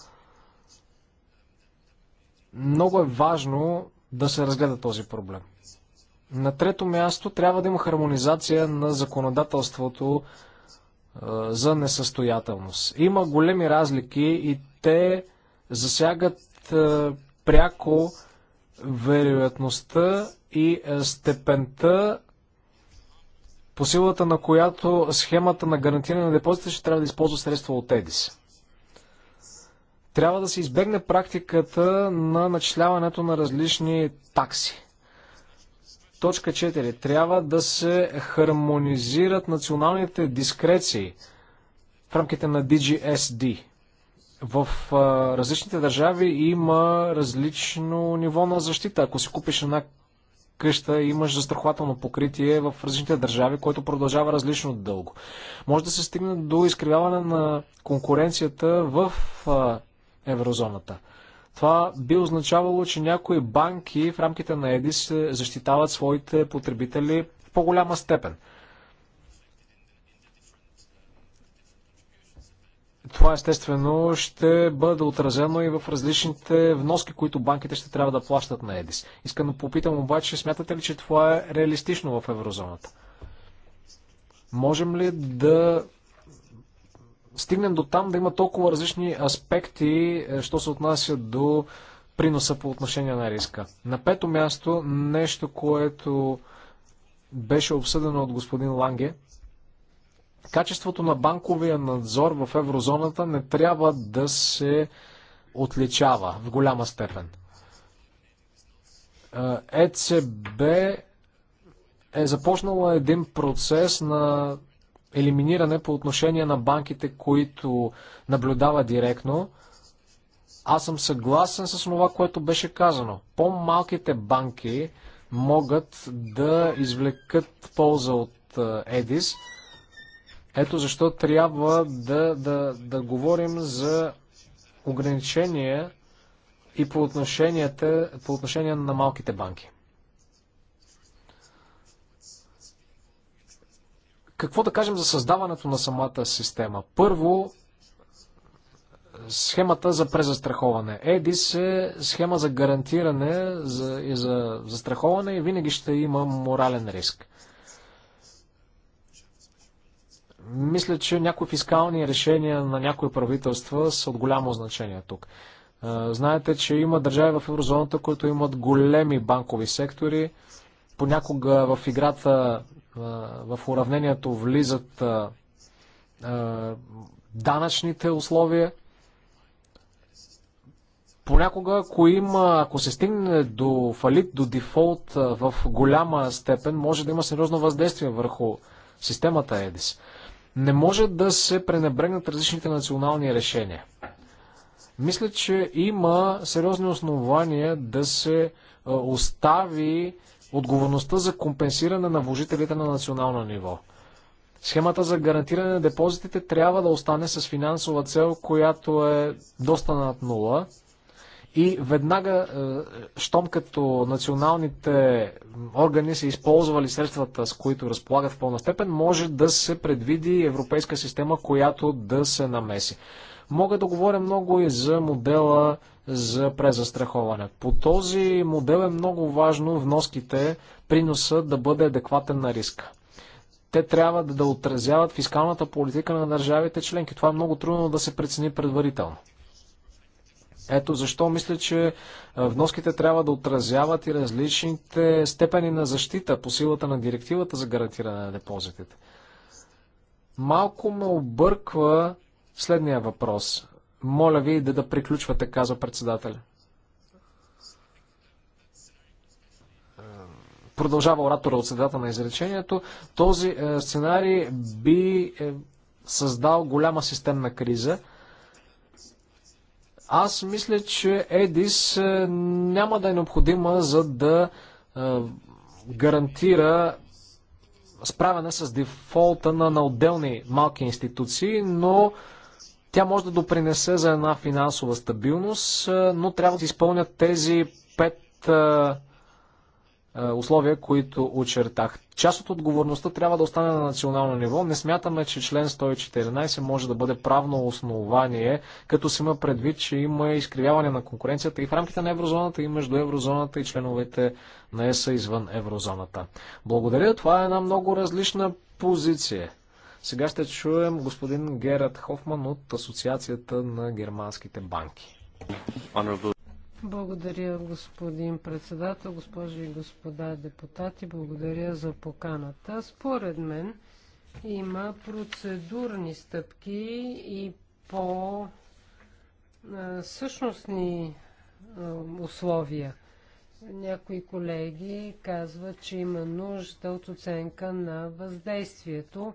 Много е важно да се разгледа този проблем. На трето място трябва да има хармонизация на законодателството е, за несъстоятелност. Има големи разлики и те засягат е, пряко вероятността и е, степента по силата на която схемата на гарантиране на депозита ще трябва да използва средства от ЕДИС. Трябва да се избегне практиката на начисляването на различни такси. Точка 4. Трябва да се хармонизират националните дискреции в рамките на DGSD. В а, различните държави има различно ниво на защита. Ако си купиш една къща имаш застрахователно покритие в различните държави, което продължава различно дълго. Може да се стигне до изкривяване на конкуренцията в а, еврозоната. Това би означавало, че някои банки в рамките на ЕДИС защитават своите потребители в по-голяма степен. Това естествено ще бъде отразено и в различните вноски, които банките ще трябва да плащат на ЕДИС. Искам да попитам обаче, смятате ли, че това е реалистично в еврозоната? Можем ли да стигнем до там да има толкова различни аспекти, е, що се отнася до приноса по отношение на риска. На пето място, нещо, което беше обсъдено от господин Ланге, качеството на банковия надзор в еврозоната не трябва да се отличава в голяма степен. ЕЦБ е, е започнала един процес на елиминиране по отношение на банките, които наблюдава директно. Аз съм съгласен с това, което беше казано. По-малките банки могат да извлекат полза от е, ЕДИС. Ето защо трябва да, да, да говорим за ограничения и по, по отношение на малките банки. Какво да кажем за създаването на самата система? Първо, схемата за презастраховане. ЕДИС е схема за гарантиране за, и за застраховане и винаги ще има морален риск. Мисля, че някои фискални решения на някои правителства са от голямо значение тук. Знаете, че има държави в еврозоната, които имат големи банкови сектори. Понякога в играта в уравнението влизат данъчните условия. Понякога, ако има, ако се стигне до фалит, до дефолт в голяма степен, може да има сериозно въздействие върху системата ЕДИС. Не може да се пренебрегнат различните национални решения. Мисля, че има сериозни основания да се остави Отговорността за компенсиране на вложителите на национално ниво. Схемата за гарантиране на депозитите трябва да остане с финансова цел, която е доста над нула. И веднага, е, щом като националните органи са използвали средствата, с които разполагат в пълна степен, може да се предвиди европейска система, която да се намеси. Мога да говоря много и за модела за презастраховане. По този модел е много важно вноските, приноса да бъде адекватен на риска. Те трябва да отразяват фискалната политика на държавите членки. Това е много трудно да се прецени предварително. Ето защо мисля, че е, вноските трябва да отразяват и различните степени на защита по силата на директивата за гарантиране на депозитите. Малко ме обърква Следния въпрос. Моля ви да, да приключвате, казва председателя. Продължава оратора от средата на изречението. Този е, сценарий би е създал голяма системна криза. Аз мисля, че ЕДИС е, няма да е необходима за да е, гарантира справяне с дефолта на, на отделни малки институции, но тя може да допринесе за една финансова стабилност, но трябва да изпълнят тези пет условия, които очертах. Част от отговорността трябва да остане на национално ниво. Не смятаме, че член 114 може да бъде правно основание, като се има предвид, че има изкривяване на конкуренцията и в рамките на еврозоната, и между еврозоната и членовете на ЕСА извън еврозоната. Благодаря, това е една много различна позиция. Сега ще чуем господин Герат Хофман от Асоциацията на германските банки. Благодаря, господин председател, госпожи и господа депутати. Благодаря за поканата. Според мен има процедурни стъпки и по същностни условия. Някои колеги казват, че има нужда от оценка на въздействието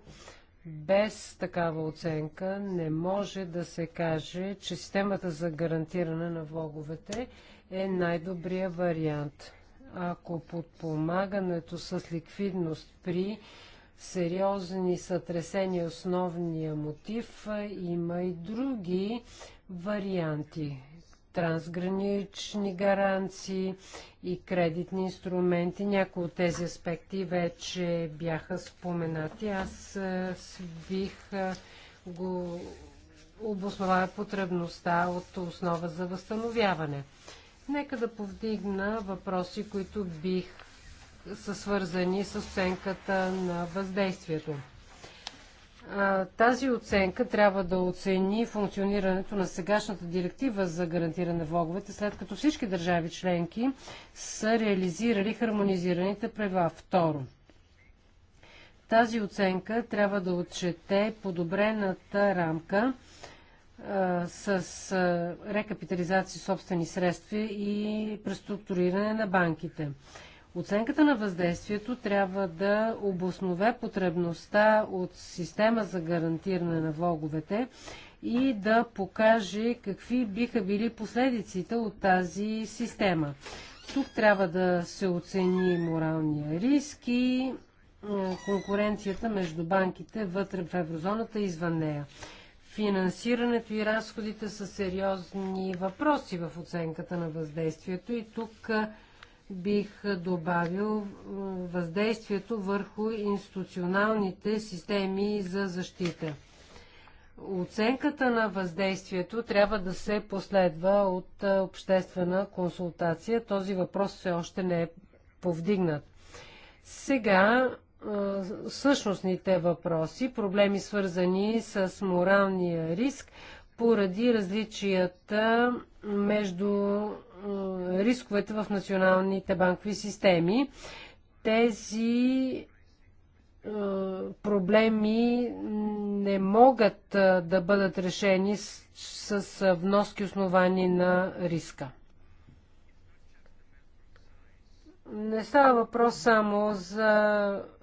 без такава оценка не може да се каже, че системата за гарантиране на влоговете е най-добрия вариант. Ако подпомагането с ликвидност при сериозни сътресения основния мотив, има и други варианти трансгранични гаранции и кредитни инструменти. Някои от тези аспекти вече бяха споменати. Аз бих го обосновава потребността от основа за възстановяване. Нека да повдигна въпроси, които бих са свързани с оценката на въздействието. Тази оценка трябва да оцени функционирането на сегашната директива за гарантиране на влоговете, след като всички държави членки са реализирали хармонизираните правила. Второ, тази оценка трябва да отчете подобрената рамка а, с а, рекапитализация собствени средства и преструктуриране на банките. Оценката на въздействието трябва да обоснове потребността от система за гарантиране на влоговете и да покаже какви биха били последиците от тази система. Тук трябва да се оцени моралния риск и е, конкуренцията между банките вътре в еврозоната и извън нея. Финансирането и разходите са сериозни въпроси в оценката на въздействието и тук е, бих добавил въздействието върху институционалните системи за защита. Оценката на въздействието трябва да се последва от обществена консултация. Този въпрос все още не е повдигнат. Сега същностните въпроси, проблеми свързани с моралния риск, поради различията между е, рисковете в националните банкови системи. Тези е, проблеми не могат е, да бъдат решени с вноски основани на риска. не става въпрос само за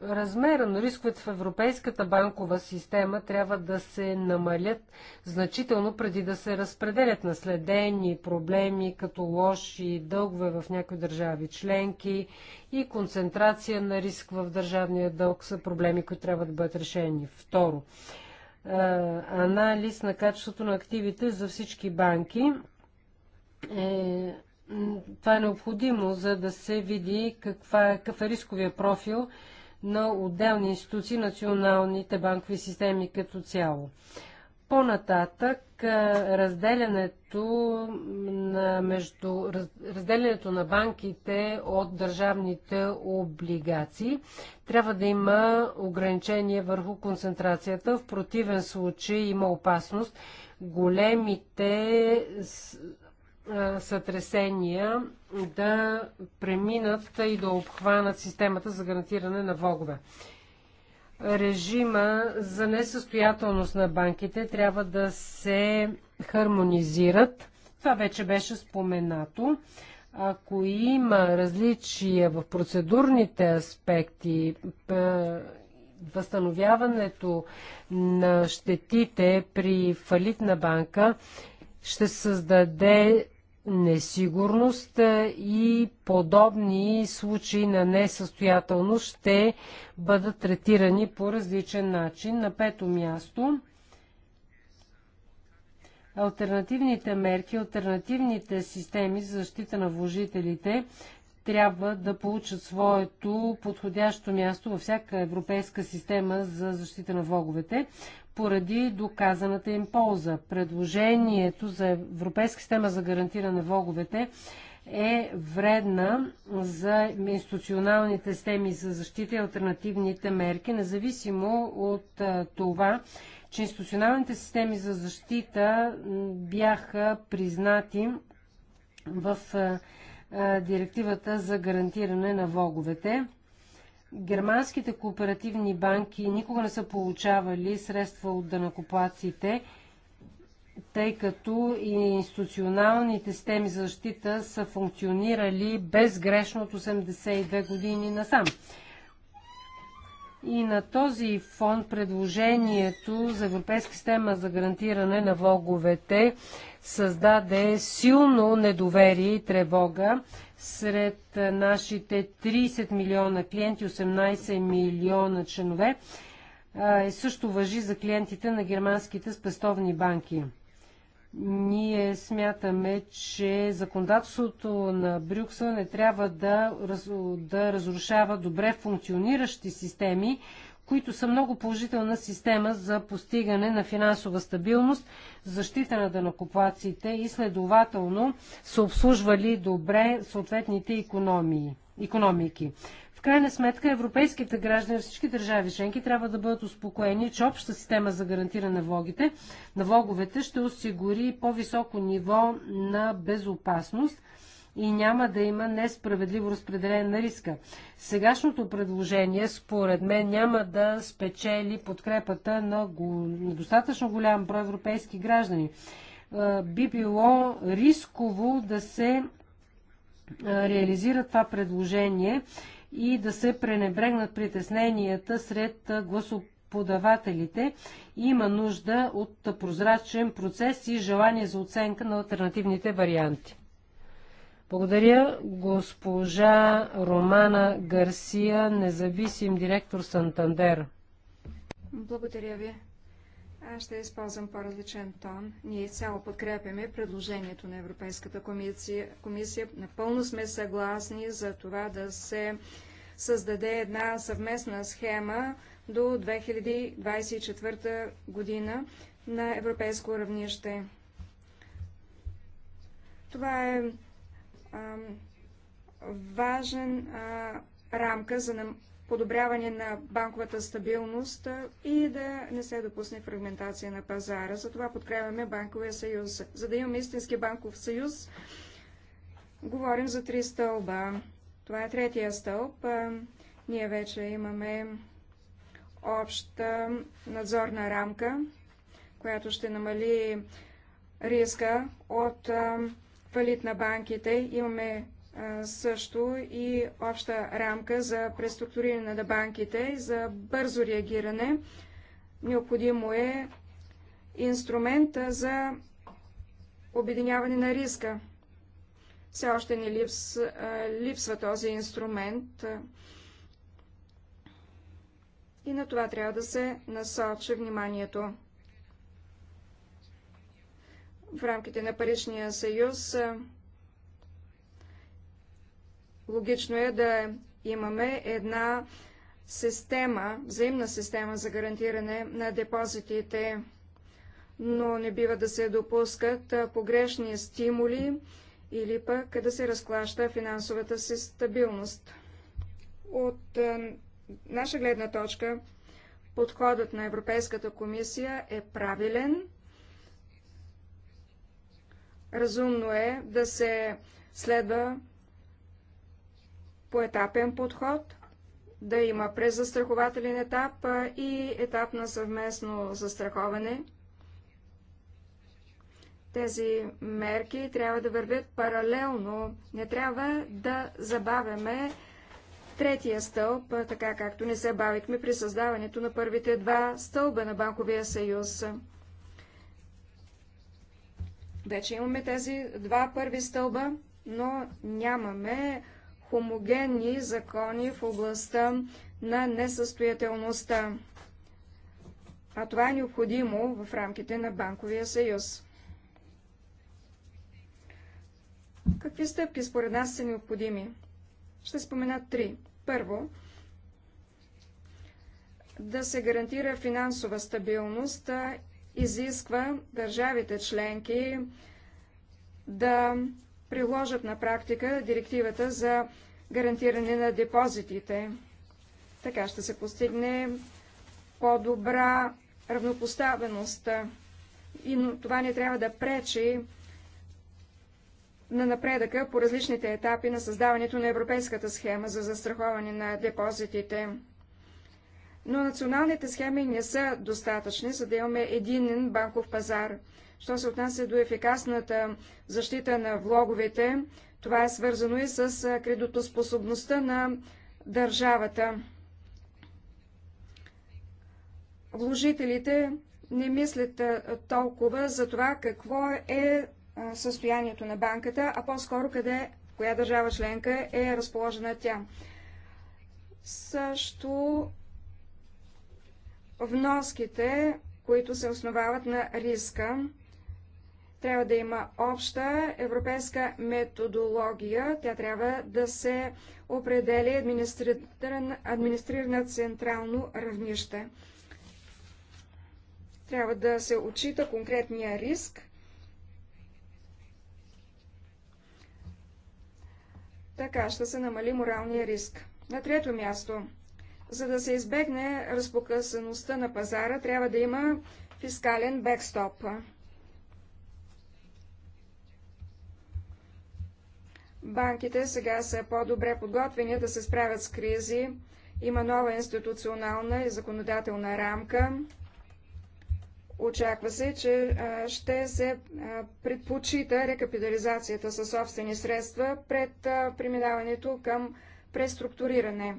размера, но рисковете в европейската банкова система трябва да се намалят значително преди да се разпределят наследени проблеми, като лоши дългове в някои държави членки и концентрация на риск в държавния дълг са проблеми, които трябва да бъдат решени. Второ, анализ на качеството на активите за всички банки е това е необходимо, за да се види каква е, какъв е рисковия профил на отделни институции, националните банкови системи като цяло. По-нататък разделянето на, между, разделянето на банките от държавните облигации трябва да има ограничение върху концентрацията. В противен случай има опасност големите е, сътресения да преминат и да обхванат системата за гарантиране на влогове. Режима за несъстоятелност на банките трябва да се хармонизират. Това вече беше споменато. Ако има различия в процедурните аспекти, възстановяването на щетите при фалитна банка ще създаде несигурност и подобни случаи на несъстоятелност ще бъдат третирани по различен начин. На пето място альтернативните мерки, альтернативните системи за защита на вложителите трябва да получат своето подходящо място във всяка европейска система за защита на влоговете поради доказаната им полза. Предложението за Европейска система за гарантиране на влоговете е вредна за институционалните системи за защита и альтернативните мерки, независимо от това, че институционалните системи за защита бяха признати в директивата за гарантиране на влоговете. Германските кооперативни банки никога не са получавали средства от данакоплаците, тъй като и институционалните системи за защита са функционирали безгрешно от 82 години насам. И на този фон предложението за Европейска система за гарантиране на влоговете създаде силно недоверие и тревога сред нашите 30 милиона клиенти, 18 милиона членове. И е, също въжи за клиентите на германските спестовни банки. Ние смятаме, че законодателството на Брюксел не трябва да, да разрушава добре функциониращи системи, които са много положителна система за постигане на финансова стабилност, защита на данокоплаците и следователно са обслужвали добре съответните економии, економики. В крайна сметка европейските граждани на всички държави членки трябва да бъдат успокоени, че обща система за гарантиране на влогите, на влоговете ще осигури по-високо ниво на безопасност – и няма да има несправедливо разпределение на риска. Сегашното предложение, според мен, няма да спечели подкрепата на достатъчно голям брой европейски граждани. Би било рисково да се реализира това предложение и да се пренебрегнат притесненията сред гласоподавателите. Има нужда от прозрачен процес и желание за оценка на альтернативните варианти. Благодаря госпожа Романа Гарсия, независим директор Сантандер. Благодаря ви. Аз ще използвам по-различен тон. Ние цяло подкрепяме предложението на Европейската комисия. комисия. Напълно сме съгласни за това да се създаде една съвместна схема до 2024 година на европейско равнище. Това е важен рамка за подобряване на банковата стабилност и да не се допусне фрагментация на пазара. Затова подкрепяме банковия съюз. За да имаме истински банков съюз, говорим за три стълба. Това е третия стълб. Ние вече имаме обща надзорна рамка, която ще намали риска от фалит на банките. Имаме също и обща рамка за преструктуриране на банките, за бързо реагиране. Необходимо е инструмент за обединяване на риска. Все още ни липс, липсва този инструмент и на това трябва да се насочи вниманието в рамките на Паричния съюз, логично е да имаме една система, взаимна система за гарантиране на депозитите, но не бива да се допускат погрешни стимули или пък да се разклаща финансовата си стабилност. От наша гледна точка, подходът на Европейската комисия е правилен – Разумно е да се следва поетапен подход, да има презастрахователен етап и етап на съвместно застраховане. Тези мерки трябва да вървят паралелно. Не трябва да забавяме третия стълб, така както не се бавихме при създаването на първите два стълба на Банковия съюз. Вече имаме тези два първи стълба, но нямаме хомогенни закони в областта на несъстоятелността. А това е необходимо в рамките на Банковия съюз. Какви стъпки според нас са необходими? Ще спомена три. Първо, да се гарантира финансова стабилност изисква държавите членки да приложат на практика директивата за гарантиране на депозитите. Така ще се постигне по-добра равнопоставеност. И това не трябва да пречи на напредъка по различните етапи на създаването на европейската схема за застраховане на депозитите но националните схеми не са достатъчни, за да имаме единен банков пазар. Що се отнася до ефикасната защита на влоговете, това е свързано и с кредитоспособността на държавата. Вложителите не мислят толкова за това какво е състоянието на банката, а по-скоро къде, коя държава членка е разположена тя. Също вноските, които се основават на риска. Трябва да има обща европейска методология. Тя трябва да се определи администрирана, администрирана централно равнище. Трябва да се отчита конкретния риск, Така ще се намали моралния риск. На трето място за да се избегне разпокъсаността на пазара, трябва да има фискален бекстоп. Банките сега са по-добре подготвени да се справят с кризи. Има нова институционална и законодателна рамка. Очаква се, че ще се предпочита рекапитализацията със собствени средства пред преминаването към преструктуриране.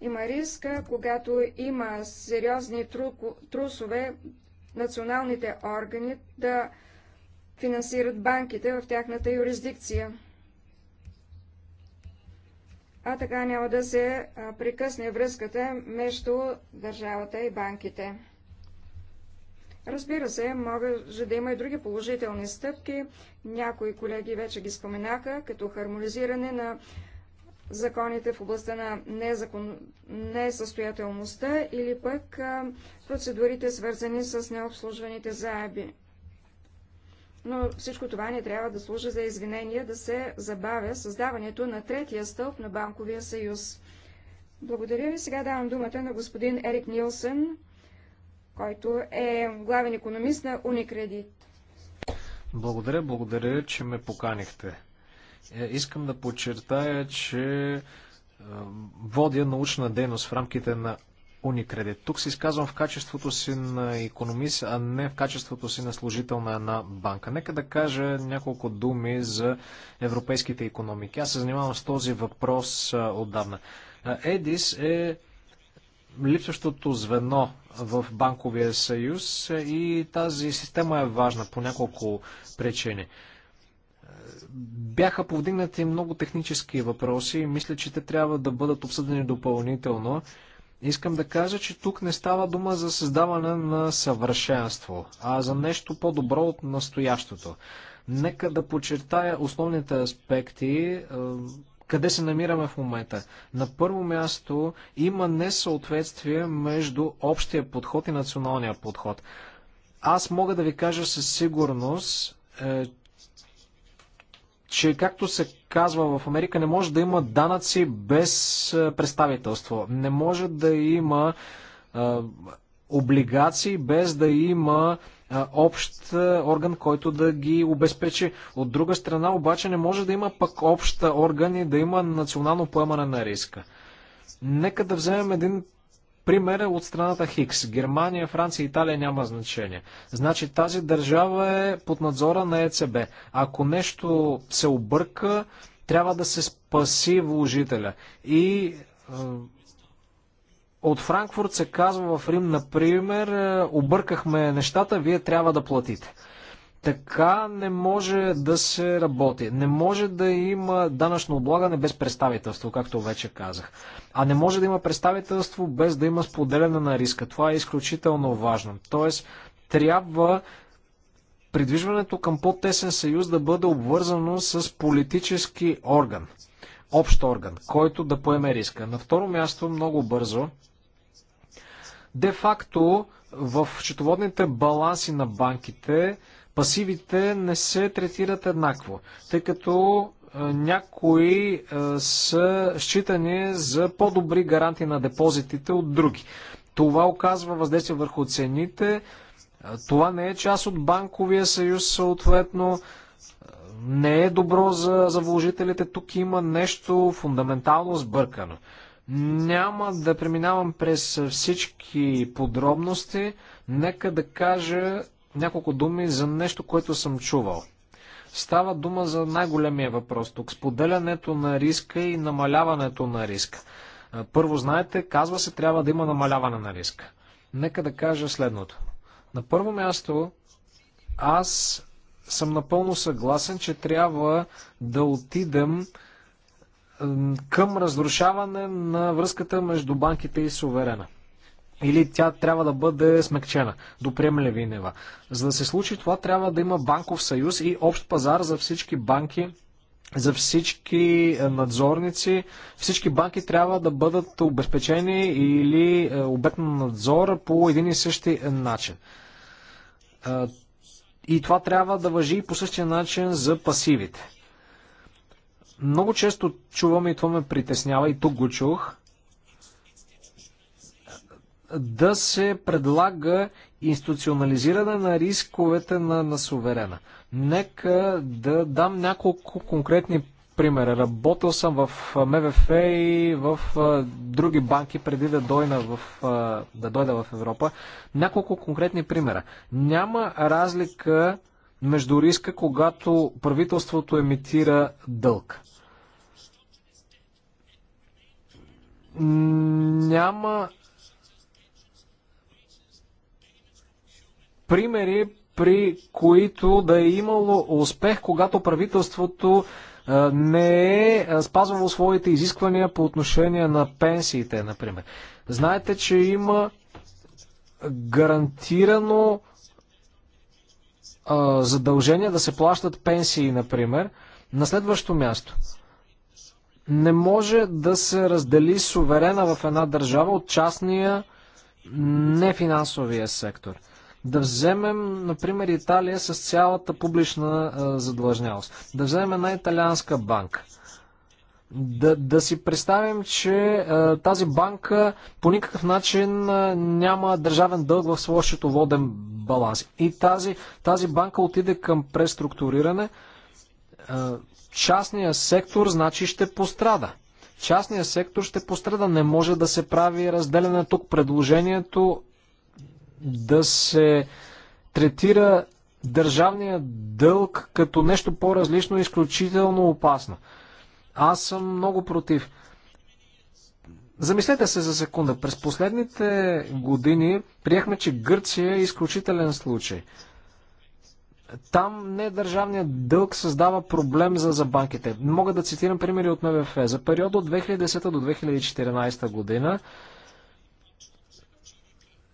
Има риска, когато има сериозни трусове, националните органи да финансират банките в тяхната юрисдикция. А така няма да се прекъсне връзката между държавата и банките. Разбира се, може да има и други положителни стъпки. Някои колеги вече ги споменаха, като хармонизиране на законите в областта на незакон... несъстоятелността или пък процедурите свързани с необслужваните заеби. Но всичко това не трябва да служи за извинение да се забавя създаването на третия стълб на Банковия съюз. Благодаря ви. Сега давам думата на господин Ерик Нилсън, който е главен економист на Уникредит. Благодаря, благодаря, че ме поканихте. Е, искам да подчертая, че е, водя научна дейност в рамките на Уникредит. Тук се изказвам в качеството си на економист, а не в качеството си на служител на една банка. Нека да кажа няколко думи за европейските економики. Аз се занимавам с този въпрос е, отдавна. ЕДИС е липсващото звено в банковия съюз и тази система е важна по няколко причини бяха повдигнати много технически въпроси. Мисля, че те трябва да бъдат обсъдени допълнително. Искам да кажа, че тук не става дума за създаване на съвършенство, а за нещо по-добро от настоящото. Нека да подчертая основните аспекти, е, къде се намираме в момента. На първо място има несъответствие между общия подход и националния подход. Аз мога да ви кажа със сигурност, е, че, както се казва в Америка, не може да има данъци без е, представителство. Не може да има а, е, облигации без да има а, е, общ орган, който да ги обезпечи. От друга страна, обаче, не може да има пък общ орган и да има национално поемане на риска. Нека да вземем един Пример е от страната Хикс. Германия, Франция, Италия няма значение. Значи тази държава е под надзора на ЕЦБ. Ако нещо се обърка, трябва да се спаси вложителя. И е, от Франкфурт се казва в Рим, например, е, объркахме нещата, вие трябва да платите. Така не може да се работи. Не може да има данъчно облагане без представителство, както вече казах. А не може да има представителство без да има споделяне на риска. Това е изключително важно. Тоест, трябва придвижването към по-тесен съюз да бъде обвързано с политически орган, общ орган, който да поеме риска. На второ място, много бързо, де факто в счетоводните баланси на банките пасивите не се третират еднакво, тъй като някои са считани за по-добри гаранти на депозитите от други. Това оказва въздействие върху цените. Това не е част от банковия съюз, съответно. Не е добро за, за вложителите. Тук има нещо фундаментално сбъркано. Няма да преминавам през всички подробности. Нека да кажа няколко думи за нещо, което съм чувал. Става дума за най-големия въпрос тук. Споделянето на риска и намаляването на риска. Първо, знаете, казва се, трябва да има намаляване на риска. Нека да кажа следното. На първо място, аз съм напълно съгласен, че трябва да отидем към разрушаване на връзката между банките и суверена или тя трябва да бъде смекчена до приемливи нива. Е за да се случи това, трябва да има банков съюз и общ пазар за всички банки, за всички е, надзорници. Всички банки трябва да бъдат обезпечени или е, обект на надзора по един и същи начин. И това трябва да въжи и по същия начин за пасивите. Много често чувам и това ме притеснява и тук го чух – да се предлага институционализиране на рисковете на, на суверена. Нека да дам няколко конкретни примера. Работил съм в МВФ и в а, други банки преди да дойда в, а, да дойда в Европа. Няколко конкретни примера. Няма разлика между риска, когато правителството емитира дълг. Няма примери, при които да е имало успех, когато правителството не е спазвало своите изисквания по отношение на пенсиите, например. Знаете, че има гарантирано задължение да се плащат пенсии, например. На следващо място. Не може да се раздели суверена в една държава от частния нефинансовия сектор – да вземем, например, Италия с цялата публична задлъжнялост. Да вземем една италианска банка. Да, да си представим, че а, тази банка по никакъв начин а, няма държавен дълг в своя счетоводен баланс. И тази, тази банка отиде към преструктуриране. А, частният сектор, значи, ще пострада. Частният сектор ще пострада. Не може да се прави разделяне тук. Предложението да се третира държавния дълг като нещо по-различно и изключително опасно. Аз съм много против. Замислете се за секунда. През последните години приехме, че Гърция е изключителен случай. Там не държавният дълг създава проблем за, за банките. Мога да цитирам примери от МВФ. За периода от 2010 до 2014 година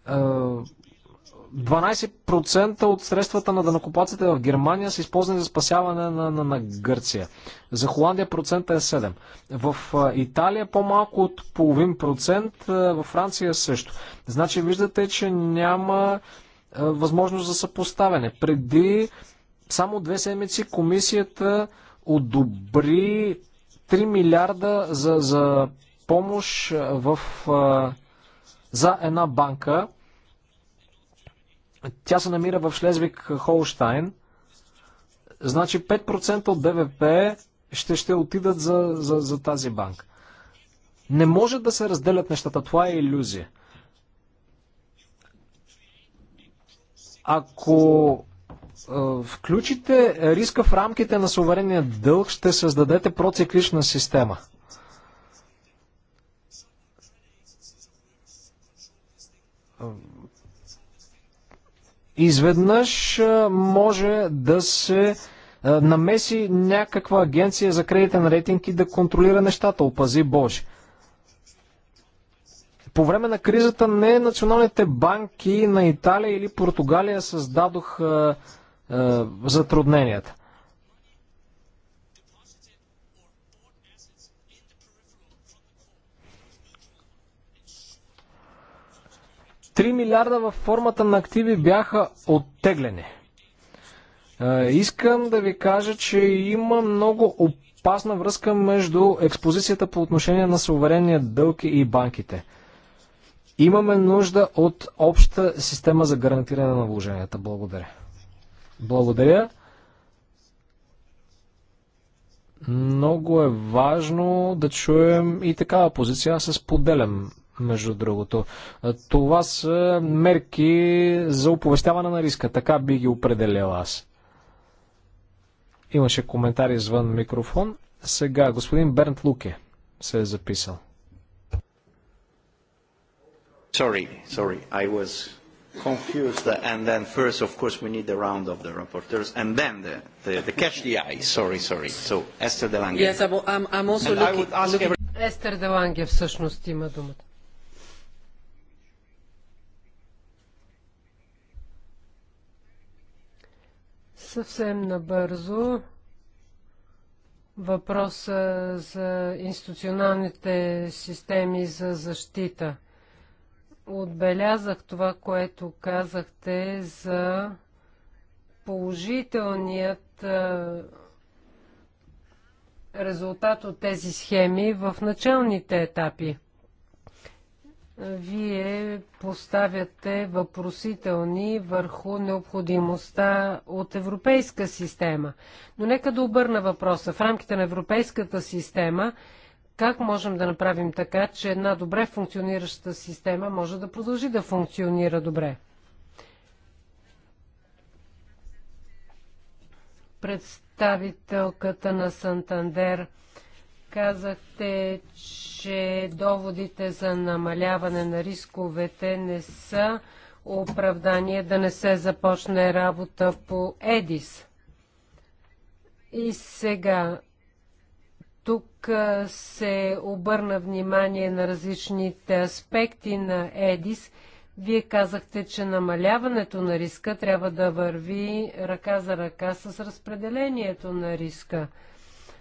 12% от средствата на данокопаците в Германия са използвани за спасяване на, на, на Гърция. За Холандия процента е 7. В Италия по-малко от половин процент, в Франция също. Значи виждате, че няма възможност за съпоставяне. Преди само две седмици комисията одобри 3 милиарда за, за помощ в, за една банка тя се намира в Шлезвик Холштайн. Значи 5% от БВП ще, ще отидат за, за, за тази банка. Не може да се разделят нещата. Това е иллюзия. Ако включите риска в рамките на суверения дълг, ще създадете проциклична система. изведнъж може да се намеси някаква агенция за кредитен рейтинг и да контролира нещата. Опази Боже. По време на кризата не националните банки на Италия или Португалия създадоха затрудненията. 3 милиарда във формата на активи бяха оттеглени. Искам да ви кажа, че има много опасна връзка между експозицията по отношение на суверенния дълг и банките. Имаме нужда от обща система за гарантиране на вложенията. Благодаря. Благодаря. Много е важно да чуем и такава позиция. Аз се споделям между другото. Това са мерки за оповестяване на риска. Така би ги определял аз. Имаше коментар извън микрофон. Сега господин Бернт Луке се е записал. Sorry, sorry, I was confused. And then first, of course, we need the round of the reporters. and then the, the, the catch the eye. Sorry, sorry. So, Esther Delange. Yes, I'm, I'm also and looking... I would ask every... Естер Деланге всъщност има думата. Съвсем набързо въпроса за институционалните системи за защита. Отбелязах това, което казахте за положителният резултат от тези схеми в началните етапи вие поставяте въпросителни върху необходимостта от европейска система. Но нека да обърна въпроса. В рамките на европейската система, как можем да направим така, че една добре функционираща система може да продължи да функционира добре? Представителката на Сантандер – Казахте, че доводите за намаляване на рисковете не са оправдание да не се започне работа по ЕДИС. И сега, тук се обърна внимание на различните аспекти на ЕДИС. Вие казахте, че намаляването на риска трябва да върви ръка за ръка с разпределението на риска.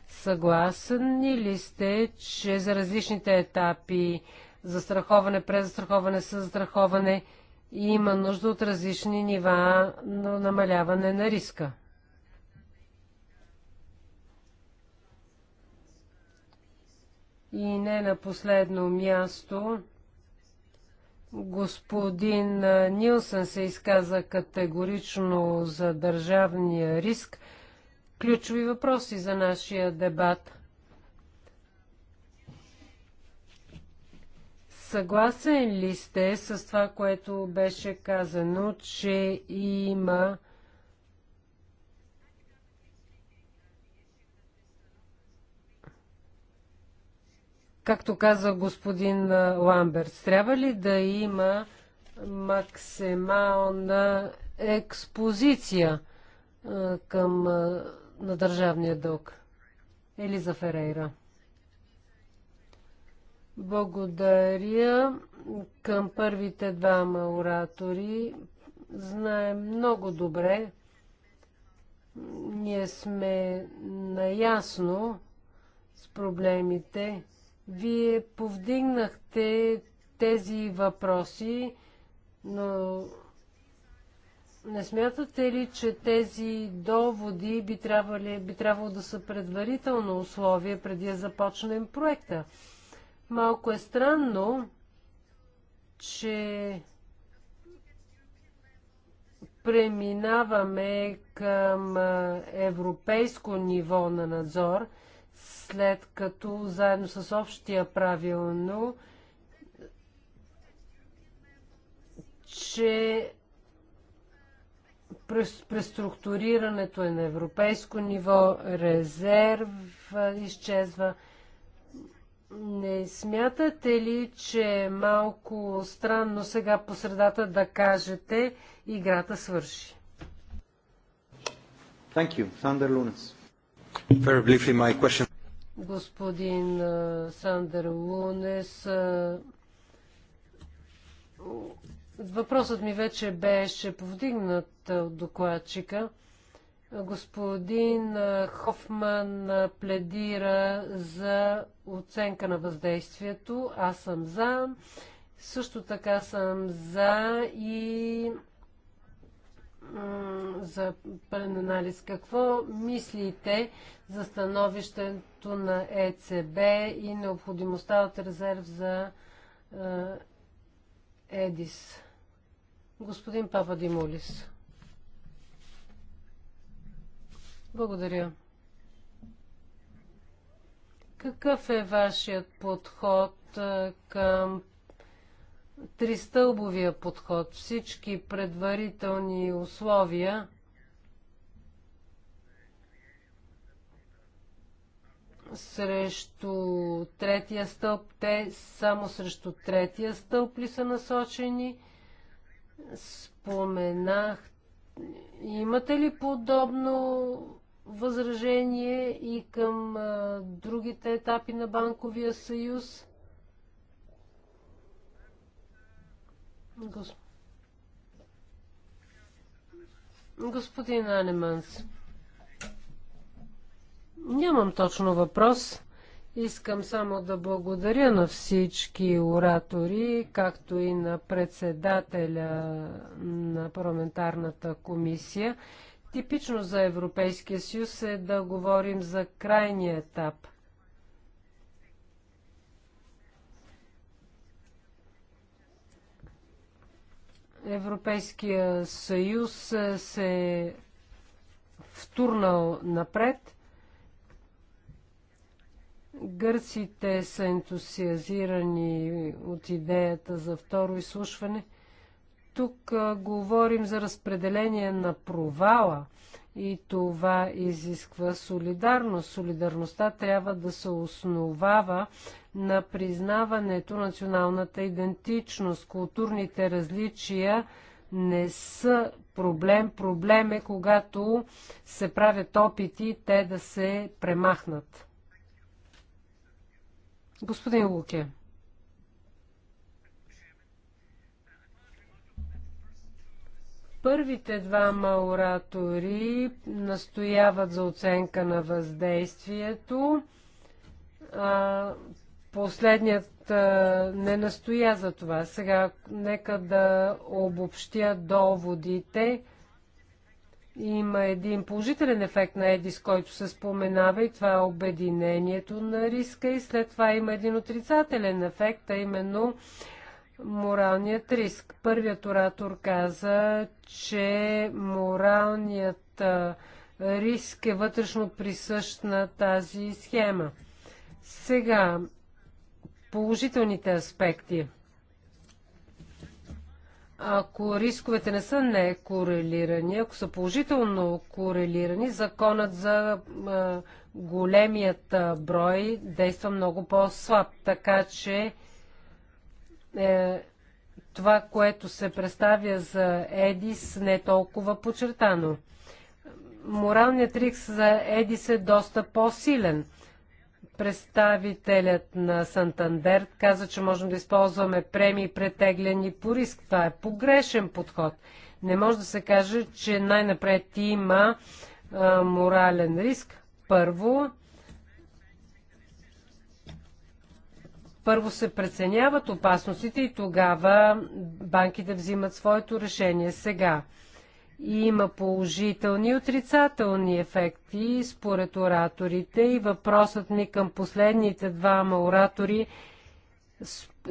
Съгласни ли сте, че за различните етапи застраховане, презастраховане, съзастраховане има нужда от различни нива на намаляване на риска? И не на последно място, господин Нилсън се изказа категорично за държавния риск – ключови въпроси за нашия дебат. Съгласен ли сте с това, което беше казано, че има както каза господин Ламберт, трябва ли да има максимална експозиция към на държавния дълг. Елиза Ферейра. Благодаря към първите двама оратори. Знаем много добре. Ние сме наясно с проблемите. Вие повдигнахте тези въпроси, но не смятате ли, че тези доводи би, трябвали, би трябвало да са предварително условие преди да започнем проекта? Малко е странно, че преминаваме към европейско ниво на надзор, след като заедно с общия правилно, че преструктурирането е на европейско ниво, резерв изчезва. Не смятате ли, че е малко странно сега по средата да кажете играта свърши? Thank you. Very briefly, my question. Господин Сандер Лунес, Въпросът ми вече беше повдигнат от докладчика. Господин Хофман пледира за оценка на въздействието. Аз съм за. Също така съм за и за пълен анализ. Какво мислите за становището на ЕЦБ и необходимостта от резерв за Едис? Господин Папа Димолис. Благодаря. Какъв е вашият подход към тристълбовия подход? Всички предварителни условия срещу третия стълб, те само срещу третия стълб ли са насочени – Споменах. Имате ли подобно възражение и към а, другите етапи на Банковия съюз? Господин Анеманс, нямам точно въпрос. Искам само да благодаря на всички оратори, както и на председателя на парламентарната комисия. Типично за Европейския съюз е да говорим за крайния етап. Европейския съюз се втурнал напред – Гърците са ентусиазирани от идеята за второ изслушване. Тук а, говорим за разпределение на провала и това изисква солидарност. Солидарността трябва да се основава на признаването националната идентичност. Културните различия не са проблем. Проблем е, когато се правят опити те да се премахнат. Господин Луке. Първите двама оратори настояват за оценка на въздействието. Последният не настоя за това. Сега нека да обобщя доводите има един положителен ефект на ЕДИС, който се споменава и това е обединението на риска и след това има един отрицателен ефект, а именно моралният риск. Първият оратор каза, че моралният риск е вътрешно присъщ на тази схема. Сега, положителните аспекти – ако рисковете не са некорелирани, ако са положително корелирани, законът за а, големият брой действа много по-слаб. Така че е, това, което се представя за Едис, не е толкова подчертано. Моралният рикс за Едис е доста по-силен. Представителят на Сантандер каза, че можем да използваме премии претеглени по риск. Това е погрешен подход. Не може да се каже, че най-напред има а, морален риск. Първо, първо се преценяват опасностите и тогава банките взимат своето решение сега има положителни и отрицателни ефекти според ораторите и въпросът ми към последните двама оратори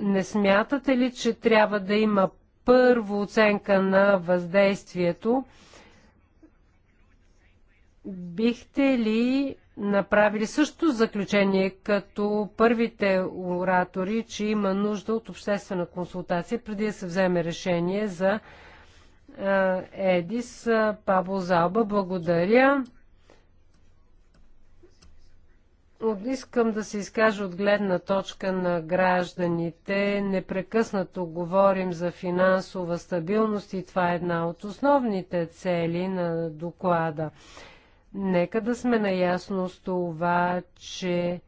не смятате ли, че трябва да има първо оценка на въздействието? Бихте ли направили също заключение като първите оратори, че има нужда от обществена консултация преди да се вземе решение за е, Едис Пабло Залба. Благодаря. Искам да се изкажа от гледна точка на гражданите. Непрекъснато говорим за финансова стабилност и това е една от основните цели на доклада. Нека да сме наясно с това, че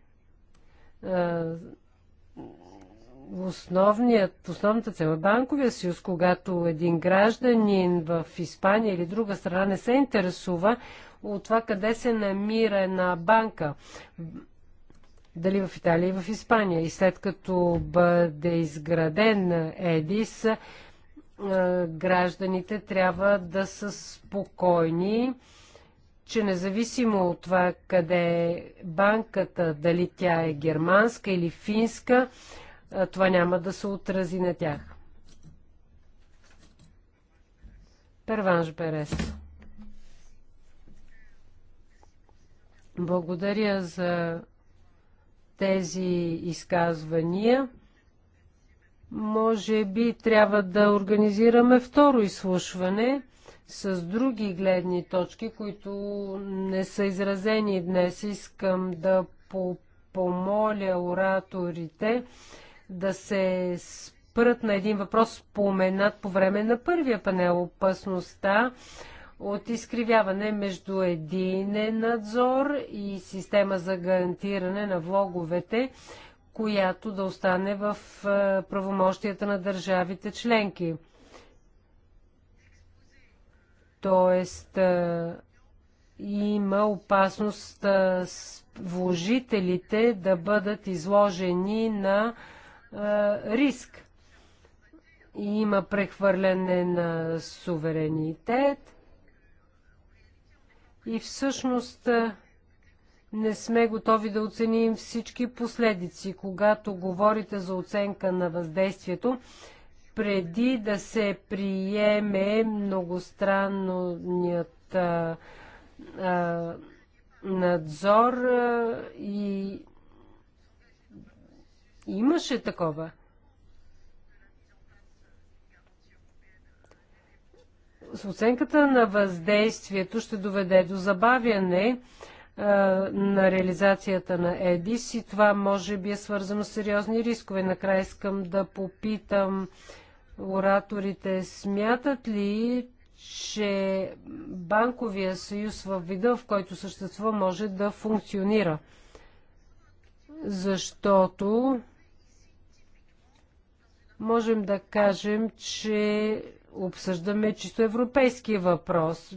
основният, основната цел е банковия съюз, когато един гражданин в Испания или друга страна не се интересува от това къде се намира една банка. Дали в Италия и в Испания. И след като бъде изграден ЕДИС, гражданите трябва да са спокойни, че независимо от това къде е банката, дали тя е германска или финска, това няма да се отрази на тях. Перванж Берес. Благодаря за тези изказвания. Може би трябва да организираме второ изслушване с други гледни точки, които не са изразени днес. Искам да помоля ораторите да се спрат на един въпрос, споменат по време на първия панел опасността от изкривяване между единен надзор и система за гарантиране на влоговете, която да остане в е, правомощията на държавите членки. Тоест, е, има опасност е, вложителите да бъдат изложени на е, риск. Има прехвърляне на суверенитет и всъщност е, не сме готови да оценим всички последици. Когато говорите за оценка на въздействието, преди да се приеме многостранният е, надзор и Имаше такова. С оценката на въздействието ще доведе до забавяне на реализацията на ЕДИС и това може би е свързано с сериозни рискове. Накрая искам да попитам ораторите, смятат ли, че банковия съюз в вида, в който съществува, може да функционира? Защото можем да кажем, че обсъждаме чисто европейски въпрос.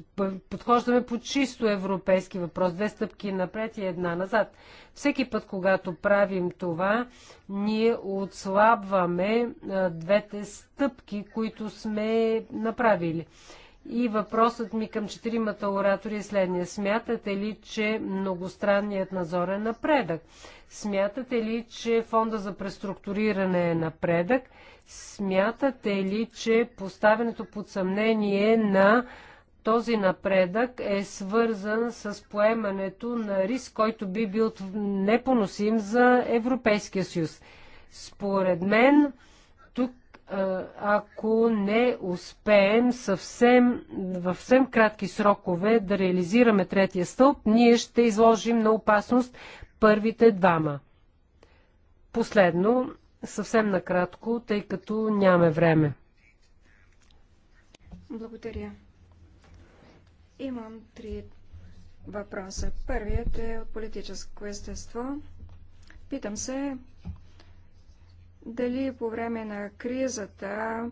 Подхождаме по чисто европейски въпрос. Две стъпки напред и една назад. Всеки път, когато правим това, ние отслабваме двете стъпки, които сме направили. И въпросът ми към четиримата оратори е следния. Смятате ли, че многостранният назор е напредък? Смятате ли, че фонда за преструктуриране е напредък? Смятате ли, че поставянето под съмнение на този напредък е свързан с поемането на риск, който би бил непоносим за Европейския съюз? Според мен, тук ако не успеем съвсем, в съвсем кратки срокове да реализираме третия стълб, ние ще изложим на опасност първите двама. Последно, Съвсем накратко, тъй като нямаме време. Благодаря. Имам три въпроса. Първият е от политическо естество. Питам се дали по време на кризата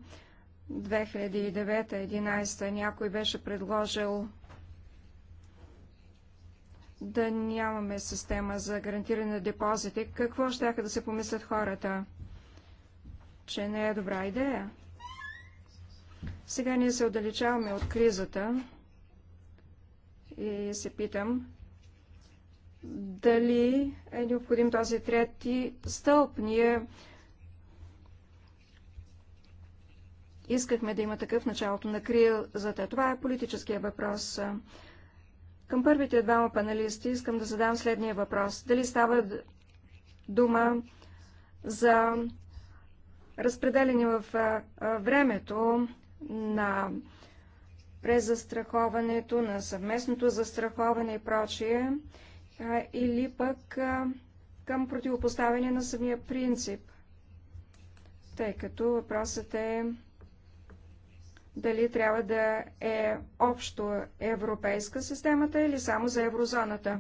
2009-2011 някой беше предложил да нямаме система за гарантиране на депозити, какво ще да се помислят хората? че не е добра идея. Сега ние се отдалечаваме от кризата и се питам дали е необходим този трети стълб. Ние искахме да има такъв началото на кризата. Това е политическия въпрос. Към първите двама паналисти искам да задам следния въпрос. Дали става дума за разпределени в времето на презастраховането, на съвместното застраховане и прочие, или пък към противопоставяне на самия принцип, тъй като въпросът е дали трябва да е общо европейска системата или само за еврозоната.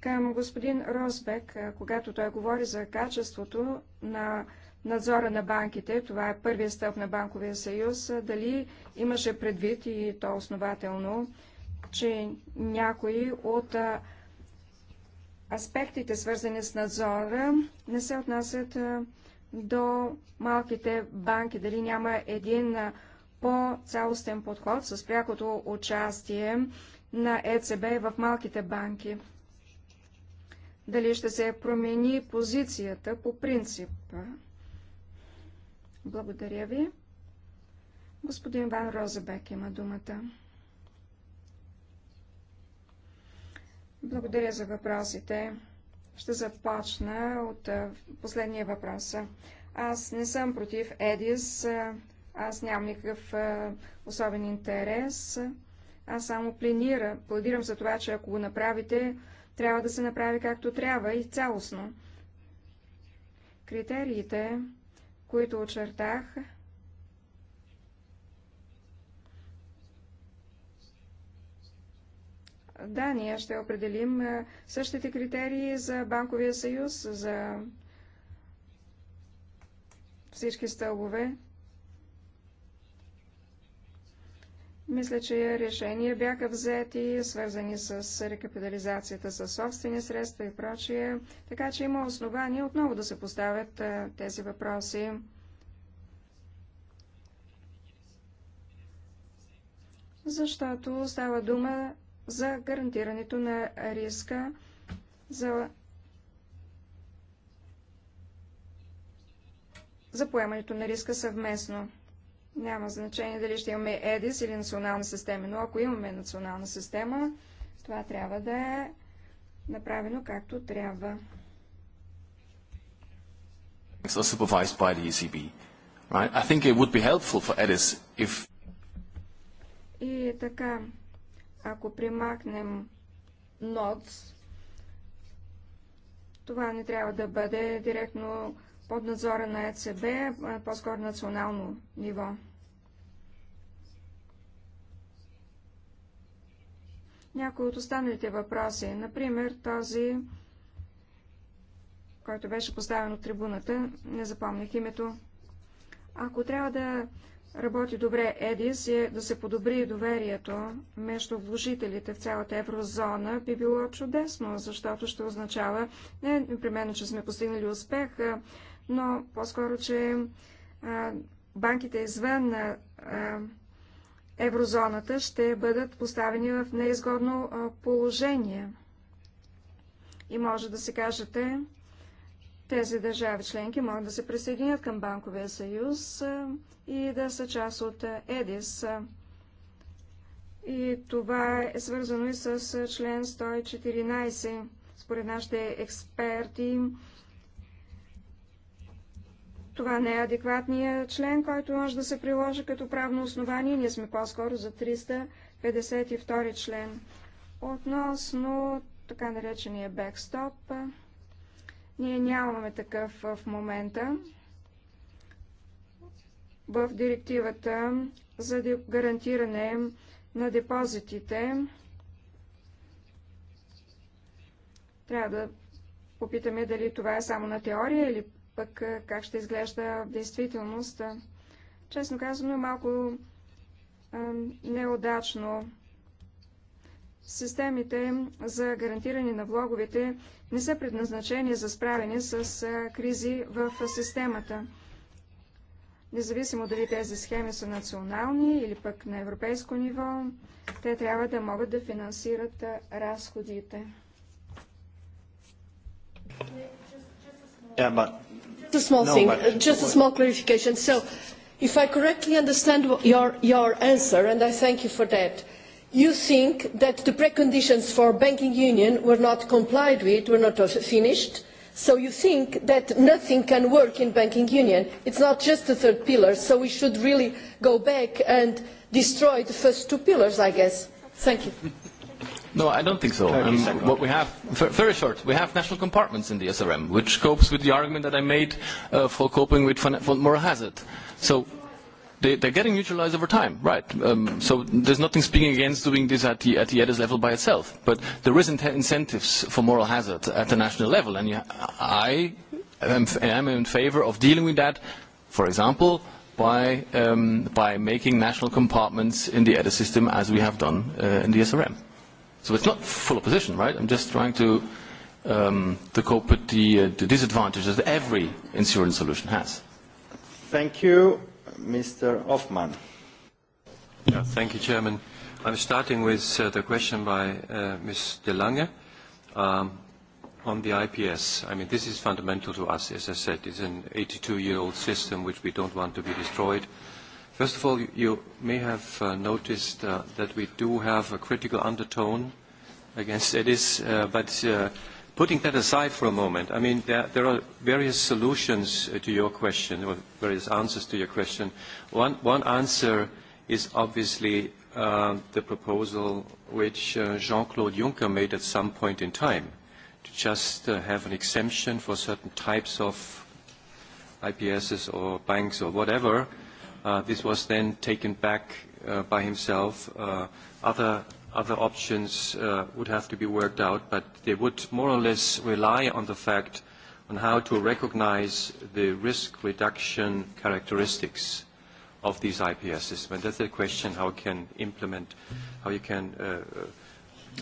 Към господин Росбек, когато той говори за качеството на надзора на банките, това е първия стъп на Банковия съюз, дали имаше предвид и то основателно, че някои от аспектите, свързани с надзора, не се отнасят до малките банки, дали няма един по-цялостен подход с прякото участие на ЕЦБ в малките банки. Дали ще се промени позицията по принцип? Благодаря ви. Господин Ван Розебек има думата. Благодаря за въпросите. Ще започна от последния въпрос. Аз не съм против Едис. Аз нямам никакъв особен интерес. Аз само пленира, пледирам за това, че ако го направите, трябва да се направи както трябва и цялостно. Критериите които очертах, Да, ние ще определим същите критерии за Банковия съюз, за всички стълбове. Мисля, че решения бяха взети, свързани с рекапитализацията с собствени средства и прочие, така че има основания отново да се поставят тези въпроси. Защото става дума за гарантирането на риска за, за поемането на риска съвместно. Няма значение дали ще имаме ЕДИС или национална система, но ако имаме национална система, това трябва да е направено както трябва. Supervised by the ECB. Right? I think it would be helpful for EDIS if... И така, ако примахнем NODS, това не трябва да бъде директно под надзора на ЕЦБ, по-скоро национално ниво. Някои от останалите въпроси, например този, който беше поставен от трибуната, не запомнях името. Ако трябва да работи добре ЕДИС и е да се подобри доверието между вложителите в цялата еврозона, би било чудесно, защото ще означава не непременно, че сме постигнали успех, но по-скоро, че банките извън еврозоната ще бъдат поставени в неизгодно положение. И може да се кажете, тези държави членки могат да се присъединят към Банковия съюз и да са част от ЕДИС. И това е свързано и с член 114. Според нашите експерти, това не е адекватният член, който може да се приложи като правно основание. Ние сме по-скоро за 352 член. Относно така наречения бекстоп, ние нямаме такъв в момента. В директивата за гарантиране на депозитите трябва да попитаме дали това е само на теория или пък как ще изглежда в действителност. Честно казано, е малко а, неудачно. Системите за гарантиране на влоговете не са предназначени за справяне с а, кризи в системата. Независимо дали тези схеми са национални или пък на европейско ниво, те трябва да могат да финансират а, разходите. Yeah, but Just a small thing, just a small clarification. So, if I correctly understand your, your answer, and I thank you for that, you think that the preconditions for banking union were not complied with, were not finished, so you think that nothing can work in banking union. It's not just the third pillar, so we should really go back and destroy the first two pillars, I guess. Thank you. No, I don't think so. Um, what we have, very short, we have national compartments in the SRM, which copes with the argument that I made uh, for coping with for moral hazard. So they, they're getting neutralized over time, right? Um, so there's nothing speaking against doing this at the, at the EDIS level by itself. But there is in incentives for moral hazard at the national level, and you, I am, am in favor of dealing with that, for example, by, um, by making national compartments in the EDIS system as we have done uh, in the SRM. So it's not full opposition, right? I'm just trying to, um, to cope with the, uh, the disadvantages that every insurance solution has. Thank you, Mr. Hoffman. Yeah, thank you, Chairman. I'm starting with uh, the question by uh, Ms. De Lange um, on the IPS. I mean, this is fundamental to us, as I said. It's an 82-year-old system which we don't want to be destroyed. First of all, you may have uh, noticed uh, that we do have a critical undertone against EDIS, uh, but uh, putting that aside for a moment, I mean, there, there are various solutions to your question, or various answers to your question. One, one answer is obviously uh, the proposal which uh, Jean-Claude Juncker made at some point in time, to just uh, have an exemption for certain types of IPSs or banks or whatever, this was then taken back uh, by himself. Uh, other other options uh, would have to be worked out, but they would more or less rely on the fact on how to recognize the risk reduction characteristics of these IPS systems. And that's the question how can implement, how you can, uh,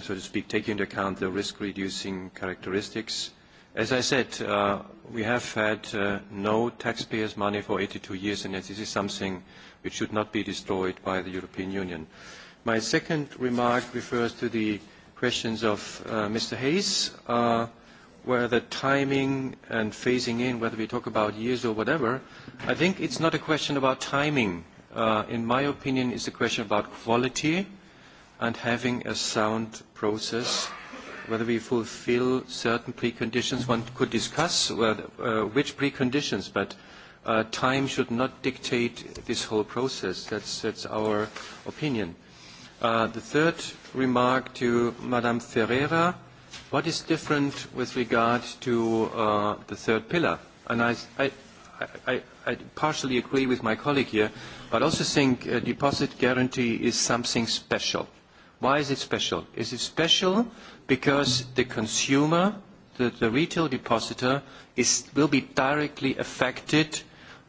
so to speak, take into account the risk reducing characteristics As I said, we have had no taxpayers' money for 82 years, and this is something which should not be destroyed by the European Union. My second remark refers to the questions of Mr. Hayes, where the timing and phasing in, whether we talk about years or whatever, I think it's not a question about timing. In my opinion, it's a question about quality and having a sound process whether we fulfill certain preconditions. One could discuss whether, uh, which preconditions, but uh, time should not dictate this whole process. That's, that's our opinion. Uh, the third remark to Madame Ferreira, what is different with regard to uh, the third pillar? And I, I, I, I partially agree with my colleague here, but also think a deposit guarantee is something special. Why is it special? Is it special because the consumer, the, the retail depositor, is, will be directly affected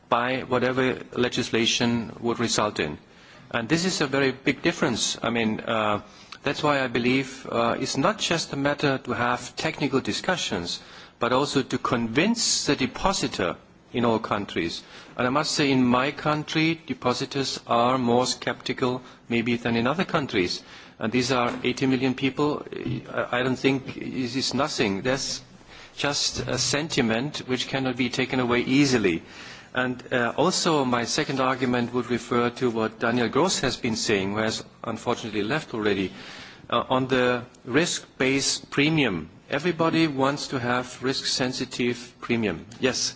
by whatever legislation would result in. And this is a very big difference. I mean, uh, that's why I believe uh, it's not just a matter to have technical discussions, but also to convince the depositor in all countries. And I must say in my country, depositors are more skeptical maybe than in other countries and these are 80 million people, I don't think it is nothing. That's just a sentiment which cannot be taken away easily. And uh, also my second argument would refer to what Daniel Gross has been saying, who has unfortunately left already, uh, on the risk-based premium. Everybody wants to have risk-sensitive premium. Yes?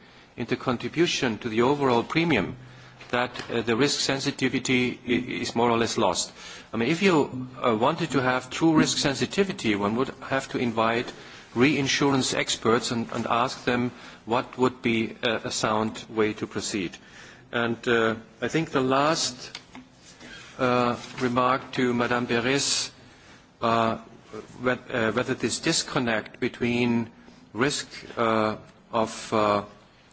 in the contribution to the overall premium that the risk sensitivity is more or less lost. I mean, if you wanted to have true risk sensitivity, one would have to invite reinsurance experts and, and ask them what would be a, a sound way to proceed. And uh, I think the last uh, remark to Madame Beres, uh, whether this disconnect between risk uh, of uh,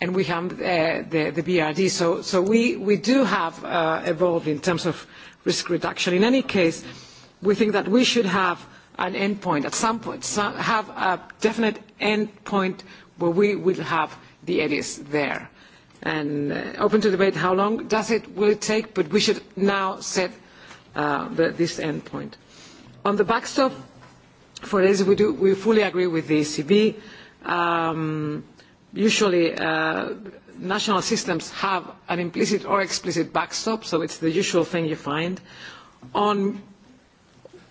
and we have the BRD. So we do have evolved in terms of risk reduction. In any case, we think that we should have an endpoint at some point, have a definite endpoint where we will have the EDIs there. And open to debate how long does it will it take, but we should now set this endpoint. On the backstop for EDIs, we fully agree with the ECB usually national systems have an implicit or explicit backstop, so it's the usual thing you find. On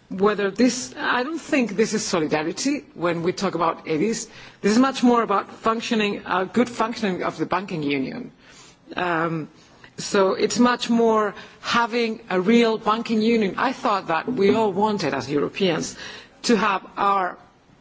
whether this, I don't think this is solidarity when we talk about EDIs. This is much more about functioning, uh, good functioning of the banking union. Um, so it's much more having a real banking union. I thought that we all wanted as Europeans to have our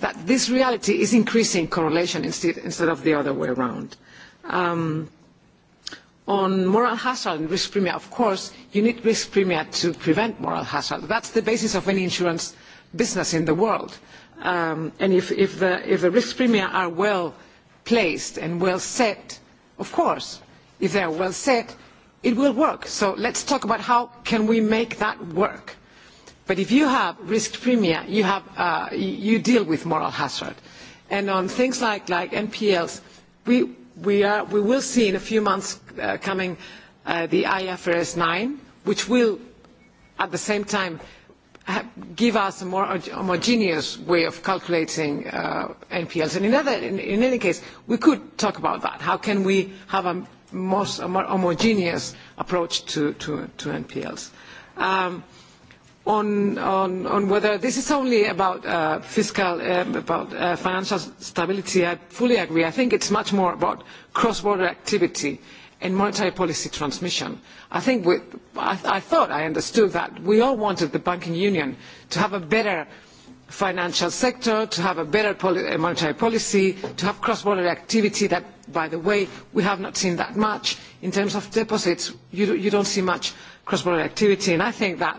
that this reality is increasing correlation instead, instead of the other way around. Um, on moral hazard and risk premium, of course, you need risk premium to prevent moral hazard. That's the basis of any insurance business in the world. Um, and if, if, the, if the risk premium are well placed and well set, of course, if they are well set, it will work. So let's talk about how can we make that work But if you have risk premia, you, have, uh, you deal with moral hazard. And on things like, like NPLs, we, we, are, we will see in a few months uh, coming uh, the IFRS 9, which will at the same time give us a more homogeneous way of calculating uh, NPLs. And in, other, in, in any case, we could talk about that. How can we have a, most, a more homogeneous approach to, to, to NPLs? Um, on whether this is only about fiscal, about financial stability, I fully agree. I think it's much more about cross-border activity and monetary policy transmission. I think we, I, I thought I understood that we all wanted the banking union to have a better financial sector, to have a better monetary policy, to have cross-border activity that, by the way, we have not seen that much. In terms of deposits, you, you don't see much cross-border activity, and I think that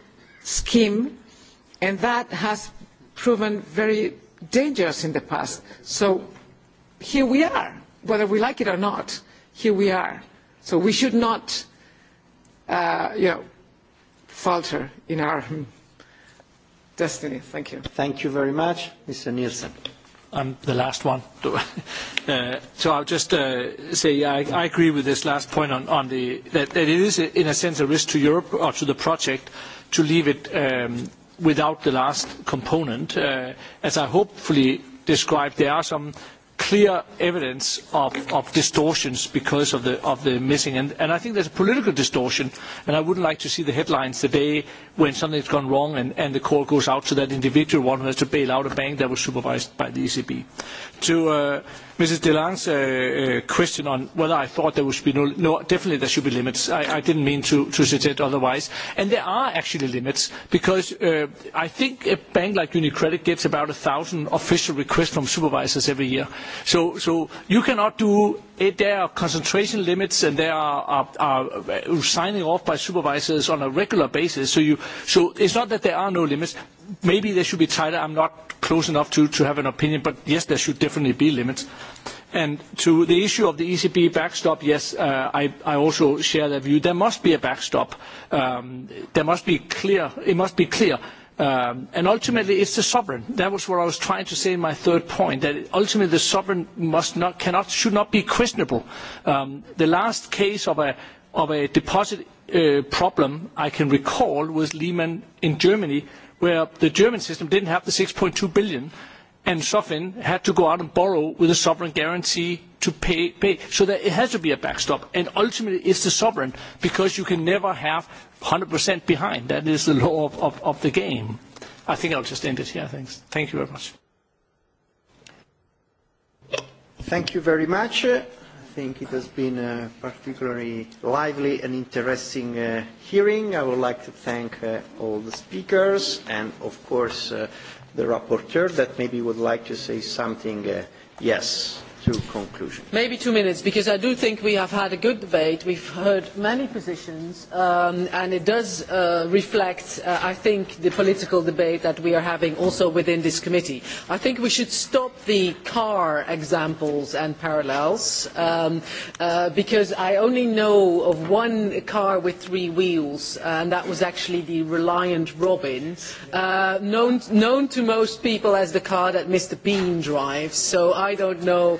scheme, and that has proven very dangerous in the past. So here we are, whether we like it or not, here we are. So we should not, uh, you know, falter in our destiny. Thank you. Thank you very much, Mr. Nielsen. I'm the last one. So I'll just say I I agree with this last point on on the that it is, in a sense, a risk to Europe or to the project to leave it without the last component. As I hopefully described, there are some clear evidence of distortions because of the missing. and I think there's a political distortion, and I wouldn't like to see the headlines the day when something's gone wrong and the call goes out to that individual one who has to bail out a bank that was supervised by the ECB. To Mrs. DeLange's question on whether I thought there should be no, no definitely there should be limits. I, I didn't mean to, suggest otherwise. And there are actually limits because I think a bank like UniCredit gets about a thousand official requests from supervisors every year. So, you cannot do it, there are concentration limits and there are, are, are signing off by supervisors on a regular basis. So, you, so it's not that there are no limits maybe they should be tighter. I'm not close enough to, have an opinion, but yes, there should definitely be limits. And to the issue of the ECB backstop, yes, I, I also share that view. There must be a backstop. there must be clear. It must be clear. and ultimately, it's the sovereign. That was what I was trying to say in my third point. That ultimately, the sovereign must not, cannot, should not be questionable. the last case of a deposit problem I can recall was Lehman in Germany, where the German system didn't have the 6.2 billion, and SOFIN had to go out and borrow with a sovereign guarantee to pay. pay. So there it has to be a backstop, and ultimately it's the sovereign because you can never have 100% behind. That is the law of, of, of the game. I think I'll just end it here. Thanks. Thank you very much. Thank you very much think it has been a particularly lively and interesting uh, hearing. I would like to thank uh, all the speakers and, of course, uh, the rapporteur that maybe would like to say something. Uh, yes to conclusion. Maybe two minutes, because I do think we have had a good debate. We've heard many positions, and it does reflect, I think, the political debate that we are having also within this committee. I think we should stop the car examples and parallels, because I only know of one car with three wheels, and that was actually the Reliant Robin, known, known to most people as the car that Mr. Bean drives. So I don't know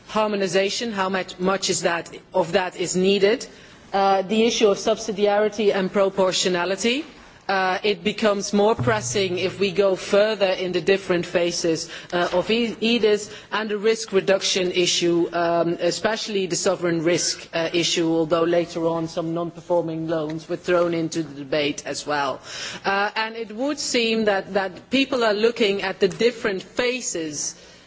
harmonisation, how much, of that is needed, the issue of subsidiarity and proportionality. it becomes more pressing if we go further in the different phases of EDIS and the risk reduction issue, especially the sovereign risk issue, although later on some non-performing loans were thrown into the debate as well. and it would seem that, people are looking at the different phases uh,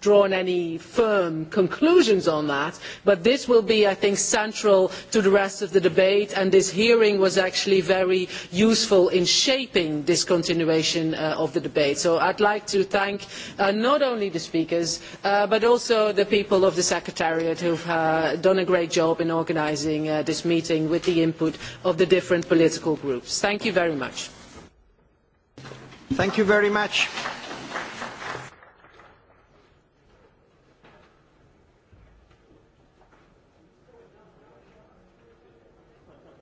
drawn any firm conclusions on that, but this will be, I think, central to the rest of the debate, and this hearing was actually very useful in shaping this continuation of the debate. So I would like to thank not only the speakers, but also the people of the Secretariat who have done a great job in organising this meeting with the input of the different political groups. Thank you very much.